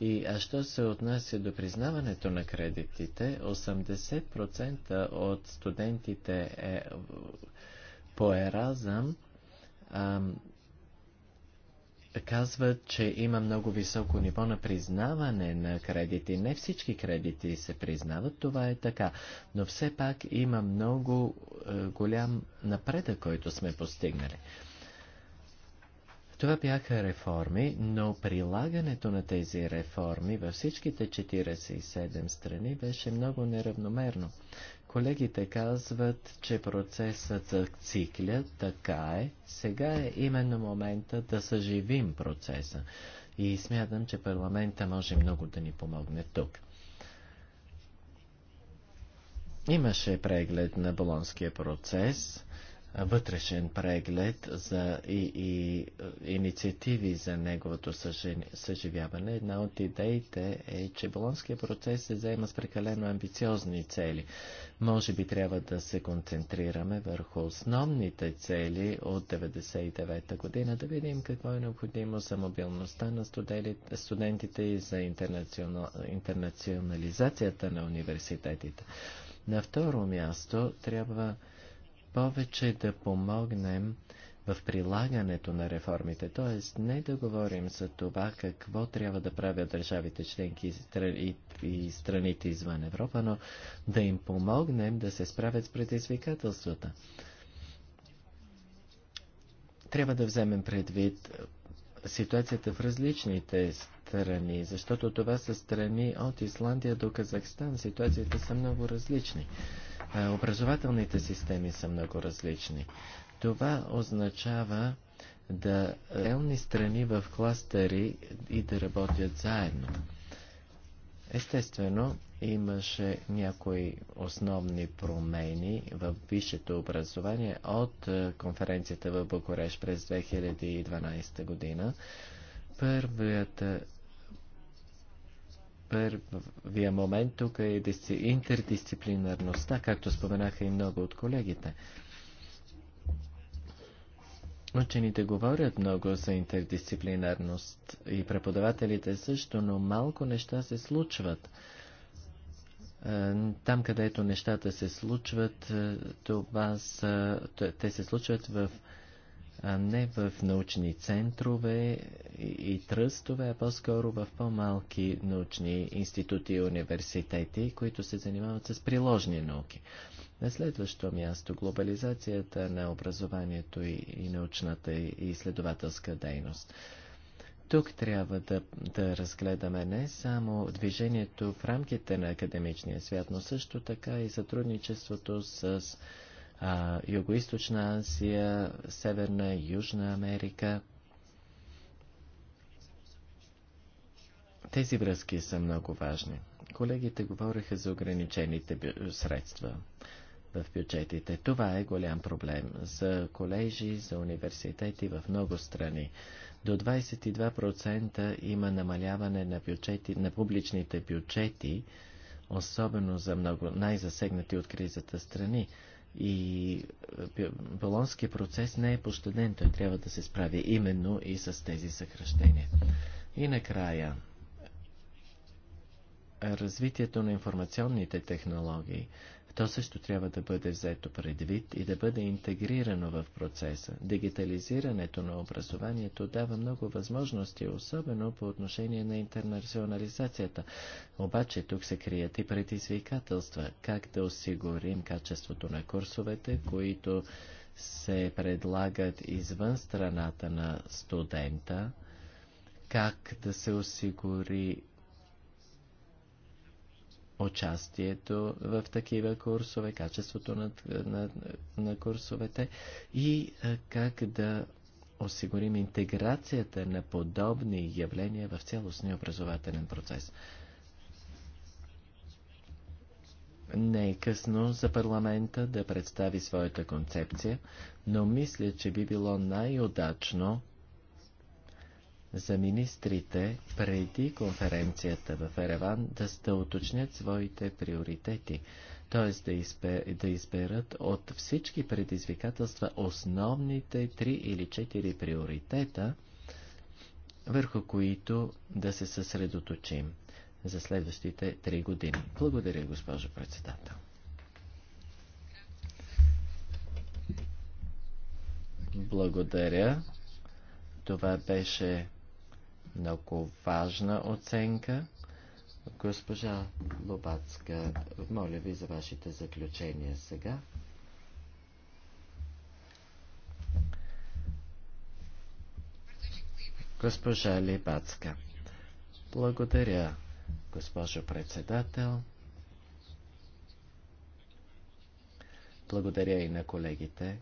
И а що се отнася до признаването на кредитите, 80% от студентите е по Еразъм Казва, че има много високо ниво на признаване на кредити. Не всички кредити се признават, това е така, но все пак има много е, голям напредък, който сме постигнали. Това бяха реформи, но прилагането на тези реформи във всичките 47 страни беше много неравномерно. Колегите казват, че процесът цикля така е. Сега е именно момента да съживим процеса. И смятам, че парламента може много да ни помогне тук. Имаше преглед на болонския процес вътрешен преглед за и, и е, инициативи за неговото съживяване. Една от идеите е, че Болонския процес се заема с прекалено амбициозни цели. Може би трябва да се концентрираме върху основните цели от 99-та година, да видим какво е необходимо за мобилността на студентите и за интернационал, интернационализацията на университетите. На второ място трябва повече да помогнем в прилагането на реформите, т.е. не да говорим за това какво трябва да правят държавите членки и страните извън Европа, но да им помогнем да се справят с предизвикателствата. Трябва да вземем предвид е, ситуацията в различните страни, защото това са страни от Исландия до Казахстан. Ситуацията са много различни. Е, образователните системи са много различни. Това означава да отделни страни в кластери и да работят заедно. Естествено, имаше някои основни промени в висшето образование от е, конференцията в Букуреш през 2012 година. Първата Първия момент тук е интердисциплинарността, както споменаха и много от колегите. Учените говорят много за интердисциплинарност и преподавателите също, но малко неща се случват. Е, там, където нещата се случват, е, това са, те се случват в а не в научни центрове и тръстове, а по-скоро в по-малки научни институти и университети, които се занимават с приложни науки. На следващо място глобализацията на образованието и, и научната и изследователска дейност. Тук трябва да, да разгледаме не само движението в рамките на академичния свят, но също така и сътрудничеството с Югоисточна Азия, Северна и Южна Америка. Тези връзки са много важни. Колегите говориха за ограничените средства в бюджетите. Това е голям проблем за колежи, за университети в много страни. До 22% има намаляване на, бюджети, на публичните бюджети, особено за много най-засегнати от кризата страни. И е, Болонския процес не е пощаден, той трябва да се справи именно и с тези съкръщения. И накрая, развитието на информационните технологии то също трябва да бъде взето предвид и да бъде интегрирано в процеса. Дигитализирането на образованието дава много възможности, особено по отношение на интернационализацията. Обаче тук се крият и предизвикателства. Как да осигурим качеството на курсовете, които се предлагат извън страната на студента, как да се осигури участието в такива курсове, качеството на, на, на курсовете и как да осигурим интеграцията на подобни явления в цялостния образователен процес. Не е късно за парламента да представи своята концепция, но мисля, че би било най-удачно за министрите преди конференцията в Ереван да, да уточнят своите приоритети, т.е. Да, избер, да изберат от всички предизвикателства основните три или четири приоритета, върху които да се съсредоточим за следващите три години. Благодаря, госпожо председател. Благодаря. Това беше много важна оценка. Госпожа Лобацка, моля ви за вашите заключения сега. Госпожа Либацка. Благодаря, госпожо председател. Благодаря и на колегите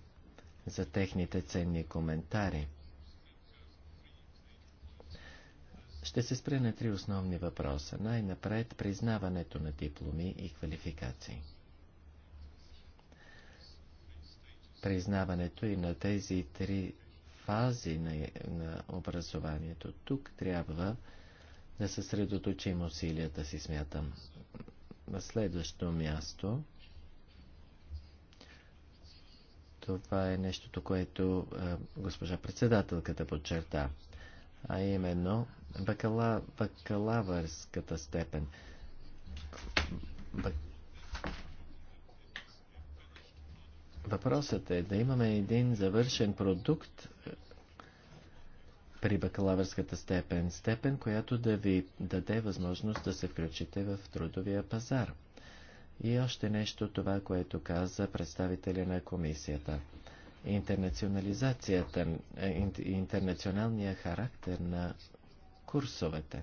за техните ценни коментари. Ще се спре на три основни въпроса. Най-напред признаването на дипломи и квалификации. Признаването и на тези три фази на, на образованието. Тук трябва да съсредоточим усилията си, смятам. На следващо място това е нещото, което е, госпожа председателката подчерта, а именно бакала, бакалавърската степен. Бак... Въпросът е да имаме един завършен продукт е, при бакалавърската степен. Степен, която да ви даде възможност да се включите в трудовия пазар. И още нещо това, което каза представителя на комисията. Интернационализацията, е, интернационалния характер на курсовете.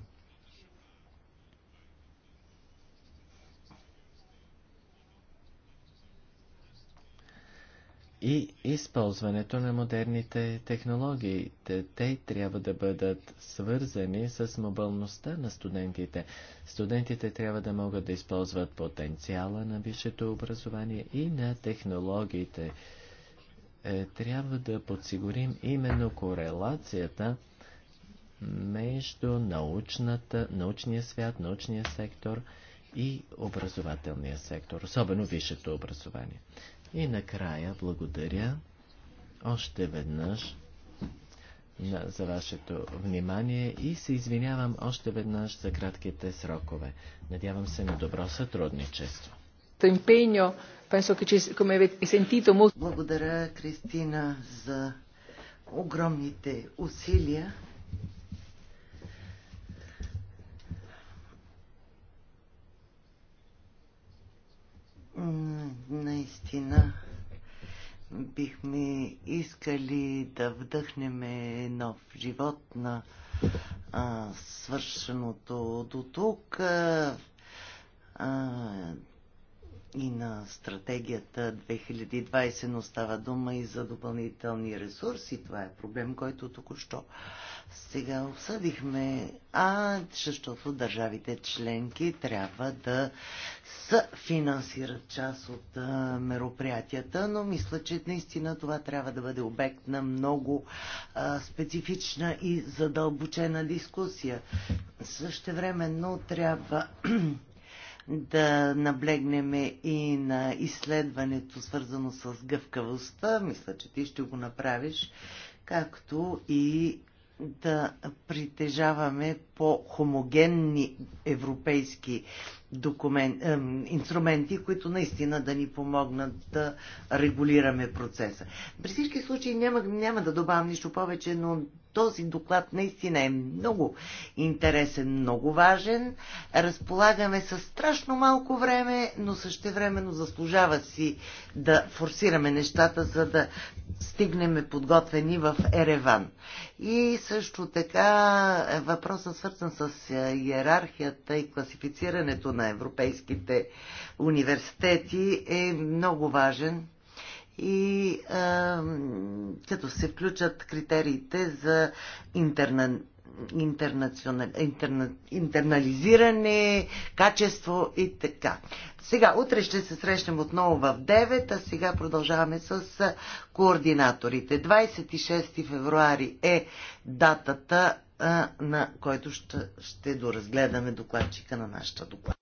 И използването на модерните технологии. Те трябва да бъдат свързани с мобилността на студентите. Студентите трябва да могат да използват потенциала на висшето образование и на технологиите. Е, трябва да подсигурим именно корелацията между научната, научния свят, научния сектор и образователния сектор, особено висшето образование. И накрая благодаря още веднъж на, за вашето внимание и се извинявам още веднъж за кратките срокове. Надявам се на добро сътрудничество. Благодаря, Кристина, за огромните усилия. наистина бихме искали да вдъхнем нов живот на а, свършеното до тук. А, а, и на стратегията 2020, но става дума и за допълнителни ресурси. Това е проблем, който току-що сега обсъдихме. А, защото държавите членки трябва да съфинансират част от а, мероприятията, но мисля, че наистина това трябва да бъде обект на много а, специфична и задълбочена дискусия. Същевременно трябва [clears throat] да наблегнем и на изследването, свързано с гъвкавостта. Мисля, че ти ще го направиш, както и да притежаваме по-хомогенни европейски документ, е, инструменти, които наистина да ни помогнат да регулираме процеса. При всички случаи няма, няма да добавям нищо повече, но този доклад наистина е много интересен, много важен. Разполагаме с страшно малко време, но същевременно заслужава си да форсираме нещата, за да стигнем подготвени в Ереван. И също така въпросът свързан с е, иерархията и класифицирането на европейските университети е много важен и а, като се включат критериите за интерна, интерна, интернализиране, качество и така. Сега, утре ще се срещнем отново в 9, а сега продължаваме с координаторите. 26 февруари е датата, а, на който ще, ще доразгледаме докладчика на нашата доклад.